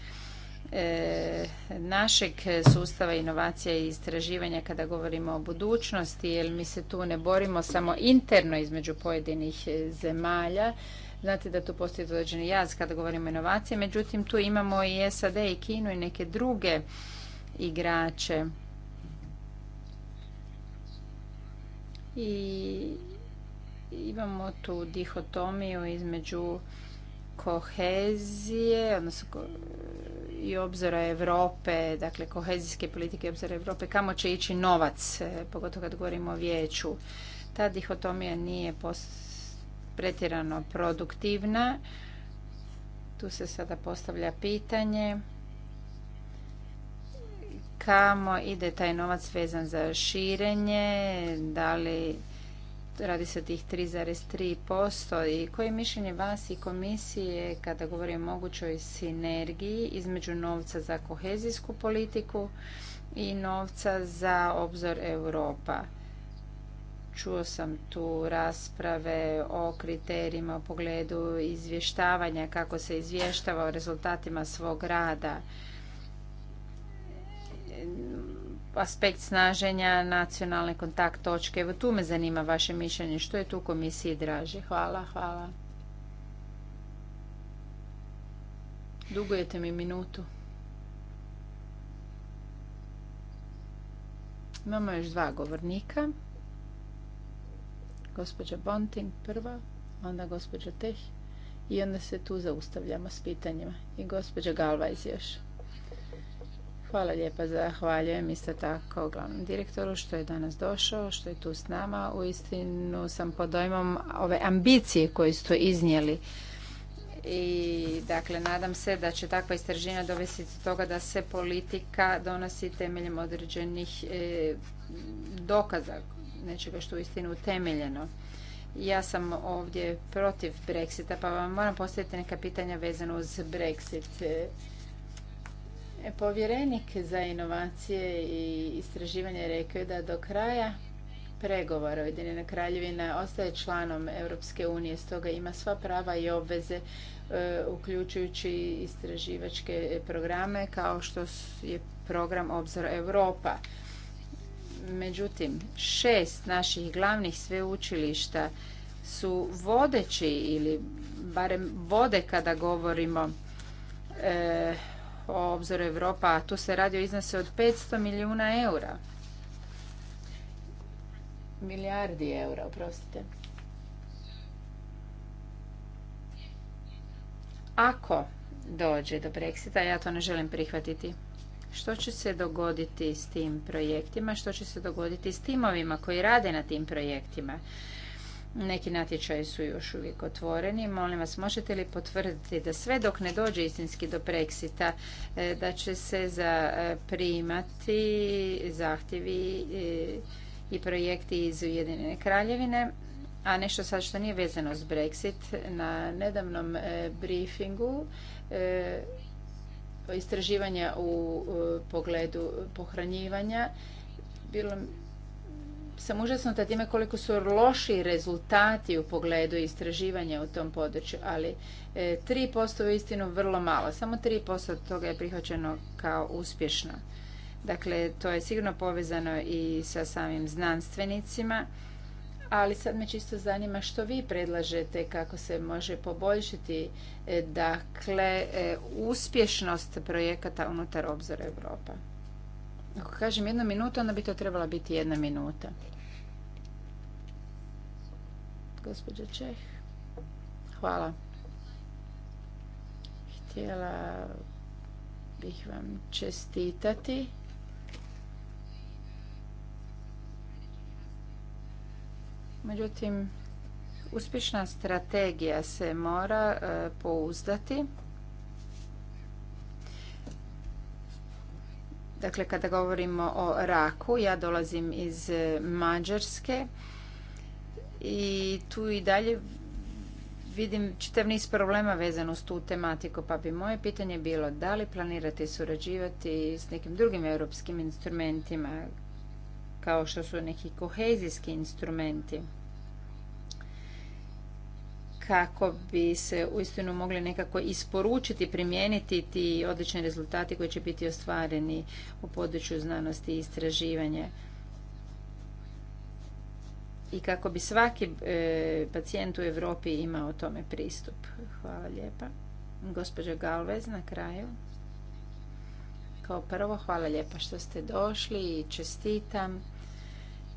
e, našeg sustava inovacija i istraživanja kada govorimo o budućnosti, jer mi se tu ne borimo samo interno između pojedinih e, zemalja, Znate da tu postoji određeni jaz kada govorimo o inovaciji, međutim tu imamo i SAD i Kinu i neke druge igrače. I imamo tu dihotomiju između kohezije, odnosno i obzora Europe, dakle kohezijske politike i obzora Europe, kamo će ići novac, e, pogotovo kad govorimo o vijeću. Ta dihotomija nije pretjerano produktivna. Tu se sada postavlja pitanje kamo ide taj novac vezan za širenje, da li radi se o tih 3,3% i koje mišljenje vas i komisije kada govori o mogućoj sinergiji između novca za kohezijsku politiku i novca za obzor Europa. Čuo sam tu rasprave o kriterijima u pogledu izvještavanja, kako se izvještava o rezultatima svog rada aspekt snaženja nacionalne kontakt točke. Evo tu me zanima vaše mišljenje. Što je tu komisiji draži? Hvala, hvala. Dugujete mi minutu. Imamo još dva govornika. Gospođa Bonting prva, onda gospođa Teh i onda se tu zaustavljamo s pitanjima. I gospođa Galvajz još. Hvala lijepa, zahvaljujem isto tako glavnom direktoru što je danas došao, što je tu s nama. Uistinu sam pod dojmom ove ambicije koje ste iznijeli i dakle nadam se da će takva istraživanja dovesti do toga da se politika donosi temeljem određenih e, dokaza nečega što je istinu utemeljeno. Ja sam ovdje protiv Brexita pa vam moram postaviti neka pitanja vezano uz Brexit. E, povjerenik za inovacije i istraživanje rekao je da do kraja pregovora Ujedinjena kraljevina ostaje članom Europske unije, stoga ima sva prava i obveze e, uključujući istraživačke programe kao što je program Obzor Europa. Međutim, šest naših glavnih sveučilišta su vodeći ili barem vode kada govorimo e, po obzoru Evropa, a tu se radi o iznose od 500 milijuna eura. Milijardi eura, oprostite. Ako dođe do Brexita, ja to ne želim prihvatiti. Što će se dogoditi s tim projektima? Što će se dogoditi s timovima koji rade na tim projektima? Neki natječaji su još uvijek otvoreni. Molim vas, možete li potvrditi da sve dok ne dođe istinski do Brexita, e, da će se zaprimati e, zahtjevi e, i projekti iz Ujedinjene kraljevine, a nešto sad što nije vezano s Brexit. Na nedavnom briefingu istraživanja u pogledu pohranjivanja bilo sam užasnuta time koliko su loši rezultati u pogledu istraživanja u tom području, ali 3% e, je istinu vrlo malo. Samo 3% od toga je prihvaćeno kao uspješno. Dakle, to je sigurno povezano i sa samim znanstvenicima, ali sad me čisto zanima što vi predlažete kako se može poboljšati e, dakle e, uspješnost projekata unutar obzora Europa. Ako kažem jedna minuta, onda bi to trebala biti jedna minuta. Gospođa Čeh. Hvala. Htjela bih vam čestitati. Međutim, uspješna strategija se mora e, pouzdati. Dakle, kada govorimo o raku, ja dolazim iz Mađarske i tu i dalje vidim čitav niz problema vezano uz tu tematiku, pa bi moje pitanje bilo da li planirate surađivati s nekim drugim europskim instrumentima, kao što su neki kohezijski instrumenti kako bi se uistinu mogli nekako isporučiti, primijeniti ti odlični rezultati koji će biti ostvareni u području znanosti i istraživanja. I kako bi svaki e, pacijent u Europi imao tome pristup. Hvala lijepa. Gospođa Galvez na kraju. Kao prvo, hvala lijepa što ste došli i čestitam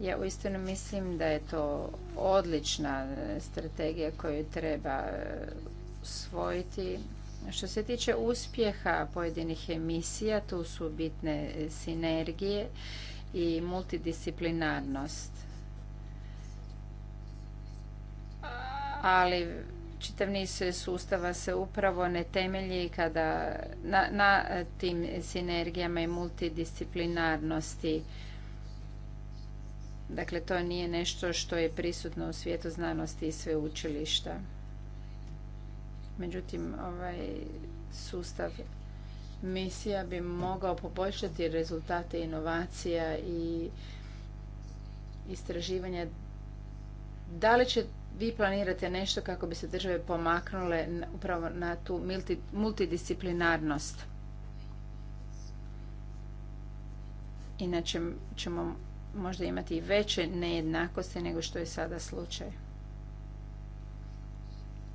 ja uistinu mislim da je to odlična e, strategija koju treba e, svojiti. Što se tiče uspjeha pojedinih emisija, tu su bitne e, sinergije i multidisciplinarnost. Ali čitav niz sustava se upravo ne temelji kada na tim sinergijama i multidisciplinarnosti Dakle, to nije nešto što je prisutno u svijetu znanosti i sveučilišta. Međutim, ovaj sustav misija bi mogao poboljšati rezultate inovacija i istraživanja. Da li će vi planirate nešto kako bi se države pomaknule upravo na tu multidisciplinarnost? Inače ćemo možda imati veće nejednakosti nego što je sada slučaj?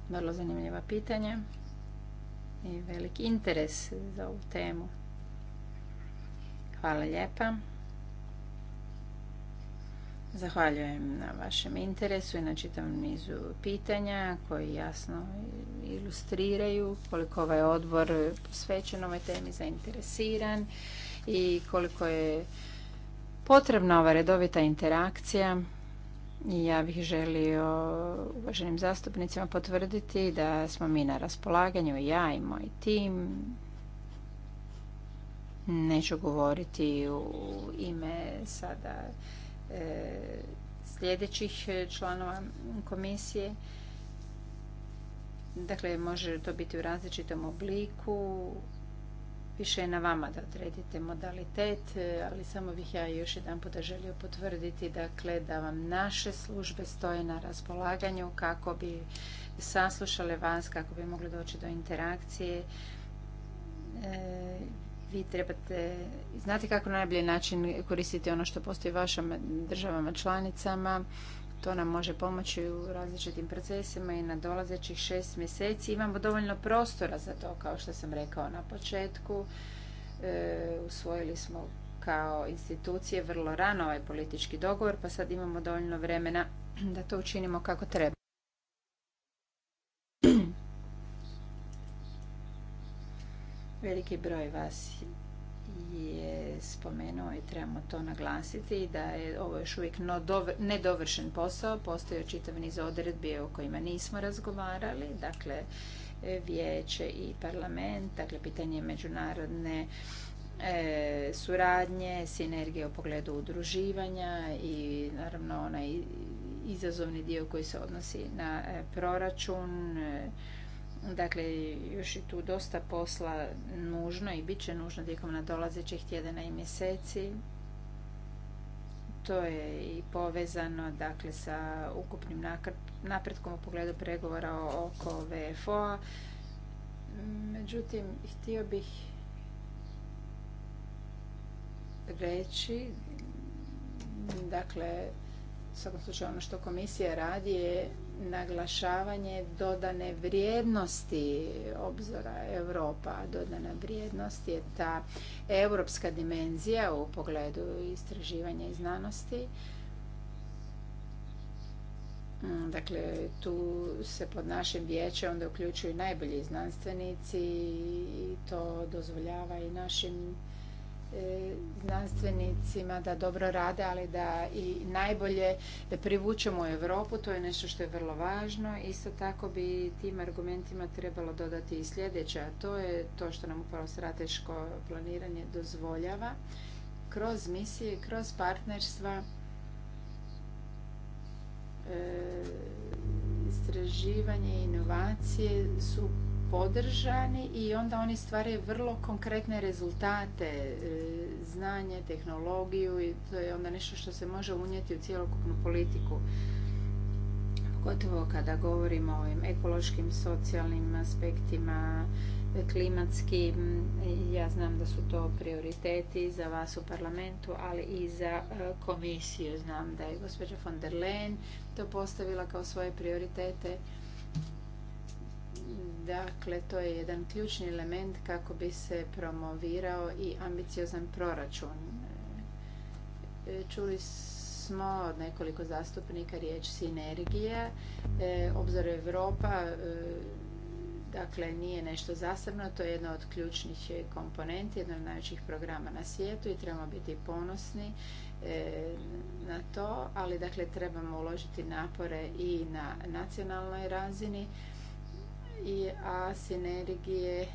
Vrlo zanimljiva pitanja i velik interes za ovu temu. Hvala lijepa. Zahvaljujem na vašem interesu i na čitavom nizu pitanja koji jasno ilustriraju koliko ovaj odbor posvećen ovoj temi zainteresiran i koliko je potrebna ova redovita interakcija i ja bih želio uvaženim zastupnicima potvrditi da smo mi na raspolaganju, i ja i moj tim. Neću govoriti u ime sada e, sljedećih članova komisije. Dakle, može to biti u različitom obliku, više je na vama da odredite modalitet, e, ali samo bih ja još jedan puta želio potvrditi dakle, da vam naše službe stoje na raspolaganju kako bi saslušale vas, kako bi mogli doći do interakcije. E, vi trebate znati kako na najbolji način koristiti ono što postoji u vašim državama članicama to nam može pomoći u različitim procesima i na dolazećih šest mjeseci. Imamo dovoljno prostora za to, kao što sam rekao na početku. E, usvojili smo kao institucije vrlo rano ovaj politički dogovor, pa sad imamo dovoljno vremena da to učinimo kako treba. [CLEARS THROAT] Veliki broj vas je spomenuo i trebamo to naglasiti da je ovo još uvijek nedovršen posao. Postoji čitav niz odredbi o kojima nismo razgovarali. Dakle, vijeće i parlament, dakle, pitanje međunarodne e, suradnje, sinergije u pogledu udruživanja i naravno onaj izazovni dio koji se odnosi na e, proračun, e, Dakle, još je tu dosta posla nužno i bit će nužno tijekom nadolazećih tjedana i mjeseci. To je i povezano dakle, sa ukupnim napretkom u pogledu pregovora oko VFO-a. Međutim, htio bih reći, dakle, u svakom slučaju ono što komisija radi je naglašavanje dodane vrijednosti obzora Europa. Dodana vrijednost je ta europska dimenzija u pogledu istraživanja i znanosti. Mm, dakle, tu se pod našim vijećem onda uključuju najbolji znanstvenici i to dozvoljava i našim E, znanstvenicima da dobro rade, ali da i najbolje da privučemo u Europu, to je nešto što je vrlo važno. Isto tako bi tim argumentima trebalo dodati i sljedeće, a to je to što nam upravo strateško planiranje dozvoljava kroz misije, kroz partnerstva e, istraživanje i inovacije su podržani i onda oni stvaraju vrlo konkretne rezultate, e, znanje, tehnologiju i to je onda nešto što se može unijeti u cjelokupnu politiku. Gotovo kada govorimo o ovim ekološkim, socijalnim aspektima, e, klimatskim, e, ja znam da su to prioriteti za vas u parlamentu, ali i za komisiju. Znam da je gospođa von der Leyen to postavila kao svoje prioritete Dakle, to je jedan ključni element kako bi se promovirao i ambiciozan proračun. E, čuli smo od nekoliko zastupnika riječ sinergija. E, obzor Evropa, e, dakle nije nešto zasebno, to je jedna od ključnih komponenti, jedna od najvećih programa na svijetu i trebamo biti ponosni na to, ali dakle trebamo uložiti napore i na nacionalnoj razini i a sinergije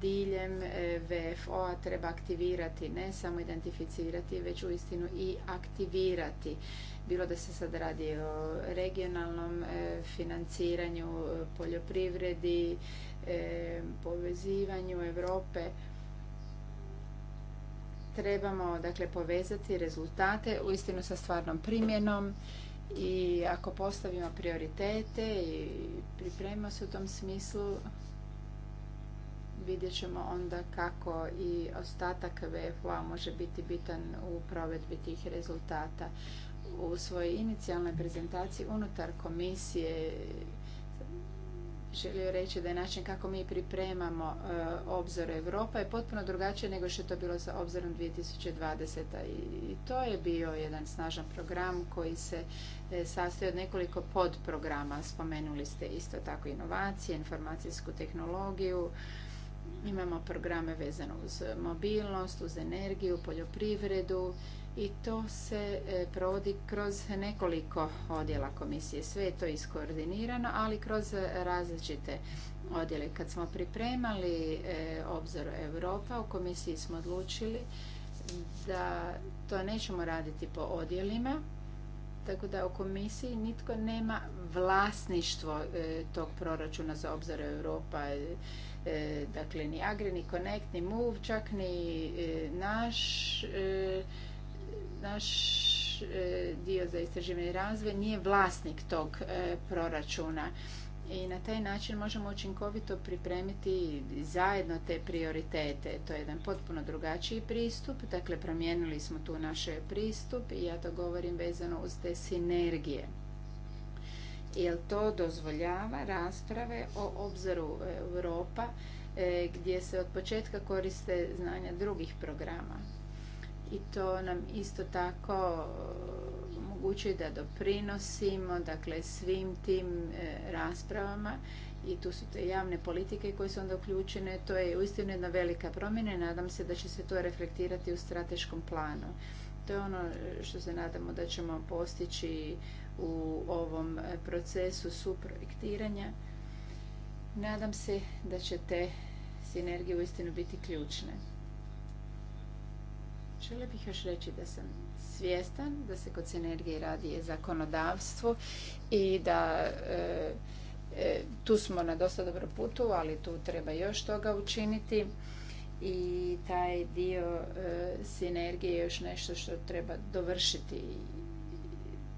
diljem e, VFO-a treba aktivirati, ne samo identificirati, već uistinu i aktivirati. Bilo da se sad radi o regionalnom e, financiranju, e, poljoprivredi, povezivanju Europe. Trebamo dakle povezati rezultate uistinu sa stvarnom primjenom i ako postavimo prioritete i pripremimo se u tom smislu, vidjet ćemo onda kako i ostatak VFO-a može biti bitan u provedbi tih rezultata. U svojoj inicijalnoj prezentaciji unutar komisije želio reći da je način kako mi pripremamo e, obzor Europa je potpuno drugačije nego što je to bilo sa obzorom 2020. I, to je bio jedan snažan program koji se e, sastoji od nekoliko podprograma. Spomenuli ste isto tako inovacije, informacijsku tehnologiju, imamo programe vezane uz mobilnost, uz energiju, poljoprivredu i to se e, provodi kroz nekoliko odjela komisije. Sve je to iskoordinirano, ali kroz različite odjele. Kad smo pripremali e, obzor Europa, u komisiji smo odlučili da to nećemo raditi po odjelima, tako da u komisiji nitko nema vlasništvo e, tog proračuna za obzor Europa, dakle ni Agri, ni Connect, ni Move, čak ni naš naš e, dio za istraživanje i razvoj nije vlasnik tog e, proračuna. I na taj način možemo učinkovito pripremiti zajedno te prioritete. To je jedan potpuno drugačiji pristup. Dakle, promijenili smo tu naš pristup i ja to govorim vezano uz te sinergije. Jer to dozvoljava rasprave o obzoru Europa e, gdje se od početka koriste znanja drugih programa i to nam isto tako e, omogućuje da doprinosimo dakle, svim tim e, raspravama i tu su te javne politike koje su onda uključene. To je uistinu jedna velika promjena i nadam se da će se to reflektirati u strateškom planu. To je ono e, što se nadamo da ćemo postići u ovom procesu suprojektiranja. Nadam se da će te sinergije uistinu biti ključne. Žele bih još reći da sam svjestan da se kod sinergije radi je zakonodavstvo i da e, e, tu smo na dosta dobro putu, ali tu treba još toga učiniti i taj dio e, sinergije je još nešto što treba dovršiti.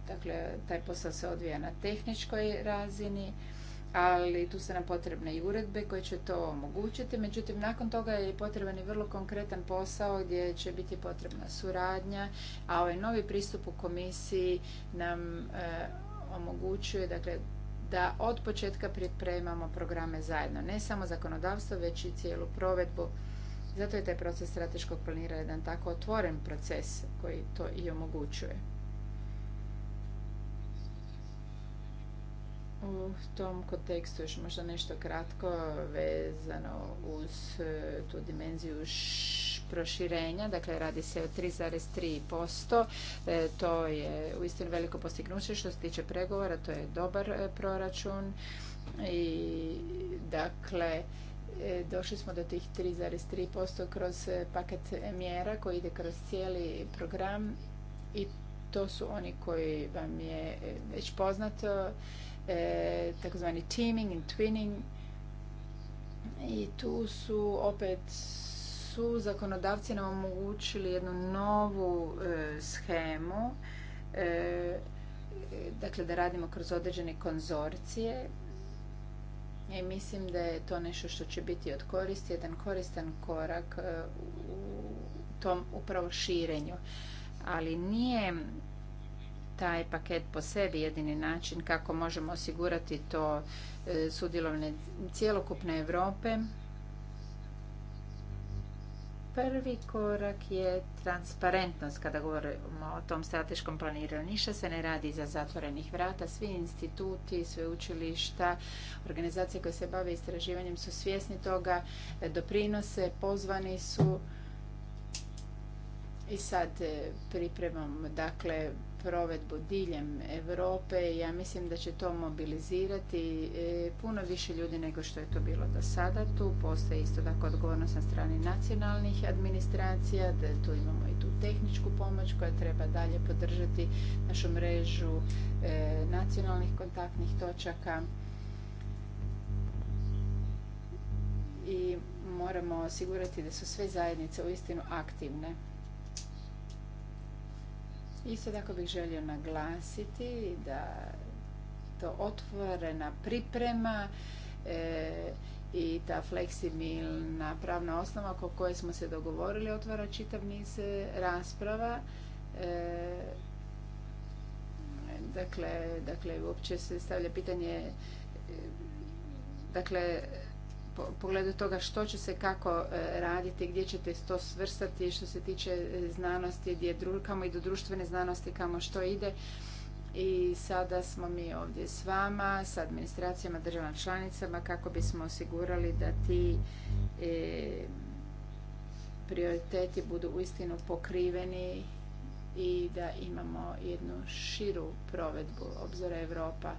Dakle, taj posao se odvija na tehničkoj razini, ali tu su nam potrebne i uredbe koje će to omogućiti. Međutim, nakon toga je potreban i vrlo konkretan posao gdje će biti potrebna suradnja, a ovaj novi pristup u komisiji nam eh, omogućuje dakle, da od početka pripremamo programe zajedno, ne samo zakonodavstvo, već i cijelu provedbu. Zato je taj proces strateškog planiranja jedan tako otvoren proces koji to i omogućuje. U tom kontekstu još možda nešto kratko vezano uz e, tu dimenziju proširenja, dakle radi se o 3,3%. E, to je uistinu veliko postignuće što se tiče pregovora, to je dobar e, proračun i dakle došli smo do tih 3,3% kroz paket mjera koji ide kroz cijeli program i to su oni koji vam je već poznato e, takozvani teaming i twinning i tu su opet su zakonodavci nam omogućili jednu novu e, schemu eh, dakle da radimo kroz određene konzorcije i mislim da je to nešto što će biti od koristi, jedan koristan korak u tom upravo širenju. Ali nije taj paket po sebi jedini način kako možemo osigurati to e, sudjelovanje cjelokupne Europe. Prvi korak je transparentnost kada govorimo o tom strateškom planiranju. Ništa se ne radi iza zatvorenih vrata. Svi instituti, sve učilišta, organizacije koje se bave istraživanjem su svjesni toga, e, doprinose, pozvani su. I sad e, pripremom, dakle, provedbu diljem Europe. Ja mislim da će to mobilizirati e, puno više ljudi nego što je to bilo do sada. Tu postoji isto tako odgovornost na strani nacionalnih administracija, da tu imamo i tu tehničku pomoć koja treba dalje podržati našu mrežu e, nacionalnih kontaktnih točaka. I moramo osigurati da su sve zajednice uistinu aktivne Isto tako bih želio naglasiti da to otvorena priprema e, i ta fleksibilna pravna osnova oko koje smo se dogovorili otvara čitav niz e, rasprava. E, dakle, dakle, uopće se stavlja pitanje dakle, pogledu toga što će se kako e, raditi, gdje ćete to svrstati što se tiče e, znanosti, gdje kamo i do društvene znanosti, kamo što ide. I sada smo mi ovdje s vama, s administracijama, državnim članicama, kako bismo osigurali da ti e, prioriteti budu uistinu pokriveni i da imamo jednu širu provedbu obzora Europa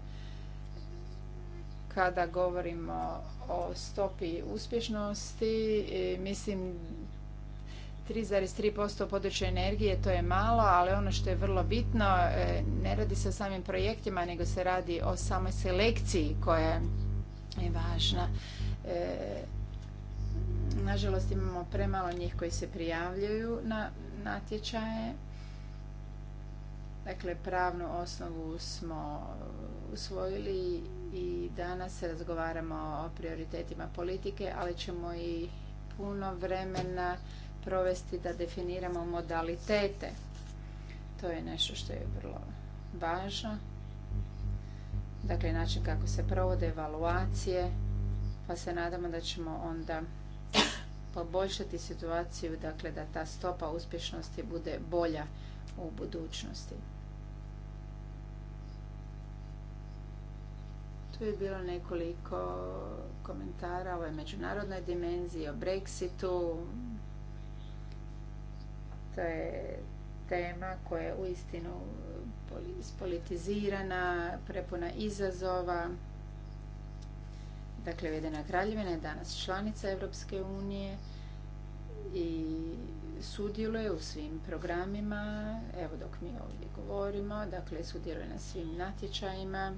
kada govorimo o stopi uspješnosti, e, mislim 3,3% područja energije, to je malo, ali ono što je vrlo bitno, e, ne radi se o samim projektima, nego se radi o samoj selekciji koja je važna. E, nažalost, imamo premalo njih koji se prijavljuju na natječaje. Dakle, pravnu osnovu smo usvojili i danas razgovaramo o prioritetima politike, ali ćemo i puno vremena provesti da definiramo modalitete. To je nešto što je vrlo važno. Dakle, način kako se provode evaluacije, pa se nadamo da ćemo onda poboljšati situaciju, dakle da ta stopa uspješnosti bude bolja u budućnosti. Tu je bilo nekoliko komentara o međunarodnoj dimenziji, o Brexitu. To je tema koja je uistinu spolitizirana, prepuna izazova. Dakle, Ujedina kraljevina je danas članica Europske unije i sudjeluje u svim programima, evo dok mi ovdje govorimo, dakle sudjeluje na svim natječajima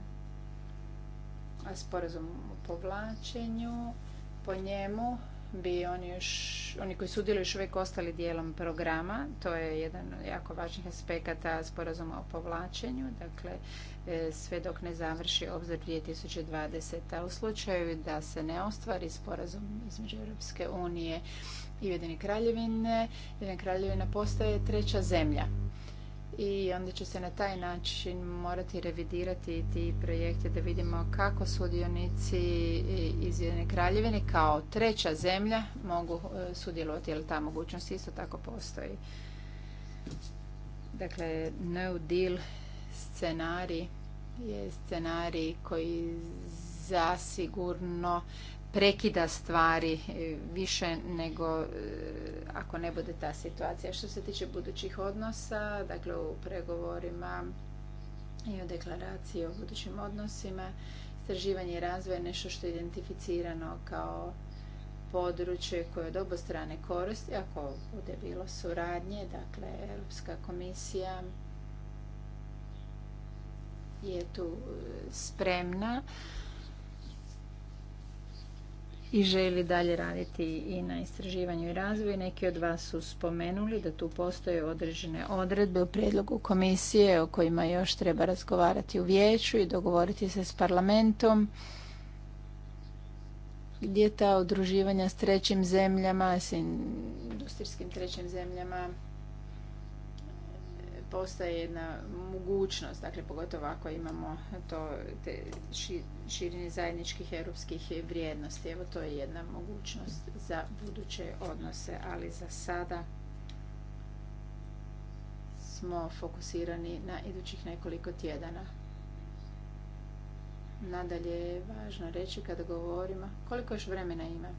sporazum o povlačenju. Po njemu bi oni, još, oni koji sudjeluju još uvijek ostali dijelom programa. To je jedan od jako važnih aspekata sporazuma o povlačenju. Dakle, e, sve dok ne završi obzor 2020. A u slučaju da se ne ostvari sporazum između Europske unije i Ujedine kraljevine, Ujedina kraljevina postaje treća zemlja i onda će se na taj način morati revidirati ti projekti da vidimo kako sudionici iz Jedne kraljevine kao treća zemlja mogu e, sudjelovati, jer ta mogućnost isto tako postoji. Dakle, no deal scenarij je scenarij koji zasigurno prekida stvari e, više nego e, ako ne bude ta situacija. Što se tiče budućih odnosa, dakle u pregovorima i o deklaraciji o budućim odnosima, istraživanje i razvoj je nešto što je identificirano kao područje koje od strane koristi, ako bude bilo suradnje, dakle Europska komisija je tu e, spremna i želi dalje raditi i na istraživanju i razvoju. Neki od vas su spomenuli da tu postoje određene odredbe u predlogu komisije o kojima još treba razgovarati u vijeću i dogovoriti se s parlamentom gdje ta udruživanja s trećim zemljama, s industrijskim trećim zemljama postaje jedna mogućnost, dakle pogotovo ako imamo to te širenje zajedničkih europskih vrijednosti. Evo to je jedna mogućnost za buduće odnose, ali za sada smo fokusirani na idućih nekoliko tjedana. Nadalje je važno reći kada govorimo koliko još vremena ima.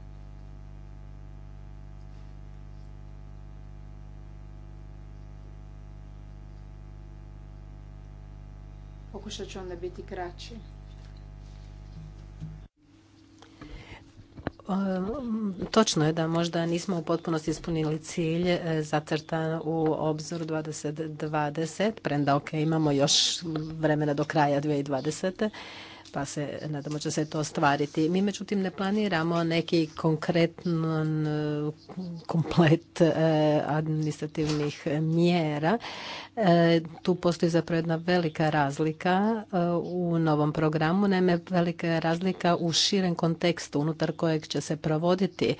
Pokušat ću onda biti kraći. Točno je da možda nismo u potpunosti ispunili cilj e, zacrtan u obzoru 2020, premda ok, imamo još vremena do kraja 2020 pa se nadamo će se to ostvariti. Mi međutim ne planiramo neki konkretan e, komplet e, administrativnih mjera. E, tu postoji zapravo jedna velika razlika u novom programu, naime velika razlika u širem kontekstu unutar kojeg će se provoditi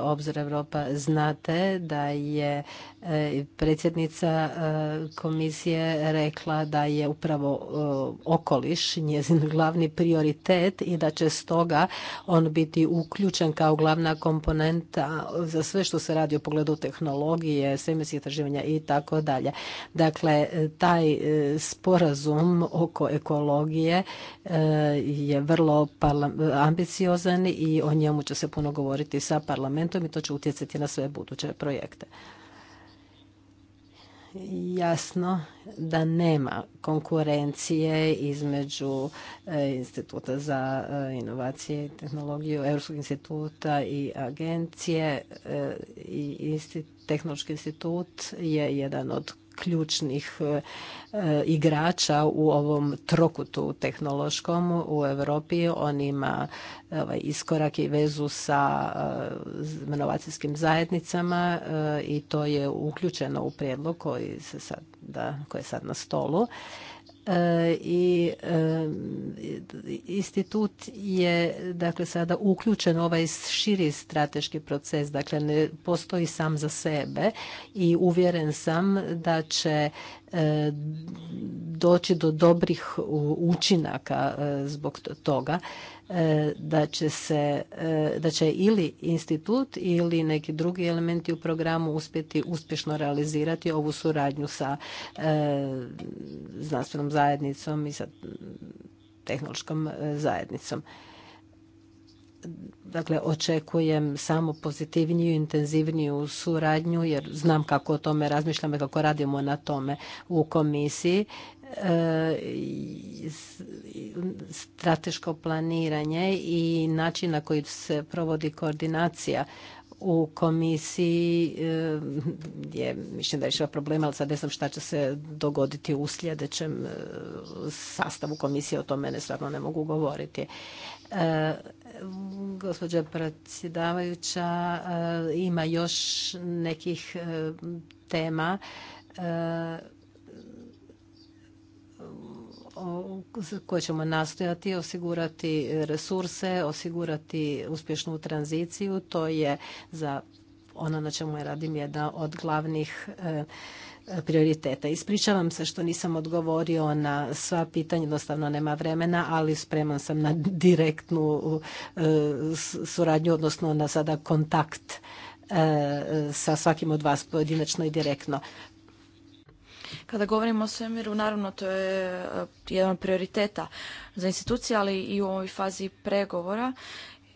obzor Europa. Znate da je E, predsjednica e, komisije rekla da je upravo e, okoliš njezin glavni prioritet i da će stoga on biti uključen kao glavna komponenta za sve što se radi u pogledu tehnologije, svemirskih istraživanja i tako dalje. Dakle, taj sporazum oko ekologije je vrlo ambiciozan i o njemu će se puno govoriti sa parlamentom i to će utjecati na sve buduće projekte jasno da nema konkurencije između e, Instituta za e, inovacije i tehnologiju, Europskog instituta i agencije e, i Tehnološki institut je jedan od ključnih e, e, igrača u ovom trokutu tehnološkom u Europi. On ima e, ovaj iskorak i vezu sa inovacijskim zajednicama i to je uključeno u prijedlog koji se da, koji je sad na stolu. E, i e, institut je dakle sada uključen ovaj širi strateški proces, dakle ne postoji sam za sebe i uvjeren sam da će e, doći do dobrih učinaka zbog toga E, da će se, e, da će ili institut ili neki drugi elementi u programu uspjeti uspješno realizirati ovu suradnju sa e, znanstvenom zajednicom i sa tehnološkom zajednicom dakle očekujem samo pozitivniju, intenzivniju suradnju jer znam kako o tome razmišljamo i kako radimo na tome u komisiji strateško planiranje i način na koji se provodi koordinacija u komisiji eh, je, mislim da je išla problema, ali sad ne znam šta će se dogoditi u sljedećem eh, sastavu komisije, o tome ne stvarno ne mogu govoriti. Eh, gospođa predsjedavajuća ima još nekih tema koje ćemo nastojati osigurati resurse, osigurati uspješnu tranziciju. To je za ono na čemu je radim jedna od glavnih e, prioriteta. Ispričavam se što nisam odgovorio na sva pitanja, jednostavno nema vremena, ali spreman sam na direktnu e, suradnju, odnosno na sada kontakt e, sa svakim od vas pojedinačno i direktno. Kada govorimo o svemiru, naravno to je e, jedan od prioriteta za institucije, ali i u ovoj fazi pregovora.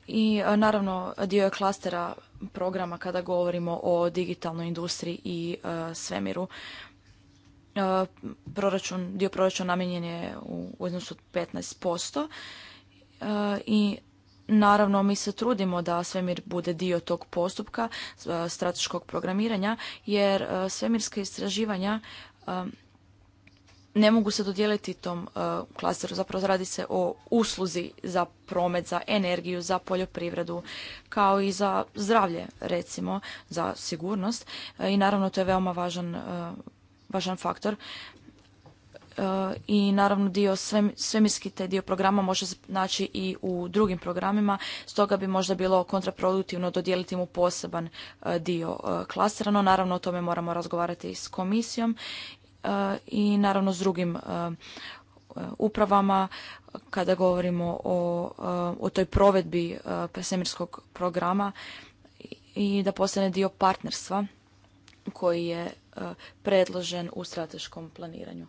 I e, naravno dio je klastera programa kada govorimo o digitalnoj industriji i e, svemiru. proračun, dio proračuna namijenjen je u iznosu od 15%. I naravno mi se trudimo da svemir bude dio tog postupka strateškog programiranja jer svemirska istraživanja ne mogu se dodijeliti tom e, klasteru. Zapravo radi se o usluzi za promet, za energiju, za poljoprivredu, kao i za zdravlje, recimo, za sigurnost. E, I naravno to je veoma važan, e, faktor. I naravno dio svemirski te dio programa može se naći i u drugim programima, stoga bi možda bilo kontraproduktivno dodijeliti mu poseban dio klastera, no naravno o tome moramo razgovarati s komisijom E, i naravno s drugim e, upravama kada govorimo o, e, o toj provedbi svemirskog programa i da postane dio partnerstva koji je predložen u strateškom planiranju.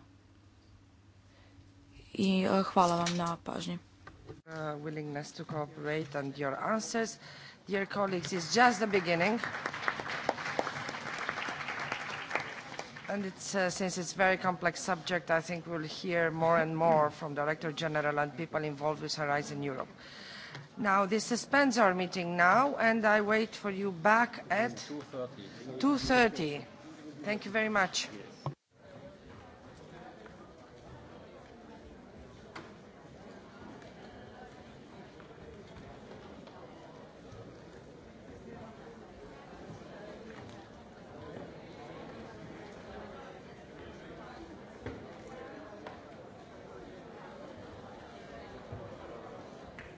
I hvala vam na pažnji. willingness and it's, uh, since it's a very complex subject, I think we'll hear more and more from Director General and people involved with Horizon Europe. Now, this suspends our meeting now, and I wait for you back at 2.30. 2.30. Thank you very much.